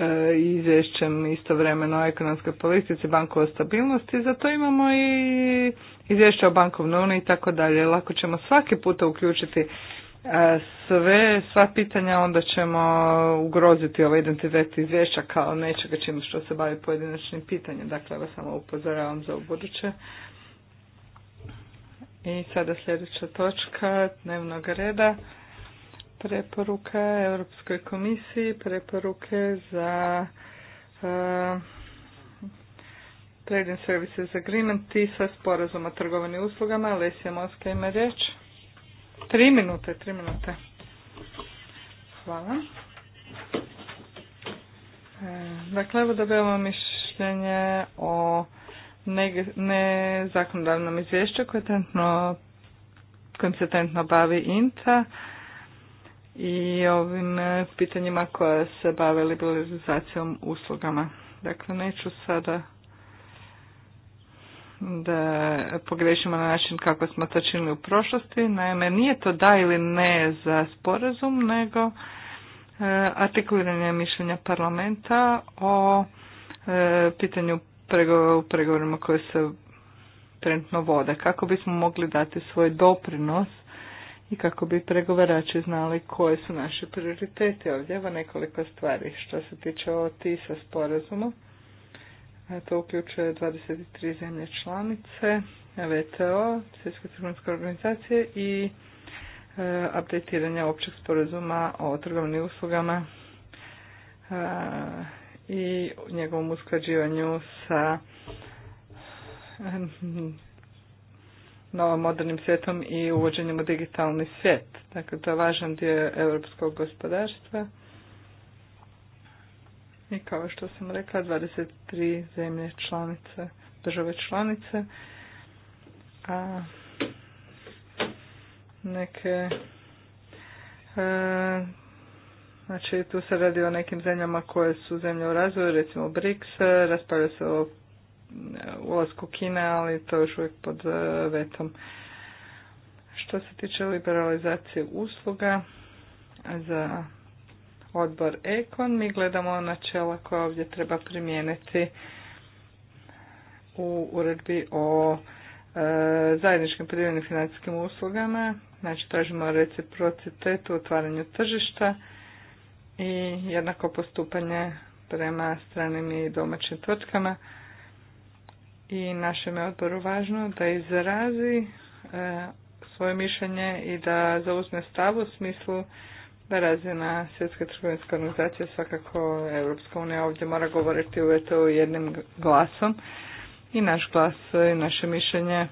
E, izvješćem istovremeno o ekonomskoj politici, bankovoj stabilnosti, zato imamo i izvješće o bankovnoj uniji i tako dalje. Lako ćemo svaki puta uključiti e, sve, sva pitanja, onda ćemo ugroziti ovaj identitet izvješća kao nečega čim što se bavi pojedinačnim pitanjem. Dakle, vas samo upozoravam za ubuduće. I sada sljedeća točka dnevnog reda preporuka Europskoj komisiji, preporuke za uh, e, Trading Services Agreement i sa sporazum o trgovini uslugama. Alesija Moska ima riječ. Tri minute, tri minute. Hvala. E, dakle, evo bevamo mišljenje o nezakonodavnom izvješću koje kojim se bavi INTA i ovim e, pitanjima koje se bave liberalizacijom uslugama. Dakle, neću sada da pogrešimo na način kako smo to činili u prošlosti. Naime, nije to da ili ne za sporazum, nego e, artikuliranje mišljenja parlamenta o e, pitanju u pregovorima koje se trenutno vode. Kako bismo mogli dati svoj doprinos i kako bi pregovarači znali koje su naše prioritete. Ovdje evo nekoliko stvari što se tiče TISA sporazuma. E, to uključuje 23 zemlje članice, VTO, Svjetske trgovinske organizacije i e, općeg sporazuma o trgovnim uslugama e, i njegovom usklađivanju sa e, novom modernim svijetom i uvođenjem u digitalni svijet. Dakle, to je važan dio europskog gospodarstva. I kao što sam rekla, 23 zemlje članice, države članice, a neke e, Znači, tu se radi o nekim zemljama koje su zemlje u razvoju, recimo BRICS, e, raspravlja se o ulasku Kine, ali to je još uvijek pod e, vetom. Što se tiče liberalizacije usluga za odbor Ekon, mi gledamo načela koja ovdje treba primijeniti u uredbi o e, zajedničkim privrednim financijskim uslugama. Znači, tražimo reciprocitet u otvaranju tržišta i jednako postupanje prema stranim i domaćim tvrtkama i našem je odboru važno da izrazi e, svoje mišljenje i da zauzme stav u smislu da razina svjetske trgovinske organizacije svakako Europska unija ovdje mora govoriti u eto jednim glasom i naš glas i naše mišljenje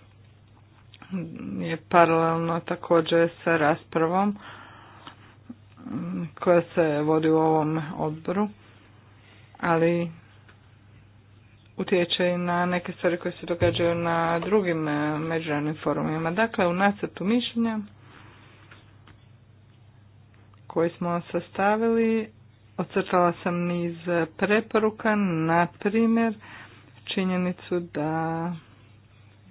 je paralelno također sa raspravom koja se vodi u ovom odboru ali utječe i na neke stvari koje se događaju na drugim e, međunarodnim forumima. Dakle, u nacrtu mišljenja koji smo sastavili, ocrtala sam niz preporuka, na primjer, činjenicu da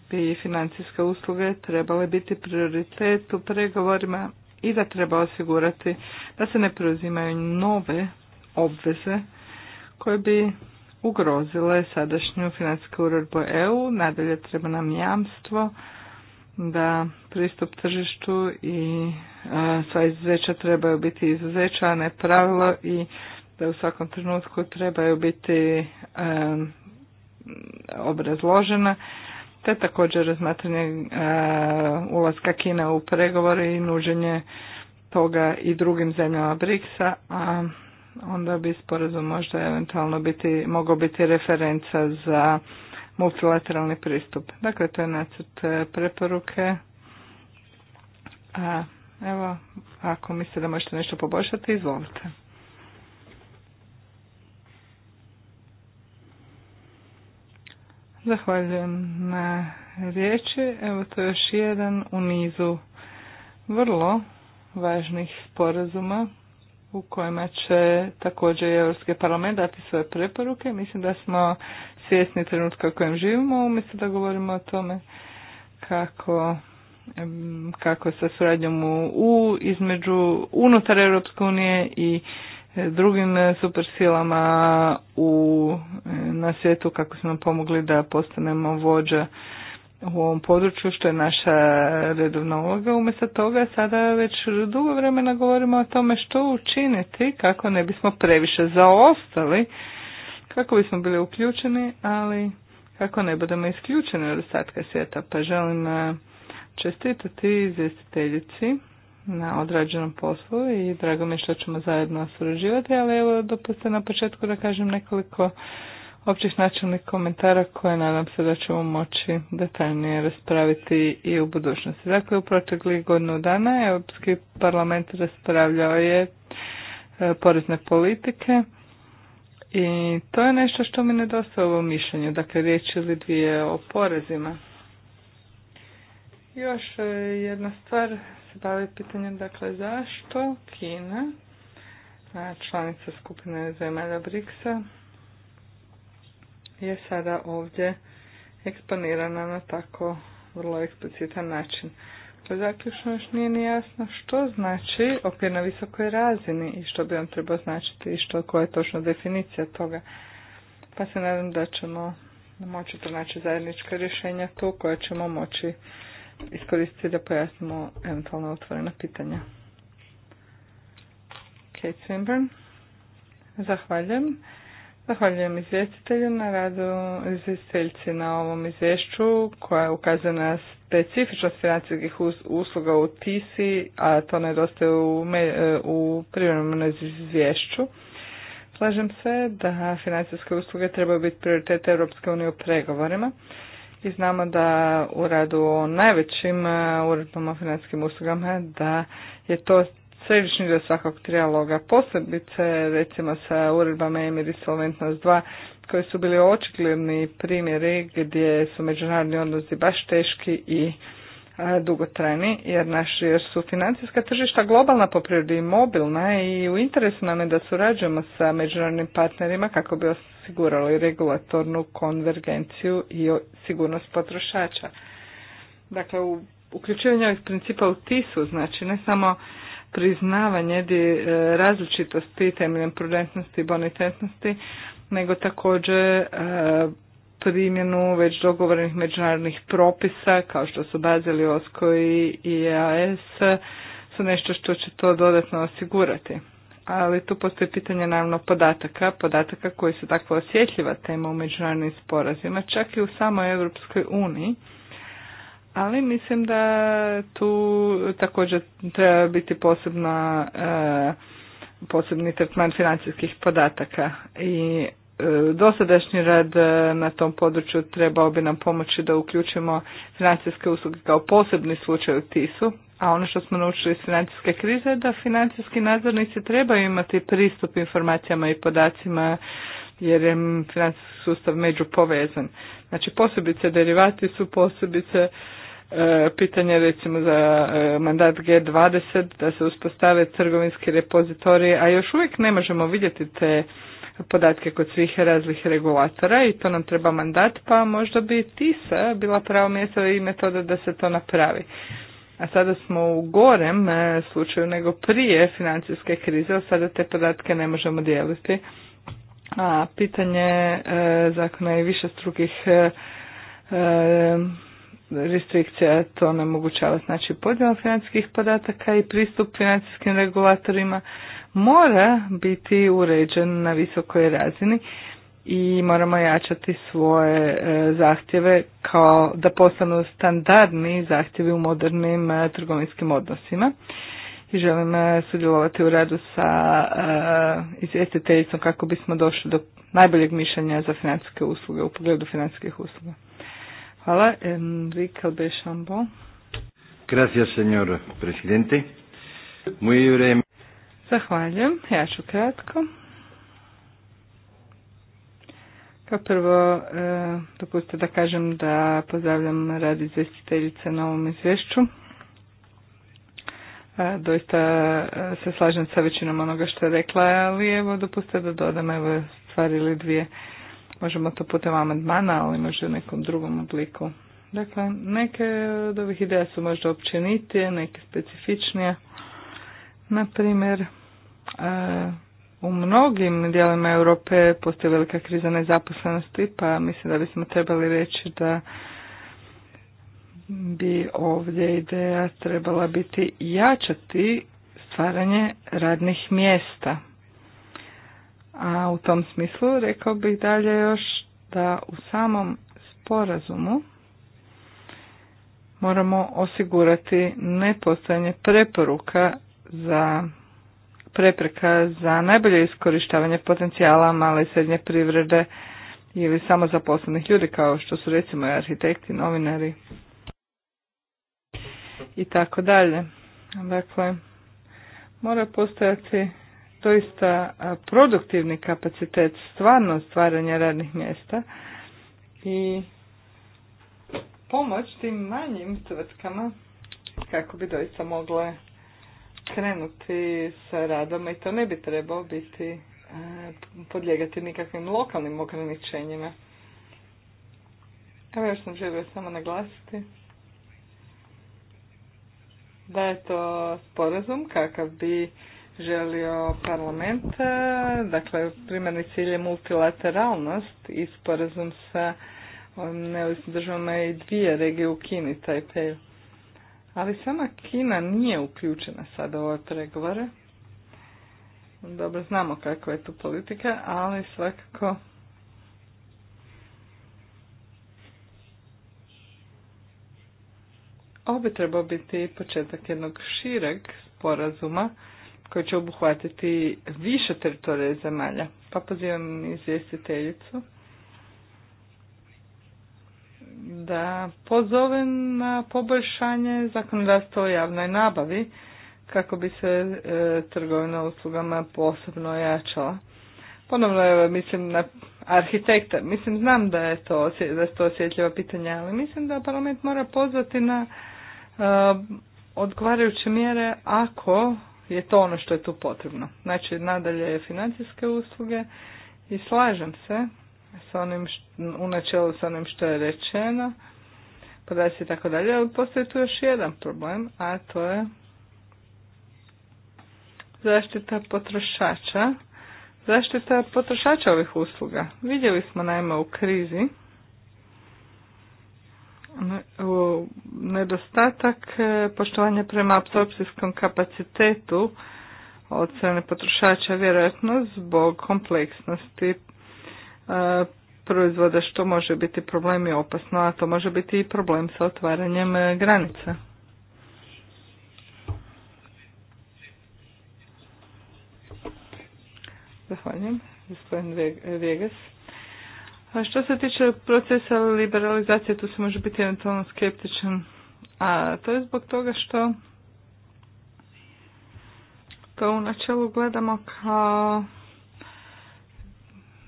bi financijske usluge trebale biti prioritet u pregovorima i da treba osigurati da se ne preuzimaju nove obveze koje bi ugrozile sadašnju financijsku uredbu EU. Nadalje treba nam jamstvo da pristup tržištu i e, sva izuzeća trebaju biti izuzeća, a ne pravilo i da u svakom trenutku trebaju biti e, obrazložena te također razmatranje e, ulaska Kine u pregovore i nuđenje toga i drugim zemljama BRICS-a, a onda bi sporazum možda eventualno biti, mogao biti referenca za multilateralni pristup. Dakle, to je nacrt e, preporuke. A, evo, ako mislite da možete nešto poboljšati, izvolite. Zahvaljujem na riječi. Evo to je još jedan u nizu vrlo važnih sporazuma u kojima će također Europski parlament dati svoje preporuke. Mislim da smo svjesni trenutka u kojem živimo, umjesto da govorimo o tome kako kako sa suradnjom u, u između unutar Europske unije i e, drugim e, supersilama u, e, na svijetu kako smo pomogli da postanemo vođa u ovom području što je naša redovna uloga. Umjesto toga sada već dugo vremena govorimo o tome što učiniti, kako ne bismo previše zaostali, kako bismo bili uključeni, ali kako ne budemo isključeni od ostatka svijeta. Pa želim eh, čestitati izvjestiteljici na odrađenom poslu i drago mi je što ćemo zajedno surađivati, ali evo dopustite na početku da kažem nekoliko općih načelnih komentara koje nadam se da ćemo moći detaljnije raspraviti i u budućnosti. Dakle, u proteklih godinu dana Europski parlament raspravljao je e, porezne politike i to je nešto što mi nedostaje u ovom mišljenju, dakle riječ ili dvije o porezima. Još e, jedna stvar se bavi pitanjem, dakle zašto Kina, članica skupine zemalja brics je sada ovdje eksponirana na tako vrlo eksplicitan način. To zaključno još nije ni jasno što znači okvir na visokoj razini i što bi on trebao značiti i što, koja je točno definicija toga. Pa se nadam da ćemo moći pronaći zajednička rješenja tu koja ćemo moći iskoristiti da pojasnimo eventualno otvorena pitanja. Kate Swinburne. Zahvaljujem. Zahvaljujem izvjestitelju na radu izvjestiteljci na ovom izvješću koja ukazana na specifičnost financijskih usluga u TISI, a to nedostaje u, e, u privremenom izvješću. Slažem se da financijske usluge trebaju biti prioritet Europske unije u pregovorima i znamo da u radu o najvećim e, uredbama o financijskim uslugama da je to središnji za svakog trijaloga, posebice recimo sa uredbama EMIR i Solventnost 2, koji su bili očigledni primjeri gdje su međunarodni odnosi baš teški i e, dugotrajni, jer, naš, jer su financijska tržišta globalna po prirodi i mobilna i u interesu nam je da surađujemo sa međunarodnim partnerima kako bi osigurali regulatornu konvergenciju i sigurnost potrošača. Dakle, u uključivanje ovih principa u tis znači ne samo priznavanje e, različitosti temeljem prudentnosti i bonitetnosti, nego također e, primjenu već dogovorenih međunarodnih propisa kao što su bazili OSCO i IAS e su nešto što će to dodatno osigurati. Ali tu postoji pitanje naravno podataka, podataka koji su takva osjetljiva tema u međunarodnim sporazima, čak i u samoj Europskoj uniji ali mislim da tu također treba biti posebna, e, posebni tretman financijskih podataka i e, dosadašnji rad e, na tom području trebao bi nam pomoći da uključimo financijske usluge kao posebni slučaj u TIS-u, a ono što smo naučili iz financijske krize je da financijski nadzornici trebaju imati pristup informacijama i podacima jer je financijski sustav međupovezan. Znači posebice derivati su posebice e, pitanje recimo za e, mandat G20 da se uspostave trgovinski repozitorije, a još uvijek ne možemo vidjeti te podatke kod svih razlih regulatora i to nam treba mandat, pa možda bi TISA bila pravo mjesto i metoda da se to napravi. A sada smo u gorem e, slučaju nego prije financijske krize, a sada te podatke ne možemo dijeliti a pitanje e, zakona i više strukih e, e, restrikcija to onemogućava znači podjela financijskih podataka i pristup financijskim regulatorima mora biti uređen na visokoj razini i moramo jačati svoje zahtjeve kao da postanu standardni zahtjevi u modernim trgovinskim odnosima i želim e, sudjelovati u radu sa e, izvjestiteljicom kako bismo došli do najboljeg mišljenja za financijske usluge u pogledu financijskih usluga. Hvala. Enrique Albechambo Gracias, señor presidente. Muy Zahvaljujem. Ja ću kratko. Kao prvo, e, dopustite da kažem da pozdravljam rad izvjestiteljice na ovom izvješću. E, doista e, se slažem sa većinom onoga što je rekla, ali evo dopustite da dodam evo stvari ili dvije. Možemo to putem amandmana, ali možda u nekom drugom obliku. Dakle, neke od ovih ideja su možda općenitije, neke specifičnije. Na primjer, e, u mnogim dijelima Europe postoji velika kriza nezaposlenosti, pa mislim da bismo trebali reći da bi ovdje ideja trebala biti jačati stvaranje radnih mjesta. A u tom smislu rekao bih dalje još da u samom sporazumu moramo osigurati nepostojanje preporuka za prepreka za najbolje iskorištavanje potencijala male i srednje privrede ili samo zaposlenih ljudi kao što su recimo arhitekti, novinari, i tako dalje. Dakle, mora postojati doista produktivni kapacitet stvarno stvaranja radnih mjesta i pomoć tim manjim tvrtkama kako bi doista mogle krenuti sa radom i to ne bi trebao biti podlijegati nikakvim lokalnim ograničenjima. Evo još sam želio samo naglasiti da je to sporazum kakav bi želio parlament. E, dakle, primarni cilj je multilateralnost i sporazum sa neovisnim državama i dvije regije u Kini, Tajpeju. Ali sama Kina nije uključena sada u ove pregovore. Dobro znamo kakva je tu politika, ali svakako Ovo bi trebao biti početak jednog šireg sporazuma koji će obuhvatiti više teritorije zemalja. Pa pozivam izvjestiteljicu da pozove na poboljšanje zakonodavstva o javnoj nabavi kako bi se e, trgovina uslugama posebno ojačala. Ponovno evo, mislim na arhitekta. Mislim, znam da je to, da to osjetljiva pitanja, ali mislim da parlament mora pozvati na Eh, odgovarajuće mjere ako je to ono što je tu potrebno. Znači, nadalje je financijske usluge i slažem se sa onim što, u načelu sa onim što je rečeno, podaci pa i tako dalje, ali postoji tu još jedan problem, a to je zaštita potrošača, zaštita potrošača ovih usluga. Vidjeli smo naime u krizi nedostatak e, poštovanja prema apsorpcijskom kapacitetu od strane potrošača vjerojatno zbog kompleksnosti e, proizvoda što može biti problem i opasno, a to može biti i problem sa otvaranjem e, granica. Zahvaljujem. Gospodin Vegas. A što se tiče procesa liberalizacije, tu se može biti eventualno skeptičan. A to je zbog toga što to u načelu gledamo kao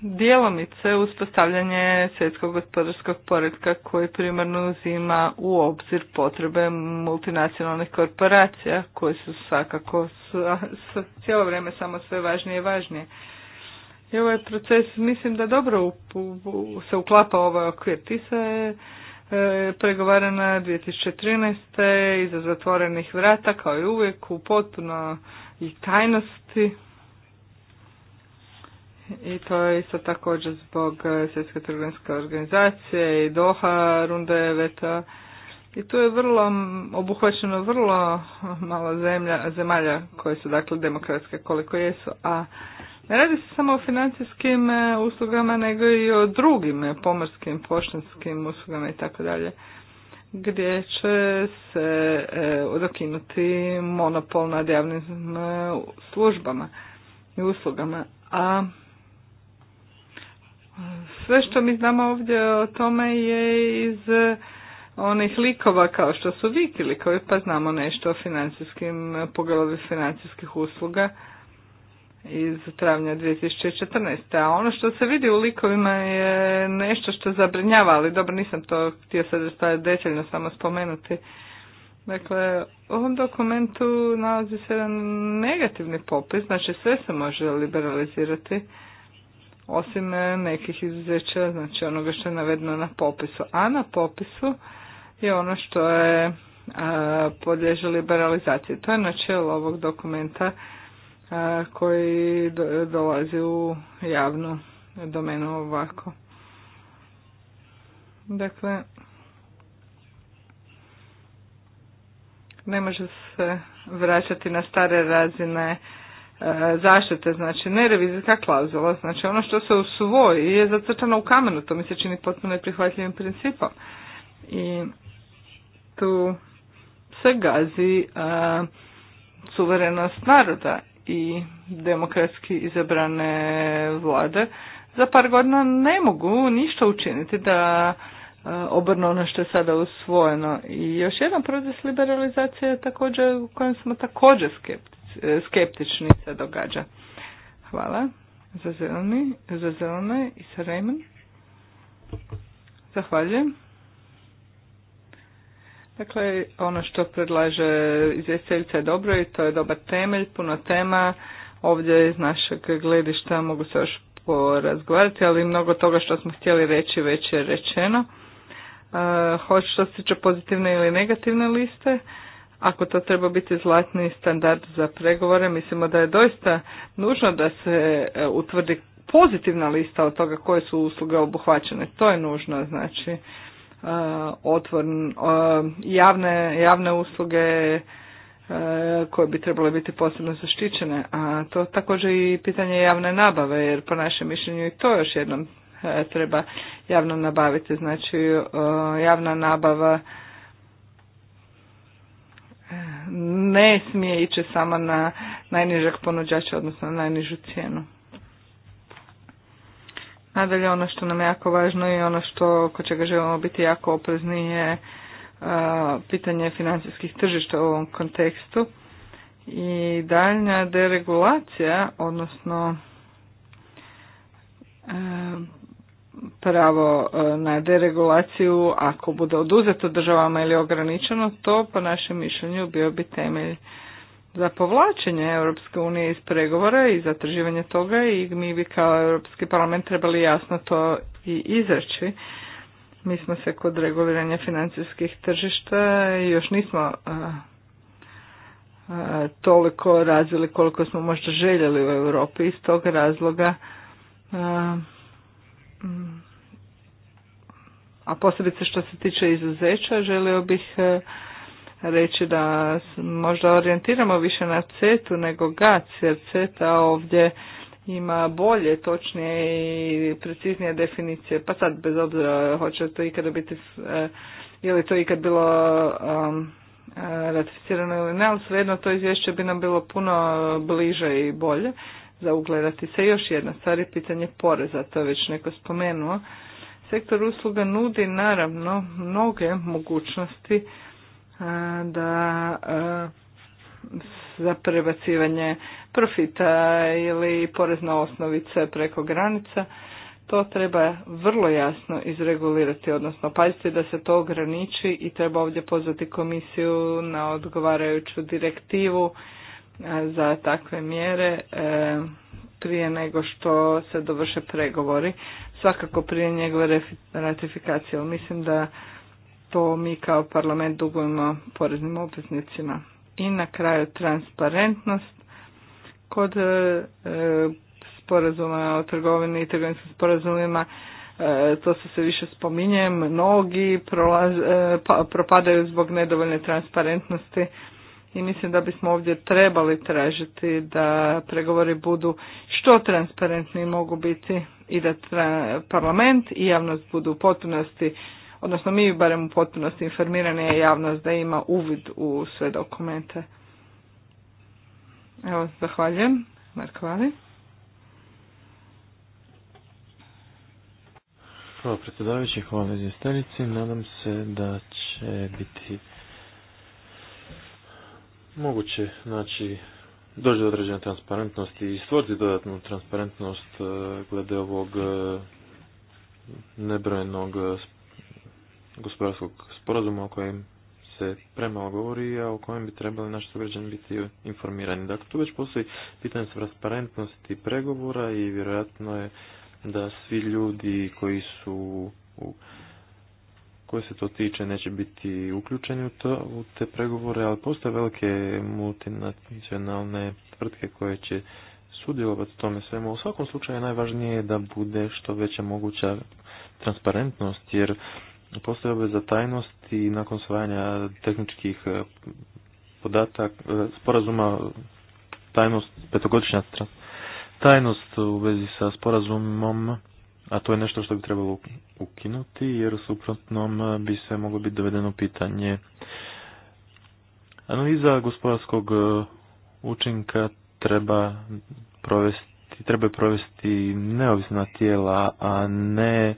djelomice uspostavljanje svjetskog gospodarskog poredka koji primarno uzima u obzir potrebe multinacionalnih korporacija koje su svakako cijelo vrijeme samo sve važnije i važnije. I ovaj proces mislim da dobro u, u, se uklapa ovaj okvir. TISA je pregovarana 2013. iza zatvorenih vrata kao i uvijek u potpuno i tajnosti. I to je isto također zbog e, Svjetske trgovinske organizacije i Doha, Runde Veta. I tu je vrlo obuhvaćeno vrlo malo zemlja, zemalja koje su dakle demokratske koliko jesu, a radi se samo o financijskim e, uslugama, nego i o drugim e, pomorskim, poštanskim uslugama i tako dalje, gdje će se odokinuti e, monopol nad javnim službama i uslugama. A sve što mi znamo ovdje o tome je iz onih likova kao što su vikili, koji pa znamo nešto o financijskim, pogledu financijskih usluga iz travnja 2014. A ono što se vidi u likovima je nešto što zabrinjava, ali dobro nisam to htio sad detaljno samo spomenuti. Dakle, u ovom dokumentu nalazi se jedan negativni popis, znači sve se može liberalizirati osim e, nekih izuzeća, znači onoga što je navedeno na popisu. A na popisu je ono što je e, podliježe liberalizaciji. To je načelo ovog dokumenta koji dolazi u javnu domenu ovako. Dakle, ne može se vraćati na stare razine e, zaštite, znači ne revizijska klauzula, znači ono što se usvoji je zacrtano u kamenu, to mi se čini potpuno neprihvatljivim principom. I tu se gazi e, suverenost naroda i demokratski izabrane vlade za par godina ne mogu ništa učiniti da eh, obrnu ono što je sada usvojeno. I još jedan proces liberalizacije također u kojem smo također skeptici, eh, skeptični se događa. Hvala. Za zeleni, za zelene i sa Zahvaljujem. Dakle, ono što predlaže izvjestiteljica je dobro i to je dobar temelj, puno tema. Ovdje iz našeg gledišta mogu se još porazgovarati, ali mnogo toga što smo htjeli reći već je rečeno. E, hoće što se tiče pozitivne ili negativne liste, ako to treba biti zlatni standard za pregovore, mislimo da je doista nužno da se e, utvrdi pozitivna lista od toga koje su usluge obuhvaćene. To je nužno, znači Eh, otvoren eh, javne, javne usluge eh, koje bi trebale biti posebno zaštićene, a to također i pitanje javne nabave, jer po našem mišljenju i to još jednom treba javno nabaviti. Znači, javna nabava ne smije ići samo na najnižak ponuđača, odnosno na najnižu cijenu. Nadalje, ono što nam je jako važno i ono što ko čega želimo biti jako oprezni je e, pitanje financijskih tržišta u ovom kontekstu i daljnja deregulacija, odnosno e, pravo e, na deregulaciju ako bude oduzeto državama ili ograničeno, to po našem mišljenju bio bi temelj za povlačenje Europske unije iz pregovora i zatraživanje toga i mi bi kao Europski parlament trebali jasno to i izreći. Mi smo se kod reguliranja financijskih tržišta još nismo toliko razvili koliko smo možda željeli u Europi iz tog razloga a, posebice što se tiče izuzeća želio bih reći da možda orijentiramo više na CETU nego GAC, jer CETA ovdje ima bolje, točnije i preciznije definicije, pa sad bez obzira hoće to ikada biti, e, je li to ikad bilo um, ratificirano ili ne, ali svejedno to izvješće bi nam bilo puno bliže i bolje za ugledati se. Još jedna stvar je pitanje poreza, to je već neko spomenuo. Sektor usluga nudi naravno mnoge mogućnosti da za prebacivanje profita ili porezna osnovice preko granica, to treba vrlo jasno izregulirati, odnosno pazite da se to ograniči i treba ovdje pozvati komisiju na odgovarajuću direktivu za takve mjere e, prije nego što se dovrše pregovori, svakako prije njegove ratifikacije. Mislim da to mi kao parlament dugujemo poreznim obveznicima. I na kraju transparentnost kod e, sporazuma o trgovini i trgovinskim sporazumima e, to se sve više spominje, mnogi e, pa, propadaju zbog nedovoljne transparentnosti i mislim da bismo ovdje trebali tražiti da pregovori budu što transparentniji mogu biti i da parlament i javnost budu u potpunosti odnosno mi barem u potpunosti informirani je javnost da ima uvid u sve dokumente. Evo, zahvaljujem. Marko Vali. Hvala predsjedavajući, hvala Nadam se da će biti moguće znači doći do određene transparentnosti i stvoriti dodatnu transparentnost eh, glede ovog eh, nebrojenog gospodarskog sporazuma o kojem se premalo govori, a o kojem bi trebali naši sugrađani biti informirani. Dakle, tu već postoji pitanje transparentnosti pregovora i vjerojatno je da svi ljudi koji su u koje se to tiče neće biti uključeni u, to, u te pregovore, ali postoje velike multinacionalne tvrtke koje će sudjelovati tome svemu. U svakom slučaju najvažnije je da bude što veća moguća transparentnost, jer postoje obveza tajnosti nakon svajanja tehničkih e, podatak, e, sporazuma tajnost, petogodišnja tajnost u vezi sa sporazumom, a to je nešto što bi trebalo ukinuti, jer u suprotnom e, bi se moglo biti dovedeno pitanje. Analiza gospodarskog učinka treba provesti, treba provesti neovisna tijela, a ne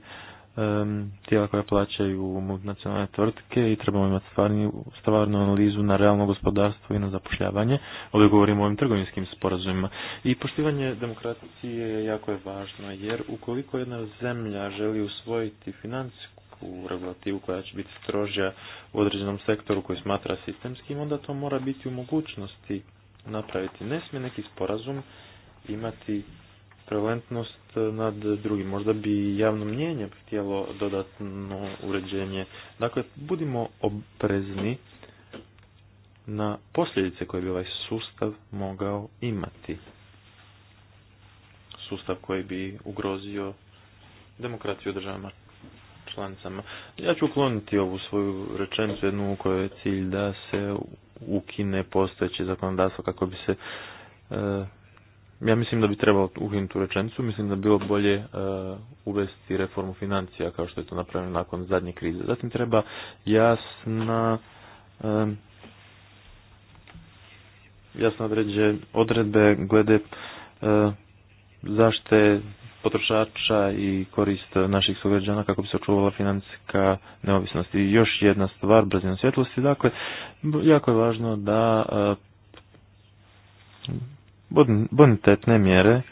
tijela koja plaćaju multinacionalne tvrtke i trebamo imati stvarni, stvarnu analizu na realno gospodarstvo i na zapošljavanje. Ovdje govorimo o ovim trgovinskim sporazumima. I poštivanje demokracije jako je važno, jer ukoliko jedna zemlja želi usvojiti financijsku regulativu koja će biti strožja u određenom sektoru koji smatra sistemskim, onda to mora biti u mogućnosti napraviti. Ne smije neki sporazum imati prevalentnost eh, nad drugim. Možda bi javno mnjenje htjelo dodatno uređenje. Dakle, budimo oprezni na posljedice koje bi ovaj sustav mogao imati. Sustav koji bi ugrozio demokraciju državama članicama. Ja ću ukloniti ovu svoju rečenicu jednu u kojoj je cilj da se ukine postojeće zakonodavstvo kako bi se eh, ja mislim da bi trebalo uhinuti tu rečenicu, mislim da bi bilo bolje e, uvesti reformu financija kao što je to napravljeno nakon zadnje krize. Zatim treba jasna e, jasno određe odredbe glede zaštite zašte potrošača i korist naših sugrađana kako bi se očuvala financijska neovisnost. I još jedna stvar, brzina svjetlosti, dakle, jako je važno da e, bonitetne mjere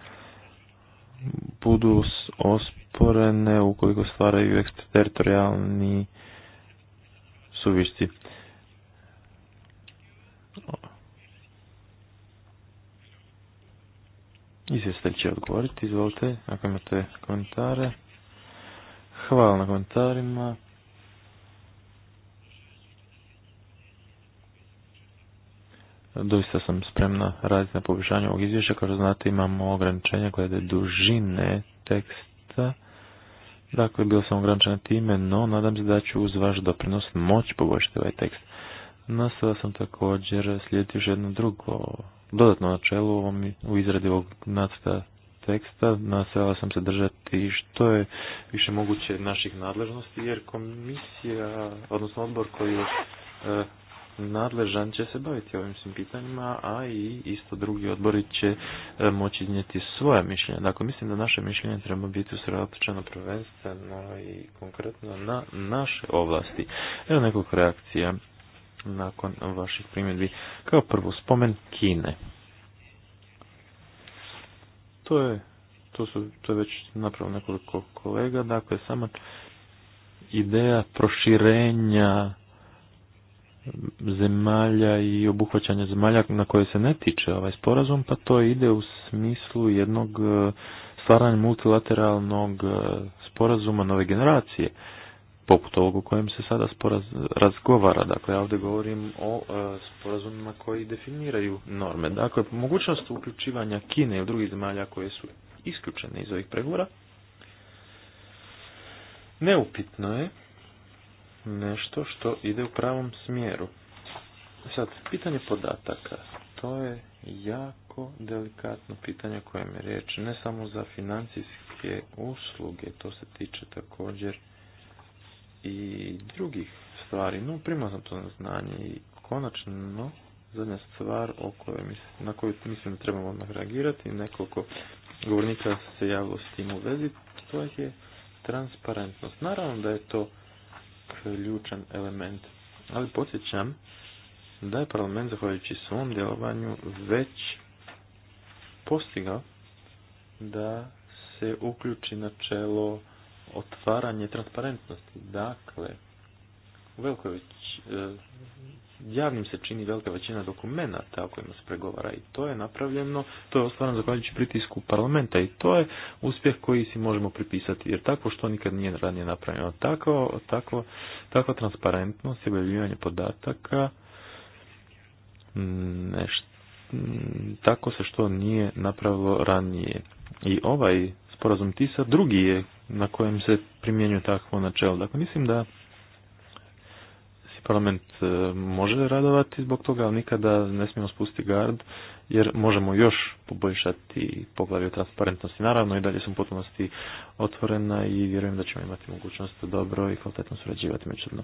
budu osporene ukoliko stvaraju teritorijalni suvišci. Izvjestelj će odgovoriti, izvolite, ako imate komentare. Hvala na komentarima. doista sam spremna raditi na poboljšanju ovog izvješća. Kao što znate imamo ograničenja je dužine teksta. Dakle, bio sam ograničena time, no nadam se da ću uz vaš doprinos moći poboljšati ovaj tekst. Nastala sam također slijediti još jedno drugo dodatno načelo u izradi ovog nacrta teksta. Nastala sam se držati što je više moguće naših nadležnosti, jer komisija, odnosno odbor koji je e, nadležan će se baviti ovim svim pitanjima, a i isto drugi odbori će e, moći iznijeti svoja mišljenja. Dakle, mislim da naše mišljenje treba biti usredotočeno prvenstveno i konkretno na naše ovlasti. Evo nekog reakcija nakon vaših primjedbi. Kao prvo, spomen Kine. To je, to su, to je već napravo nekoliko kolega, dakle, sama ideja proširenja zemalja i obuhvaćanja zemalja na koje se ne tiče ovaj sporazum, pa to ide u smislu jednog e, stvaranja multilateralnog e, sporazuma nove generacije, poput ovog u kojem se sada sporaz, razgovara. Dakle, ja ovdje govorim o e, sporazumima koji definiraju norme. Dakle, mogućnost uključivanja Kine i drugih zemalja koje su isključene iz ovih pregovora, neupitno je nešto što ide u pravom smjeru. Sad, pitanje podataka. To je jako delikatno pitanje koje je riječ. Ne samo za financijske usluge, to se tiče također i drugih stvari. No, prima sam to na znanje i konačno zadnja stvar o kojoj mislim, na koju mislim da trebamo odmah reagirati, nekoliko govornika se javilo s tim u vezi, to je transparentnost. Naravno da je to ključan element. Ali podsjećam da je parlament, zahvaljujući svom djelovanju, već postigao da se uključi načelo otvaranje transparentnosti. Dakle, u velikoj e, javnim se čini velika većina dokumenata o kojima se pregovara i to je napravljeno, to je ostvarano zahvaljujući pritisku parlamenta i to je uspjeh koji si možemo pripisati jer tako što nikad nije ranije napravljeno. Tako, tako, takva transparentnost i objavljivanje podataka mm, nešto mm, tako se što nije napravilo ranije. I ovaj sporazum TISA drugi je na kojem se primjenjuje takvo načelo. Dakle, mislim da parlament e, može radovati zbog toga, ali nikada ne smijemo spustiti gard, jer možemo još poboljšati poglavlje transparentnosti. Naravno, i dalje sam potpunosti otvorena i vjerujem da ćemo imati mogućnost dobro i kvalitetno surađivati međutim.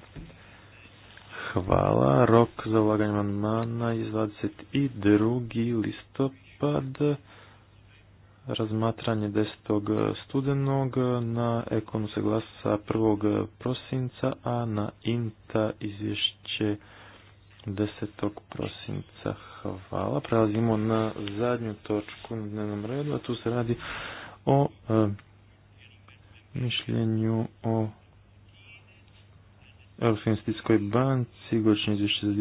Hvala. Rok za ulaganje manmana je 22. listopad razmatranje 10. E, studenog, na Ekonu se glasa 1. prosinca, a na INTA izvješće 10. prosinca. Hvala. Prelazimo na zadnju točku na dnevnom redu, a tu se radi o e, mišljenju o Europskoj investicijskoj banci, godišnje izvješće za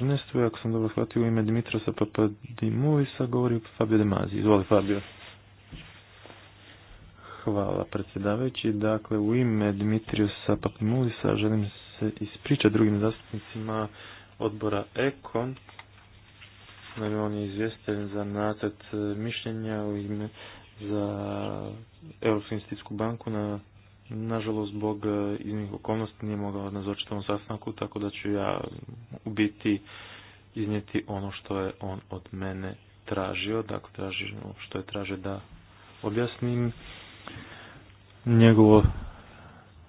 2014. ako sam dobro shvatio, u ime Dimitrosa Papadimulisa govori Fabio Demazi. Izvoli Fabio. Hvala predsjedavajući. Dakle, u ime Dmitrijusa Papimulisa želim se ispričati drugim zastupnicima odbora EKON. Naime, on je izvjestitelj za nacrt mišljenja u ime za Europsku investicijsku banku na Nažalost, zbog e, iznih okolnosti nije mogao na ovom sastanku, tako da ću ja u biti iznijeti ono što je on od mene tražio, dakle tražio što je tražio da objasnim njegovo,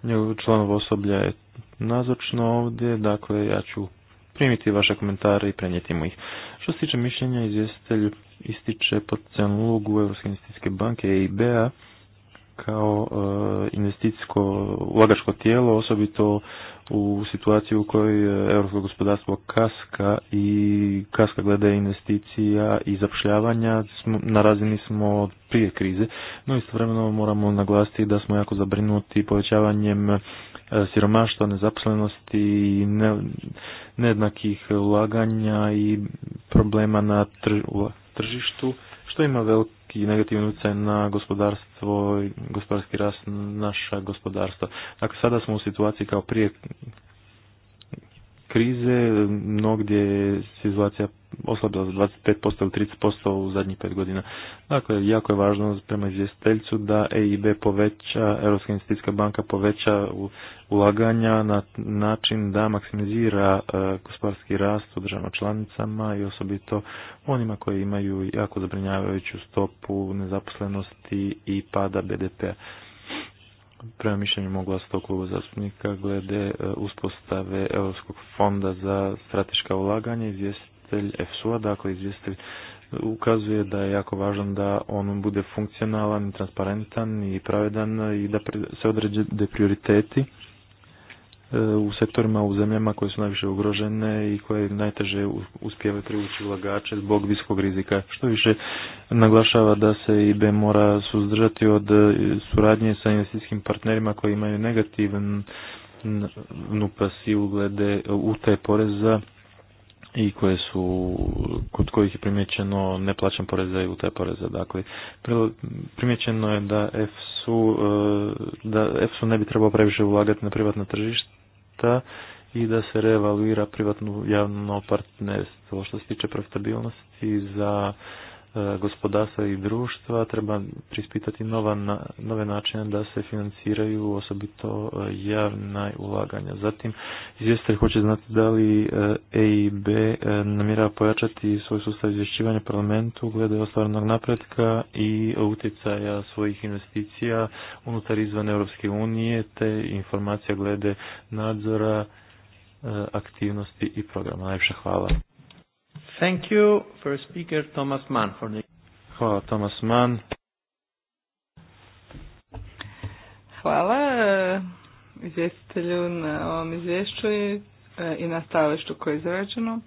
njegovo članov osoblja je nazočno ovdje, dakle ja ću primiti vaše komentare i prenijeti mu ih. Što se tiče mišljenja, izvjestitelj ističe potencijalnu ulogu Europske investicijske banke EIB-a kao e, investicijsko ulagačko tijelo, osobito u situaciji u kojoj europsko gospodarstvo kaska i kaska glede investicija i zapošljavanja na razini smo od prije krize, no istovremeno moramo naglasiti da smo jako zabrinuti povećavanjem e, siromaštva, nezaposlenosti i nejednakih ulaganja i problema na tržištu, što ima veliki negativni utjecaj na gospodarstvo, gospodarski rast naša gospodarstva. Dakle, sada smo u situaciji kao prije krize, mnogdje je situacija oslabila za 25% ili 30% u zadnjih pet godina. Dakle, jako je važno prema izvjestiteljcu da EIB poveća, Europska investicijska banka poveća ulaganja na način da maksimizira e, gospodarski rast u državama članicama i osobito onima koji imaju jako zabrinjavajuću stopu nezaposlenosti i pada BDP-a prema mišljenju mog vlastitog kluba zastupnika glede e, uspostave Europskog fonda za strateška ulaganja, izvjestitelj efsu dakle izvjestitelj ukazuje da je jako važan da on bude funkcionalan, transparentan i pravedan i da se određe prioriteti u sektorima u zemljama koje su najviše ugrožene i koje najteže uspijevaju privući ulagače zbog viskog rizika. Što više naglašava da se IB mora suzdržati od e, suradnje sa investicijskim partnerima koji imaju negativnu pasivu glede te poreza i koje su, kod kojih je primjećeno neplaćan poreza i te poreza. Dakle, primjećeno je da EFSU, e, da EFSU ne bi trebao previše ulagati na privatno tržište, da i da se reevaluira privatno javno partnerstvo. Što se tiče profitabilnosti za E, gospodarstva i društva treba prispitati nove načine da se financiraju osobito e, javna ulaganja. Zatim, izvjestitelj hoće znati da li EIB e namjera pojačati svoj sustav izvješćivanja parlamentu glede ostvarenog napretka i utjecaja svojih investicija unutar izvan Europske unije te informacija glede nadzora aktivnosti i programa. Najviše hvala. Thank you. First speaker, Thomas Mann. For the... Hvala, Thomas Mann. Hvala eh, izvjestitelju na ovom izvješću i, eh, i na stavištu koje je izrađeno.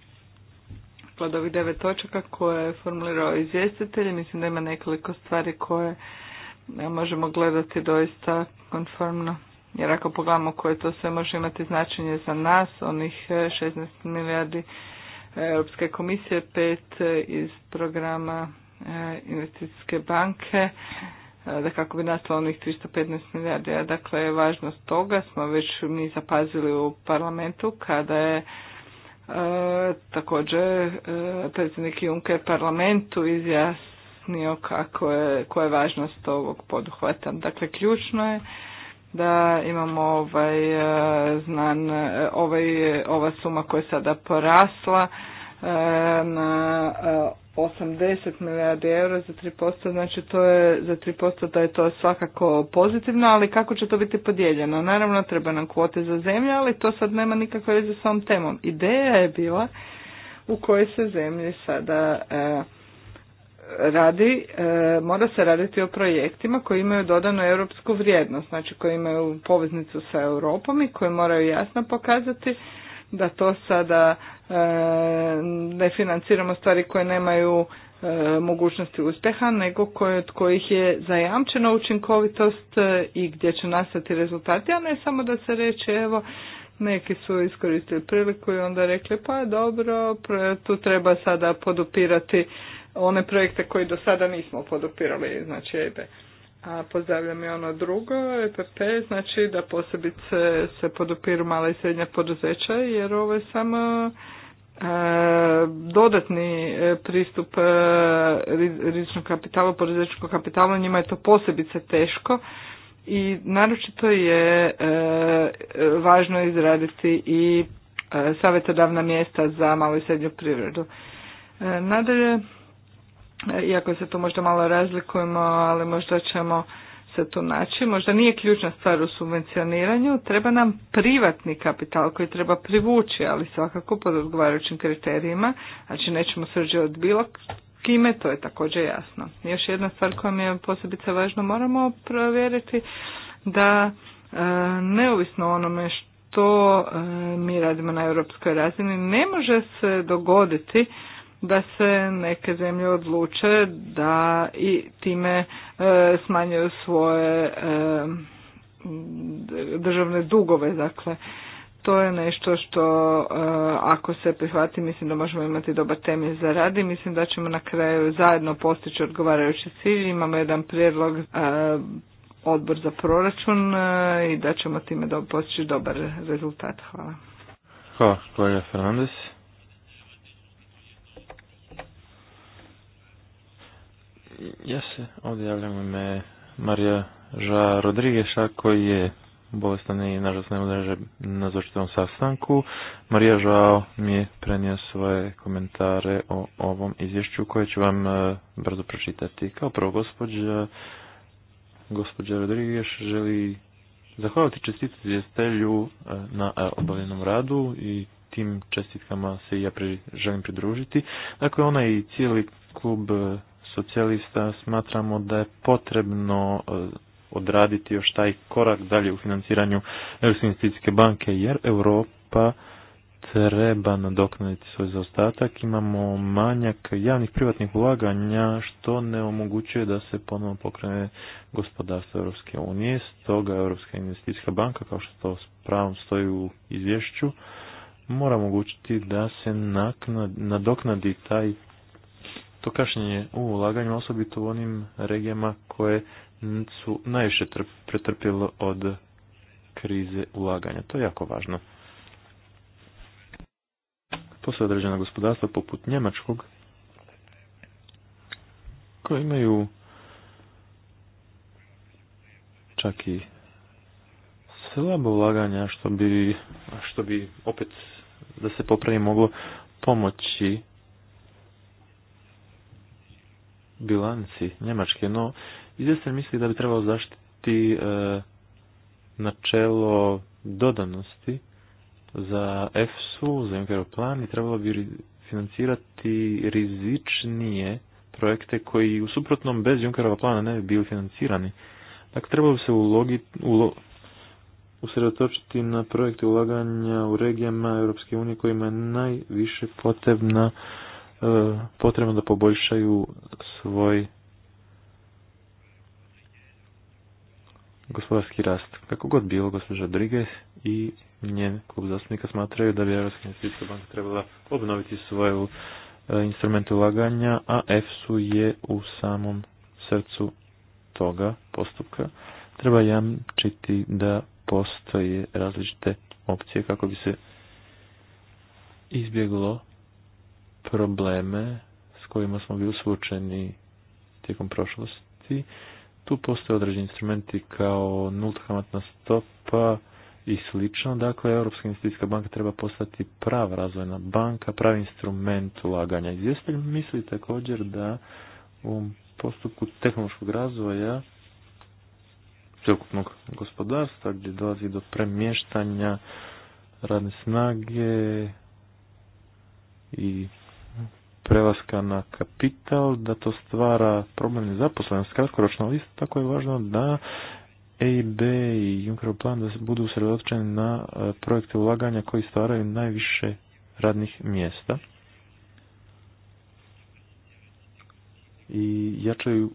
Pod ovih devet točaka koje je formulirao izvjestitelj, mislim da ima nekoliko stvari koje eh, možemo gledati doista konformno. Jer ako pogledamo koje to sve može imati značenje za nas, onih 16 milijardi Europske komisije, pet iz programa e, investicijske banke, e, da kako bi nastalo onih 315 milijardi. Dakle, važnost toga smo već mi zapazili u parlamentu kada je E, također e, predsjednik Juncker parlamentu izjasnio kako je, koja je važnost ovog poduhvata. Dakle, ključno je da imamo ovaj e, znan e, ovaj ova suma koja je sada porasla e, na 80 milijardi eura za 3%, znači to je za 3% da je to svakako pozitivno, ali kako će to biti podijeljeno? Naravno treba nam kvote za zemlje, ali to sad nema nikakve veze s ovom temom. Ideja je bila u kojoj se zemlji sada radi, e, mora se raditi o projektima koji imaju dodanu europsku vrijednost, znači koji imaju poveznicu sa Europom i koji moraju jasno pokazati da to sada e, ne financiramo stvari koje nemaju e, mogućnosti uspjeha, nego koje, od kojih je zajamčena učinkovitost i gdje će nastati rezultati, a ne samo da se reče evo neki su iskoristili priliku i onda rekli pa dobro, tu treba sada podupirati one projekte koje do sada nismo podupirali, znači EBE. A pozdravljam i ono drugo, EPP, znači da posebice se podupiru mala i srednja poduzeća, jer ovo je samo e, dodatni e, pristup e, rizičnog kapitala, poduzećnog kapitala, njima je to posebice teško i naročito je važno izraditi i savjetodavna mjesta za malu i srednju privredu. Nadalje, E, iako se tu možda malo razlikujemo, ali možda ćemo se tu naći. Možda nije ključna stvar u subvencioniranju, treba nam privatni kapital koji treba privući, ali svakako pod odgovarajućim kriterijima. Znači nećemo srđe od bilo kime, to je također jasno. Još jedna stvar koja mi je posebice važna, moramo provjeriti da e, neovisno onome što e, mi radimo na europskoj razini, ne može se dogoditi da se neke zemlje odluče da i time e, smanjuju svoje e, državne dugove. Dakle, to je nešto što e, ako se prihvati mislim da možemo imati dobar temelj za rad i mislim da ćemo na kraju zajedno postići odgovarajući cilj. Imamo jedan prijedlog odbor za proračun i da ćemo time postići dobar rezultat. Hvala. Hvala, kolega Fernandez. Ja se ovdje javljam ime Marija Ža Rodrigeša koji je bolestan i nažalost ne može na sastanku. Marija Žao mi je prenio svoje komentare o ovom izvješću koje ću vam e, brzo pročitati. Kao prvo, gospođa, gospođa Rodrigeš želi zahvaliti čestiti izvjestelju e, na e, obavljenom radu i tim čestitkama se i ja želim pridružiti. Dakle, ona i cijeli klub socijalista smatramo da je potrebno e, odraditi još taj korak dalje u financiranju Europske investicijske banke, jer Europa treba nadoknaditi svoj zaostatak. Imamo manjak javnih privatnih ulaganja, što ne omogućuje da se ponovno pokrene gospodarstvo Europske unije. Stoga Europska investicijska banka, kao što to s pravom stoji u izvješću, mora omogućiti da se nadoknadi taj to kašnjenje u ulaganju, osobito u onim regijama koje su najviše pretrpjelo od krize ulaganja. To je jako važno. su određena gospodarstva poput Njemačkog koje imaju čak i slabo ulaganja što bi, što bi opet da se popravi moglo pomoći bilanci Njemačke, no izvjestan misli da bi trebalo zaštiti e, načelo dodanosti za EFSU, za Junckerov plan i trebalo bi financirati rizičnije projekte koji u suprotnom bez Junkerova plana ne bi bili financirani. Dakle, trebalo bi se ulogi, ulo, usredotočiti na projekte ulaganja u regijama Europske unije kojima je najviše potrebna E, potrebno da poboljšaju svoj gospodarski rast. Kako god bilo, gospođa Drige i njen klub zastupnika smatraju da bi Europska investicijska banka trebala obnoviti svoje instrument ulaganja, a EFSU je u samom srcu toga postupka. Treba jamčiti da postoje različite opcije kako bi se izbjeglo probleme s kojima smo bili suočeni tijekom prošlosti. Tu postoje određeni instrumenti kao nulta stopa i slično. Dakle, Europska investicijska banka treba postati prava razvojna banka, pravi instrument ulaganja. Izvjestelj misli također da u postupku tehnološkog razvoja cijelokupnog gospodarstva gdje dolazi do premještanja radne snage i prelaska na kapital, da to stvara problem nezaposlenosti kratkoročno, ali isto tako je važno da EIB i Junckerov plan da budu usredotočeni na e, projekte ulaganja koji stvaraju najviše radnih mjesta i jačaju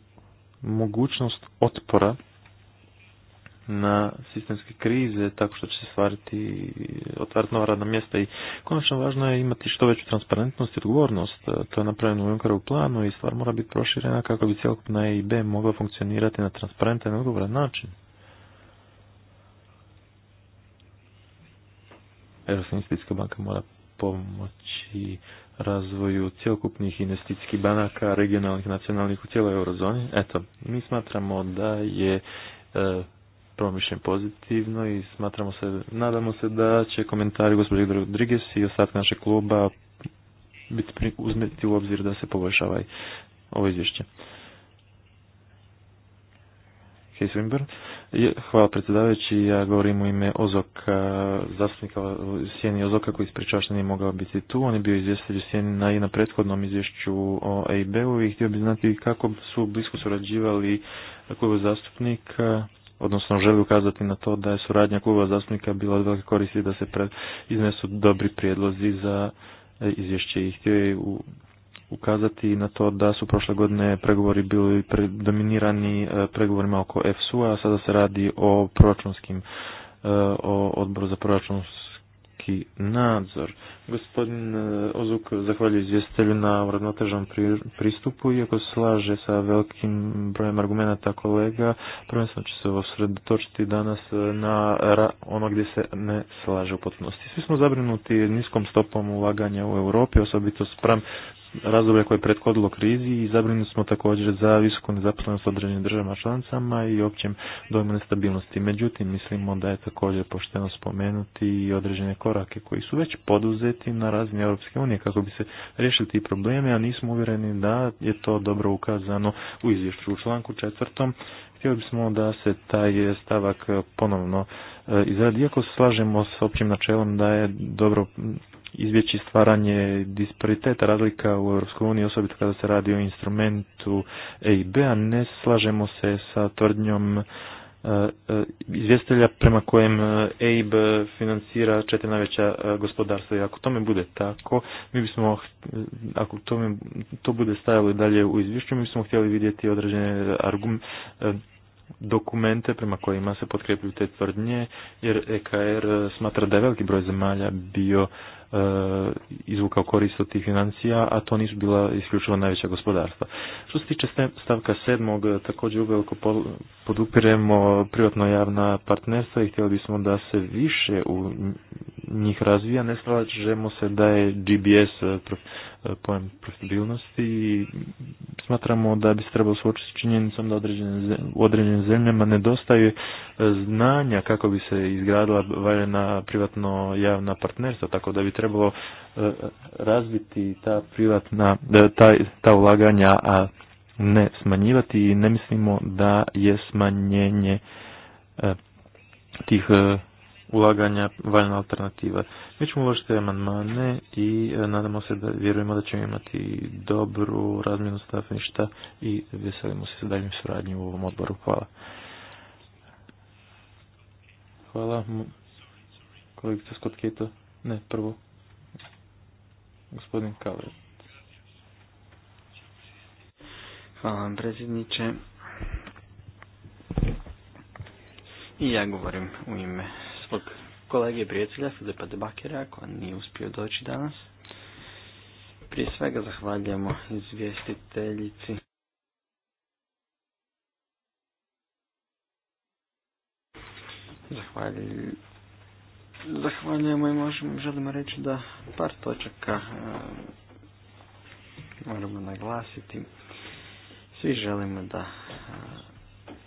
mogućnost otpora na sistemske krize tako što će se stvariti otvarati nova radna mjesta i konačno važno je imati što veću transparentnost i odgovornost. To je napravljeno u Junkerovu planu i stvar mora biti proširena kako bi cjelokupna EIB mogla funkcionirati na transparentan i odgovoran način. Europska investicijska banka mora pomoći razvoju cjelokupnih investicijskih banaka, regionalnih, nacionalnih u cijeloj eurozoni. Eto, mi smatramo da je e, prvo pozitivno i smatramo se, nadamo se da će komentari gospođe Rodriguez i ostatka našeg kluba biti uzmeti u obzir da se poboljšava ovo izvješće. Hej Hvala predsjedavajući, ja govorim u ime Ozoka, zastupnika Sjeni Ozoka koji ispričava što nije mogao biti tu. On je bio izvjestitelj Sjeni na, i na prethodnom izvješću o EIB-u i htio bi znati kako su blisko surađivali klub zastupnika odnosno želi ukazati na to da je suradnja kluba zastupnika bila od velike koristi da se iznesu dobri prijedlozi za e, izvješće i htio je ukazati na to da su prošle godine pregovori bili dominirani e, pregovorima oko fsu a a sada se radi o proračunskim, e, o odboru za proračunsku i nadzor. Gospodin e, Ozuk zahvaljuje izvjestitelju na uravnotežnom pristupu, iako se slaže sa velikim brojem argumenta kolega, prvenstveno će se osredotočiti danas na ono gdje se ne slaže u potpunosti. Svi smo zabrinuti niskom stopom ulaganja u Europi, osobito spram razdoblja koje je prethodilo krizi i zabrinuti smo također za visoku nezaposlenost određenim državama članicama i općem dojmu nestabilnosti. Međutim, mislimo da je također pošteno spomenuti i određene korake koji su već poduzeti na razini Europske unije kako bi se riješili ti problemi, a nismo uvjereni da je to dobro ukazano u izvješću u članku četvrtom. Htjeli bismo da se taj stavak ponovno e, izradi. Iako se slažemo s općim načelom da je dobro izbjeći stvaranje dispariteta razlika u EU, osobito kada se radi o instrumentu EIB-a, ne slažemo se sa tvrdnjom e, e, izvjestelja prema kojem EIB financira četiri najveća e, gospodarstva i ako tome bude tako, mi bismo, ako tome, to bude stajalo i dalje u izvješću, mi bismo htjeli vidjeti određene argum, dokumente prema kojima se potkrepljuju te tvrdnje, jer EKR smatra da je veliki broj zemalja bio E, izvukao korist od tih financija, a to nisu bila isključivo najveća gospodarstva. Što se tiče stavka sedmog, e, također uveliko podupiremo privatno-javna partnerstva i htjeli bismo da se više u njih razvija. Ne slažemo se da je GBS e, E, pojem profitabilnosti i smatramo da bi se trebalo suočiti s činjenicom da u određenim zemljama nedostaje e, znanja kako bi se izgradila valjena privatno javna partnerstva, tako da bi trebalo e, razviti ta privatna, ta, ta ulaganja, a ne smanjivati i ne mislimo da je smanjenje tih ulaganja valjna alternativa. Mi ćemo uložiti amandmane i e, nadamo se da vjerujemo da ćemo imati dobru razmjenu stafništa i veselimo se suradnji suradnji u ovom odboru. Hvala. Hvala. Kolegica Scott Ne, prvo. Gospodin Kavret. Hvala vam, predsjedniče. I ja govorim u ime svog kolege prijatelja Filipa Debakera koji nije uspio doći danas. Prije svega zahvaljujemo izvjestiteljici. Zahvaljujem. Zahvaljujemo i možemo, želimo reći da par točaka e, moramo naglasiti. Svi želimo da e,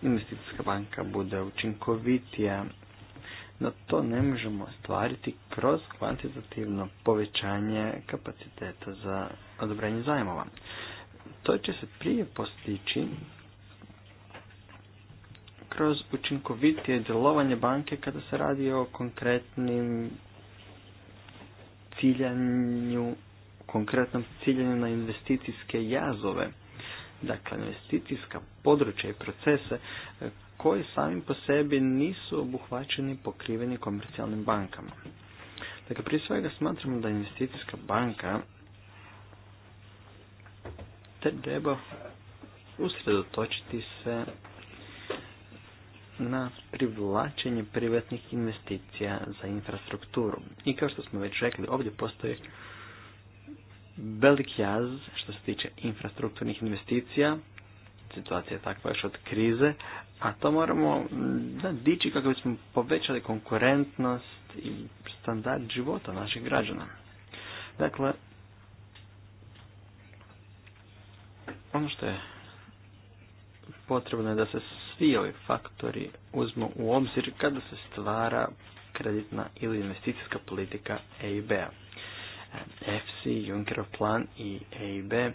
investicijska banka bude učinkovitija no to ne možemo ostvariti kroz kvantitativno povećanje kapaciteta za odobrenje zajmova. To će se prije postići kroz učinkovitije djelovanje banke kada se radi o konkretnim ciljanju, konkretnom ciljanju na investicijske jazove, dakle investicijska područja i procese koji sami po sebi nisu obuhvaćeni pokriveni komercijalnim bankama. Dakle, prije svega smatramo da investicijska banka te treba usredotočiti se na privlačenje privatnih investicija za infrastrukturu. I kao što smo već rekli, ovdje postoji velik jaz što se tiče infrastrukturnih investicija situacija je takva još od krize, a to moramo da, dići kako bismo povećali konkurentnost i standard života naših građana. Dakle, ono što je potrebno je da se svi ovi faktori uzmu u obzir kada se stvara kreditna ili investicijska politika EIB-a. E, FC, Junckerov plan i EIB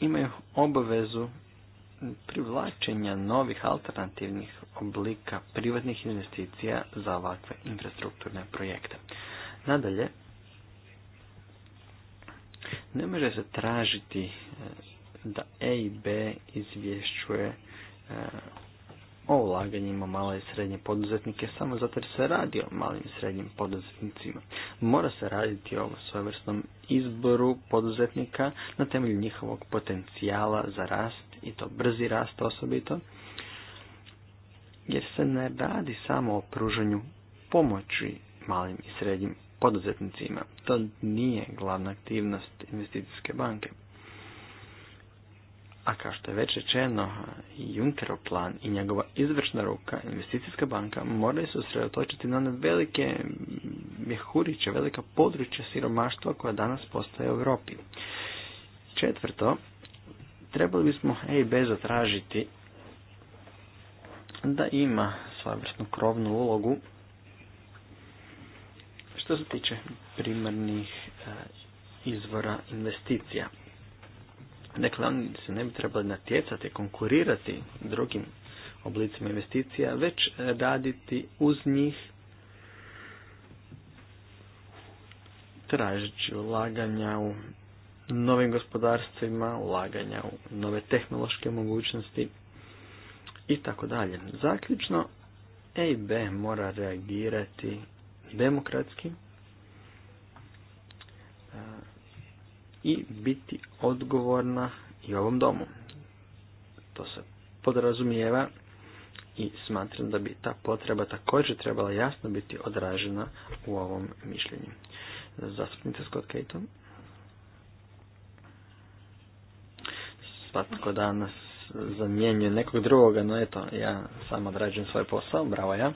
imaju obavezu privlačenja novih alternativnih oblika privatnih investicija za ovakve infrastrukturne projekte. Nadalje, ne može se tražiti eh, da e i B izvješćuje eh, o ulaganjima male i srednje poduzetnike samo zato jer se radi o malim i srednjim poduzetnicima. Mora se raditi o svojevrsnom izboru poduzetnika na temelju njihovog potencijala za rast i to brzi rast osobito, jer se ne radi samo o pružanju pomoći malim i srednjim poduzetnicima. To nije glavna aktivnost investicijske banke. A kao što je već rečeno, Junkerov plan i njegova izvršna ruka, investicijska banka, moraju se usredotočiti na one velike mjehuriće, velika područja siromaštva koja danas postoje u Europi. Četvrto, trebali bismo EIB zatražiti da ima svojevrsnu krovnu ulogu što se tiče primarnih e, izvora investicija. Dakle, oni se ne bi trebali natjecati, konkurirati drugim oblicima investicija, već raditi uz njih tražeći ulaganja u novim gospodarstvima, ulaganja u nove tehnološke mogućnosti i tako dalje. Zaključno, EIB mora reagirati demokratski i biti odgovorna i ovom domu. To se podrazumijeva i smatram da bi ta potreba također trebala jasno biti odražena u ovom mišljenju. Zastupnica Scott Caton. Svatko danas zamjenjuje nekog drugoga, no eto, ja sam odrađujem svoj posao, bravo ja.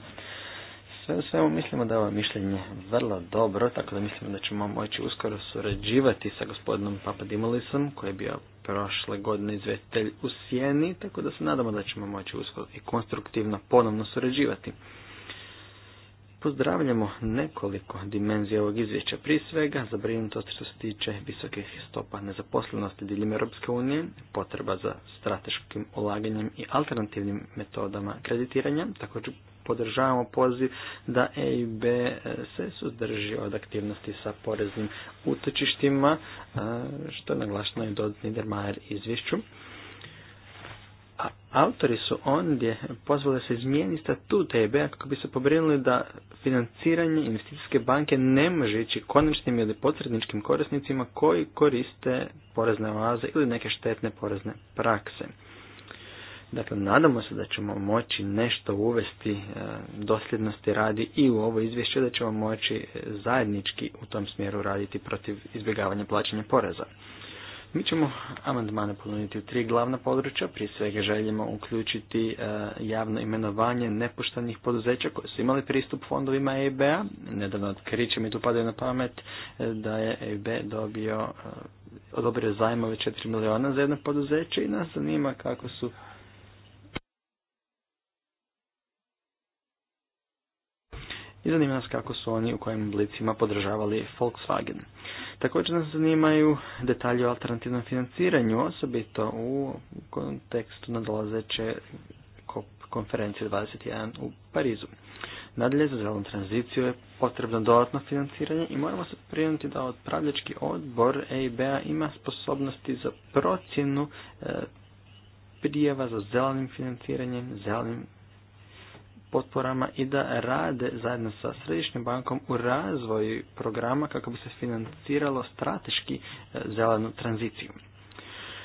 Sve u svemu mislimo da je ovo mišljenje vrlo dobro, tako da mislimo da ćemo moći uskoro surađivati sa gospodinom Papadimolisom koji je bio prošle godine izvjetelj u Sjeni, tako da se nadamo da ćemo moći uskoro i konstruktivno ponovno surađivati. Pozdravljamo nekoliko dimenzija ovog izvješća. Prije svega, zabrinutost što se tiče visokih stopa nezaposlenosti diljem Europske unije, potreba za strateškim ulaganjem i alternativnim metodama kreditiranja, također podržavamo poziv da EIB e, se suzdrži od aktivnosti sa poreznim utočištima, e, što je naglašeno i Dodd Niedermayer izvješću. A autori su ondje pozvali se izmijeni statut eib kako bi se pobrinuli da financiranje investicijske banke ne može ići konačnim ili potredničkim korisnicima koji koriste porezne oaze ili neke štetne porezne prakse. Dakle, nadamo se da ćemo moći nešto uvesti e, dosljednosti radi i u ovo izvješće da ćemo moći e, zajednički u tom smjeru raditi protiv izbjegavanja plaćanja poreza. Mi ćemo amandmane ponuditi u tri glavna područja. Prije svega želimo uključiti e, javno imenovanje nepoštenih poduzeća koje su imali pristup fondovima EIB-a. Nedavno otkriće mi tu padaju na pamet da je EIB dobio odobrio zajmove 4 miliona za jedno poduzeće i nas zanima kako su i zanima nas kako su oni u kojim oblicima podržavali Volkswagen. Također nas zanimaju detalje o alternativnom financiranju, osobito u kontekstu nadolazeće konferencije 21 u Parizu. Nadalje, za zelenu tranziciju je potrebno dodatno financiranje i moramo se priznati da odpravljački odbor EIB-a ima sposobnosti za procjenu e, prijeva za zelenim financiranjem, zelenim potporama i da rade zajedno sa Središnjom bankom u razvoju programa kako bi se financiralo strateški e, zelenu tranziciju.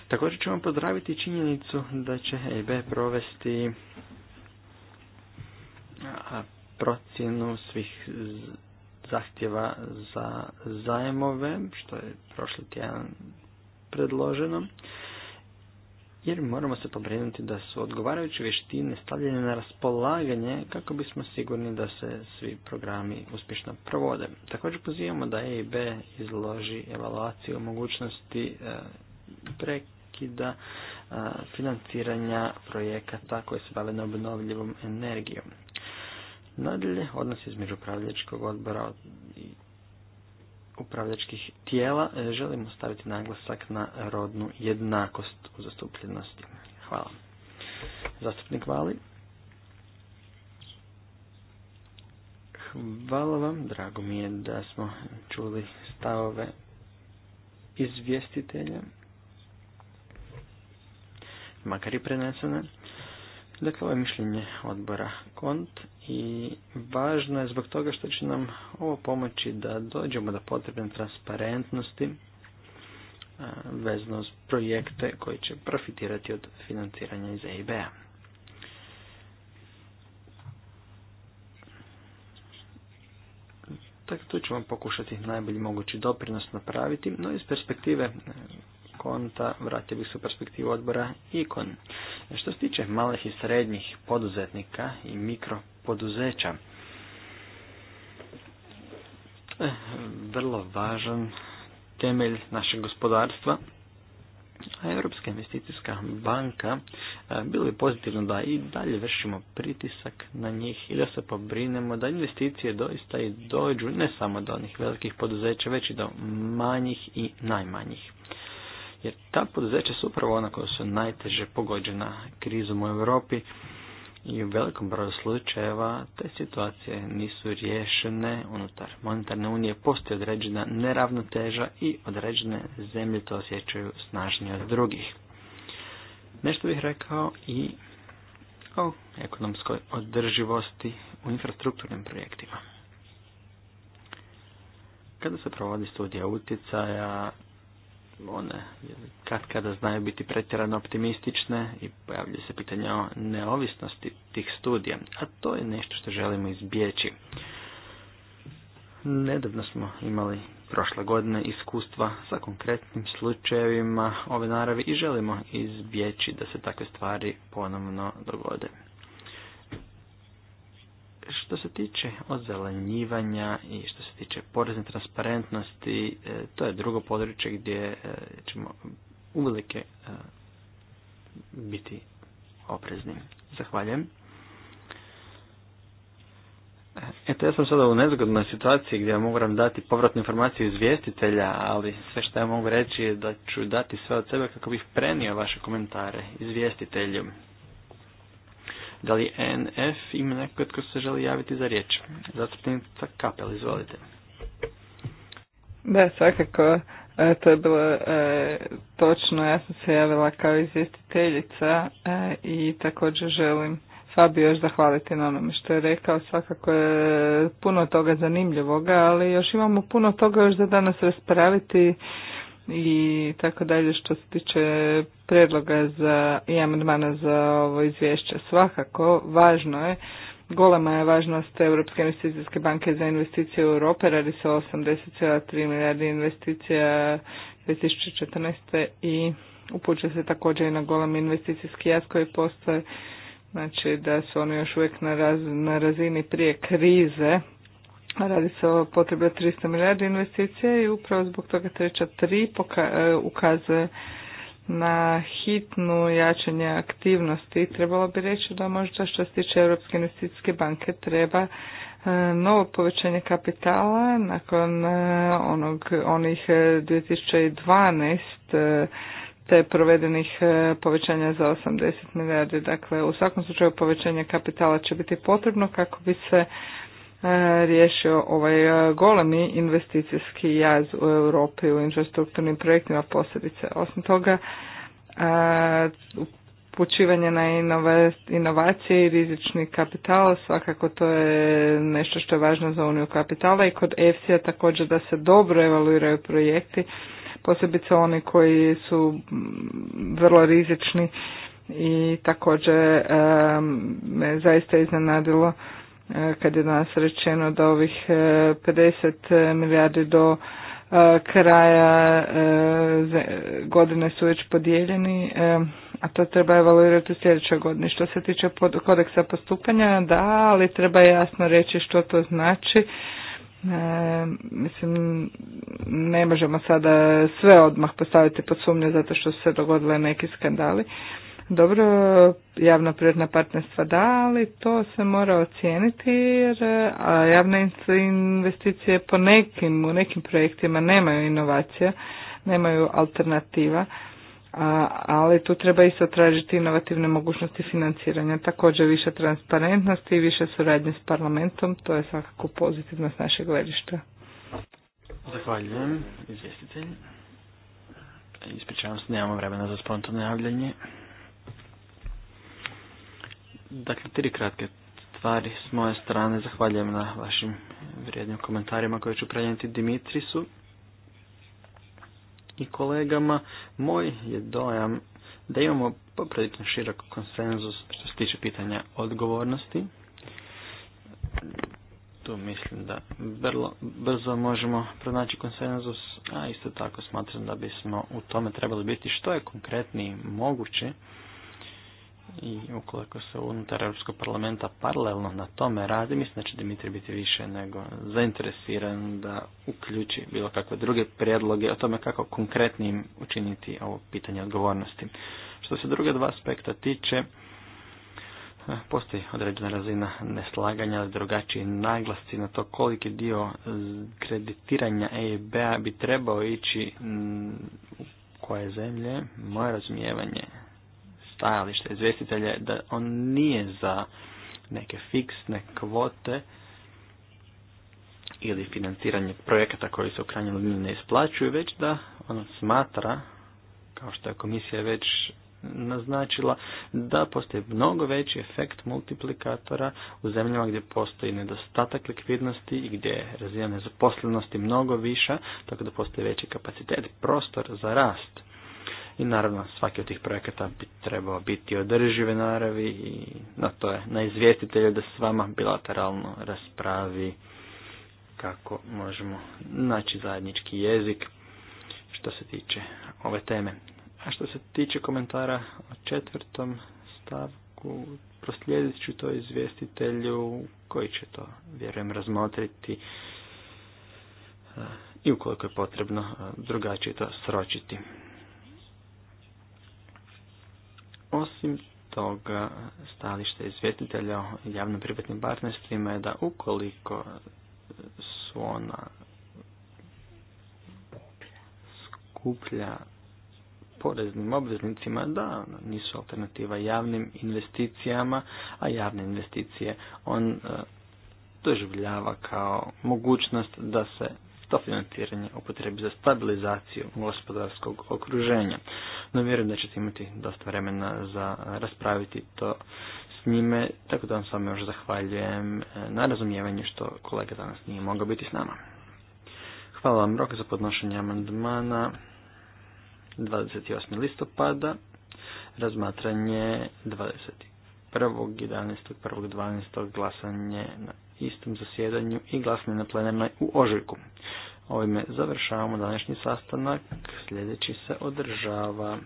Također ćemo pozdraviti činjenicu da će EIB provesti e, procjenu svih zahtjeva za zajmove, što je prošli tjedan predloženo jer moramo se pobrinuti da su odgovarajuće vještine stavljene na raspolaganje kako bismo sigurni da se svi programi uspješno provode. Također pozivamo da EIB izloži evaluaciju mogućnosti e, prekida e, financiranja projekata koji se bave na obnovljivom energijom. Nadalje, odnos između upravljačkog odbora i upravljačkih tijela e, želimo staviti naglasak na rodnu jednakost u zastupljenosti. Hvala. Zastupnik Vali. Hvala vam, drago mi je da smo čuli stavove izvjestitelja, makar i prenesene. Dakle, ovo je mišljenje odbora KONT i važno je zbog toga što će nam ovo pomoći da dođemo do potrebne transparentnosti e, vezno s projekte koji će profitirati od financiranja iz EIB-a. Tako tu ćemo pokušati najbolji mogući doprinos napraviti, no iz perspektive e, konta vratio bih se u perspektivu odbora ikon. E, što se tiče malih i srednjih poduzetnika i mikro poduzeća. Eh, vrlo važan temelj našeg gospodarstva. A Europska investicijska banka eh, bilo je pozitivno da i dalje vršimo pritisak na njih i da se pobrinemo da investicije doista i dođu ne samo do onih velikih poduzeća, već i do manjih i najmanjih. Jer ta poduzeća su upravo ona koja su najteže pogođena krizom u Europi i u velikom broju slučajeva te situacije nisu riješene unutar monetarne unije, postoji određena neravnoteža i određene zemlje to osjećaju snažnije od drugih. Nešto bih rekao i o ekonomskoj održivosti u infrastrukturnim projektima. Kada se provodi studija utjecaja, one kad kada znaju biti pretjerano optimistične i pojavljuje se pitanje o neovisnosti tih studija, a to je nešto što želimo izbjeći. Nedavno smo imali prošle godine iskustva sa konkretnim slučajevima ove naravi i želimo izbjeći da se takve stvari ponovno dogode. Što se tiče ozelenjivanja i što se tiče porezne transparentnosti, e, to je drugo područje gdje e, ćemo uvelike e, biti oprezni. Zahvaljujem. Eto, ja sam sada u nezgodnoj situaciji gdje moram dati povratnu informaciju izvjestitelja, ali sve što ja mogu reći je da ću dati sve od sebe kako bih prenio vaše komentare izvjestitelju. Da li NF ima neko se želi javiti za riječ? Zastupnica Kapel, izvolite. Da, svakako. E, to je bilo e, točno. Ja sam se javila kao izvjestiteljica e, i također želim Fabio još zahvaliti na onome što je rekao. Svakako je puno toga zanimljivoga, ali još imamo puno toga još za danas raspraviti i tako dalje što se tiče predloga za i amandmana za ovo izvješće. Svakako, važno je, golema je važnost Europske investicijske banke za investicije u Europe, radi se o 80,3 milijardi investicija 2014. i upućuje se također i na golem investicijski jaz koji postoje, znači da su oni još uvijek na, raz, na razini prije krize, Radi se o potrebi od 300 milijardi investicija i upravo zbog toga treća tri e, ukazuje na hitnu jačanje aktivnosti. Trebalo bi reći da možda što se tiče Europske investicijske banke treba e, novo povećanje kapitala nakon e, onog, onih 2012 te provedenih povećanja za 80 milijardi. Dakle, u svakom slučaju povećanje kapitala će biti potrebno kako bi se riješio ovaj e, golemi investicijski jaz u Europi u infrastrukturnim projektima posebice. Osim toga, e, upućivanje na inovacije i rizični kapital, svakako to je nešto što je važno za Uniju kapitala i kod EFSI-a također da se dobro evaluiraju projekti, posebice oni koji su vrlo rizični i također e, me zaista iznenadilo kad je danas rečeno da ovih 50 e, milijardi do e, kraja e, godine su već podijeljeni, a to treba evaluirati u sljedećoj godini. Što se tiče kodeksa postupanja, da, ali treba jasno reći što to znači. mislim, ne možemo sada sve odmah postaviti pod sumnje zato što su se dogodile neki skandali. Dobro, javno-privatna partnerstva da, ali to se mora ocijeniti jer e, javne investicije po nekim, u nekim projektima nemaju inovacija, nemaju alternativa, ali tu treba isto tražiti inovativne mogućnosti financiranja, također više transparentnosti i više suradnje s parlamentom, to je svakako pozitivno s našeg gledišta. Zahvaljujem, izvjestitelj. Ispričavam se, nemamo vremena za spontano javljanje. Dakle, tri kratke stvari s moje strane. Zahvaljujem na vašim vrijednim komentarima koje ću prenijeti Dimitrisu i kolegama. Moj je dojam da imamo poprilično širok konsenzus što se tiče pitanja odgovornosti. Tu mislim da vrlo brzo možemo pronaći konsenzus, a isto tako smatram da bismo u tome trebali biti što je konkretniji moguće i ukoliko se unutar Europskog parlamenta paralelno na tome radi, mislim da će Dimitri biti više nego zainteresiran da uključi bilo kakve druge prijedloge o tome kako konkretnim učiniti ovo pitanje odgovornosti. Što se druge dva aspekta tiče, postoji određena razina neslaganja, drugačiji naglasci na to koliki dio kreditiranja EIB-a bi trebao ići mm, u koje zemlje. Moje razumijevanje stajalište izvjestitelja da on nije za neke fiksne kvote ili financiranje projekata koji se u krajnjoj liniji ne isplaćuju, već da on smatra, kao što je komisija već naznačila, da postoji mnogo veći efekt multiplikatora u zemljama gdje postoji nedostatak likvidnosti i gdje je razina nezaposlenosti mnogo viša, tako da postoji veći kapacitet, prostor za rast. I naravno svaki od tih projekata bi trebao biti održive naravi i na to je na izvjestitelju da s vama bilateralno raspravi kako možemo naći zajednički jezik što se tiče ove teme. A što se tiče komentara o četvrtom stavku, proslijedit ću to izvjestitelju koji će to, vjerujem, razmotriti e, i ukoliko je potrebno e, drugačije to sročiti. Osim toga, stalište izvjetitelja o javno-privatnim partnerstvima je da ukoliko su ona skuplja poreznim obveznicima, da nisu alternativa javnim investicijama, a javne investicije on e, doživljava kao mogućnost da se to financiranje upotrebi za stabilizaciju gospodarskog okruženja. No vjerujem da ćete imati dosta vremena za raspraviti to s njime, tako da vam vama još zahvaljujem na razumijevanju što kolega danas nije mogao biti s nama. Hvala vam rok za podnošenje amandmana 28. listopada, razmatranje 20. 11. 12. glasanje na istom zasjedanju i glasne na plenarnoj u ožujku. Ovime završavamo današnji sastanak, sljedeći se održava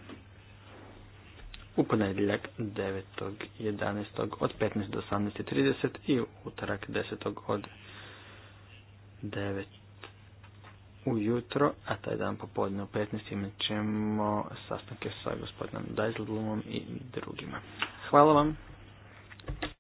u ponedjeljak 9.11. od 15 do 18.30 i utorak 10. od 9 ujutro, a taj dan popodne u 15 imat ćemo sastanke sa gospodinom Dajzlblumom i drugima. Hvala vam.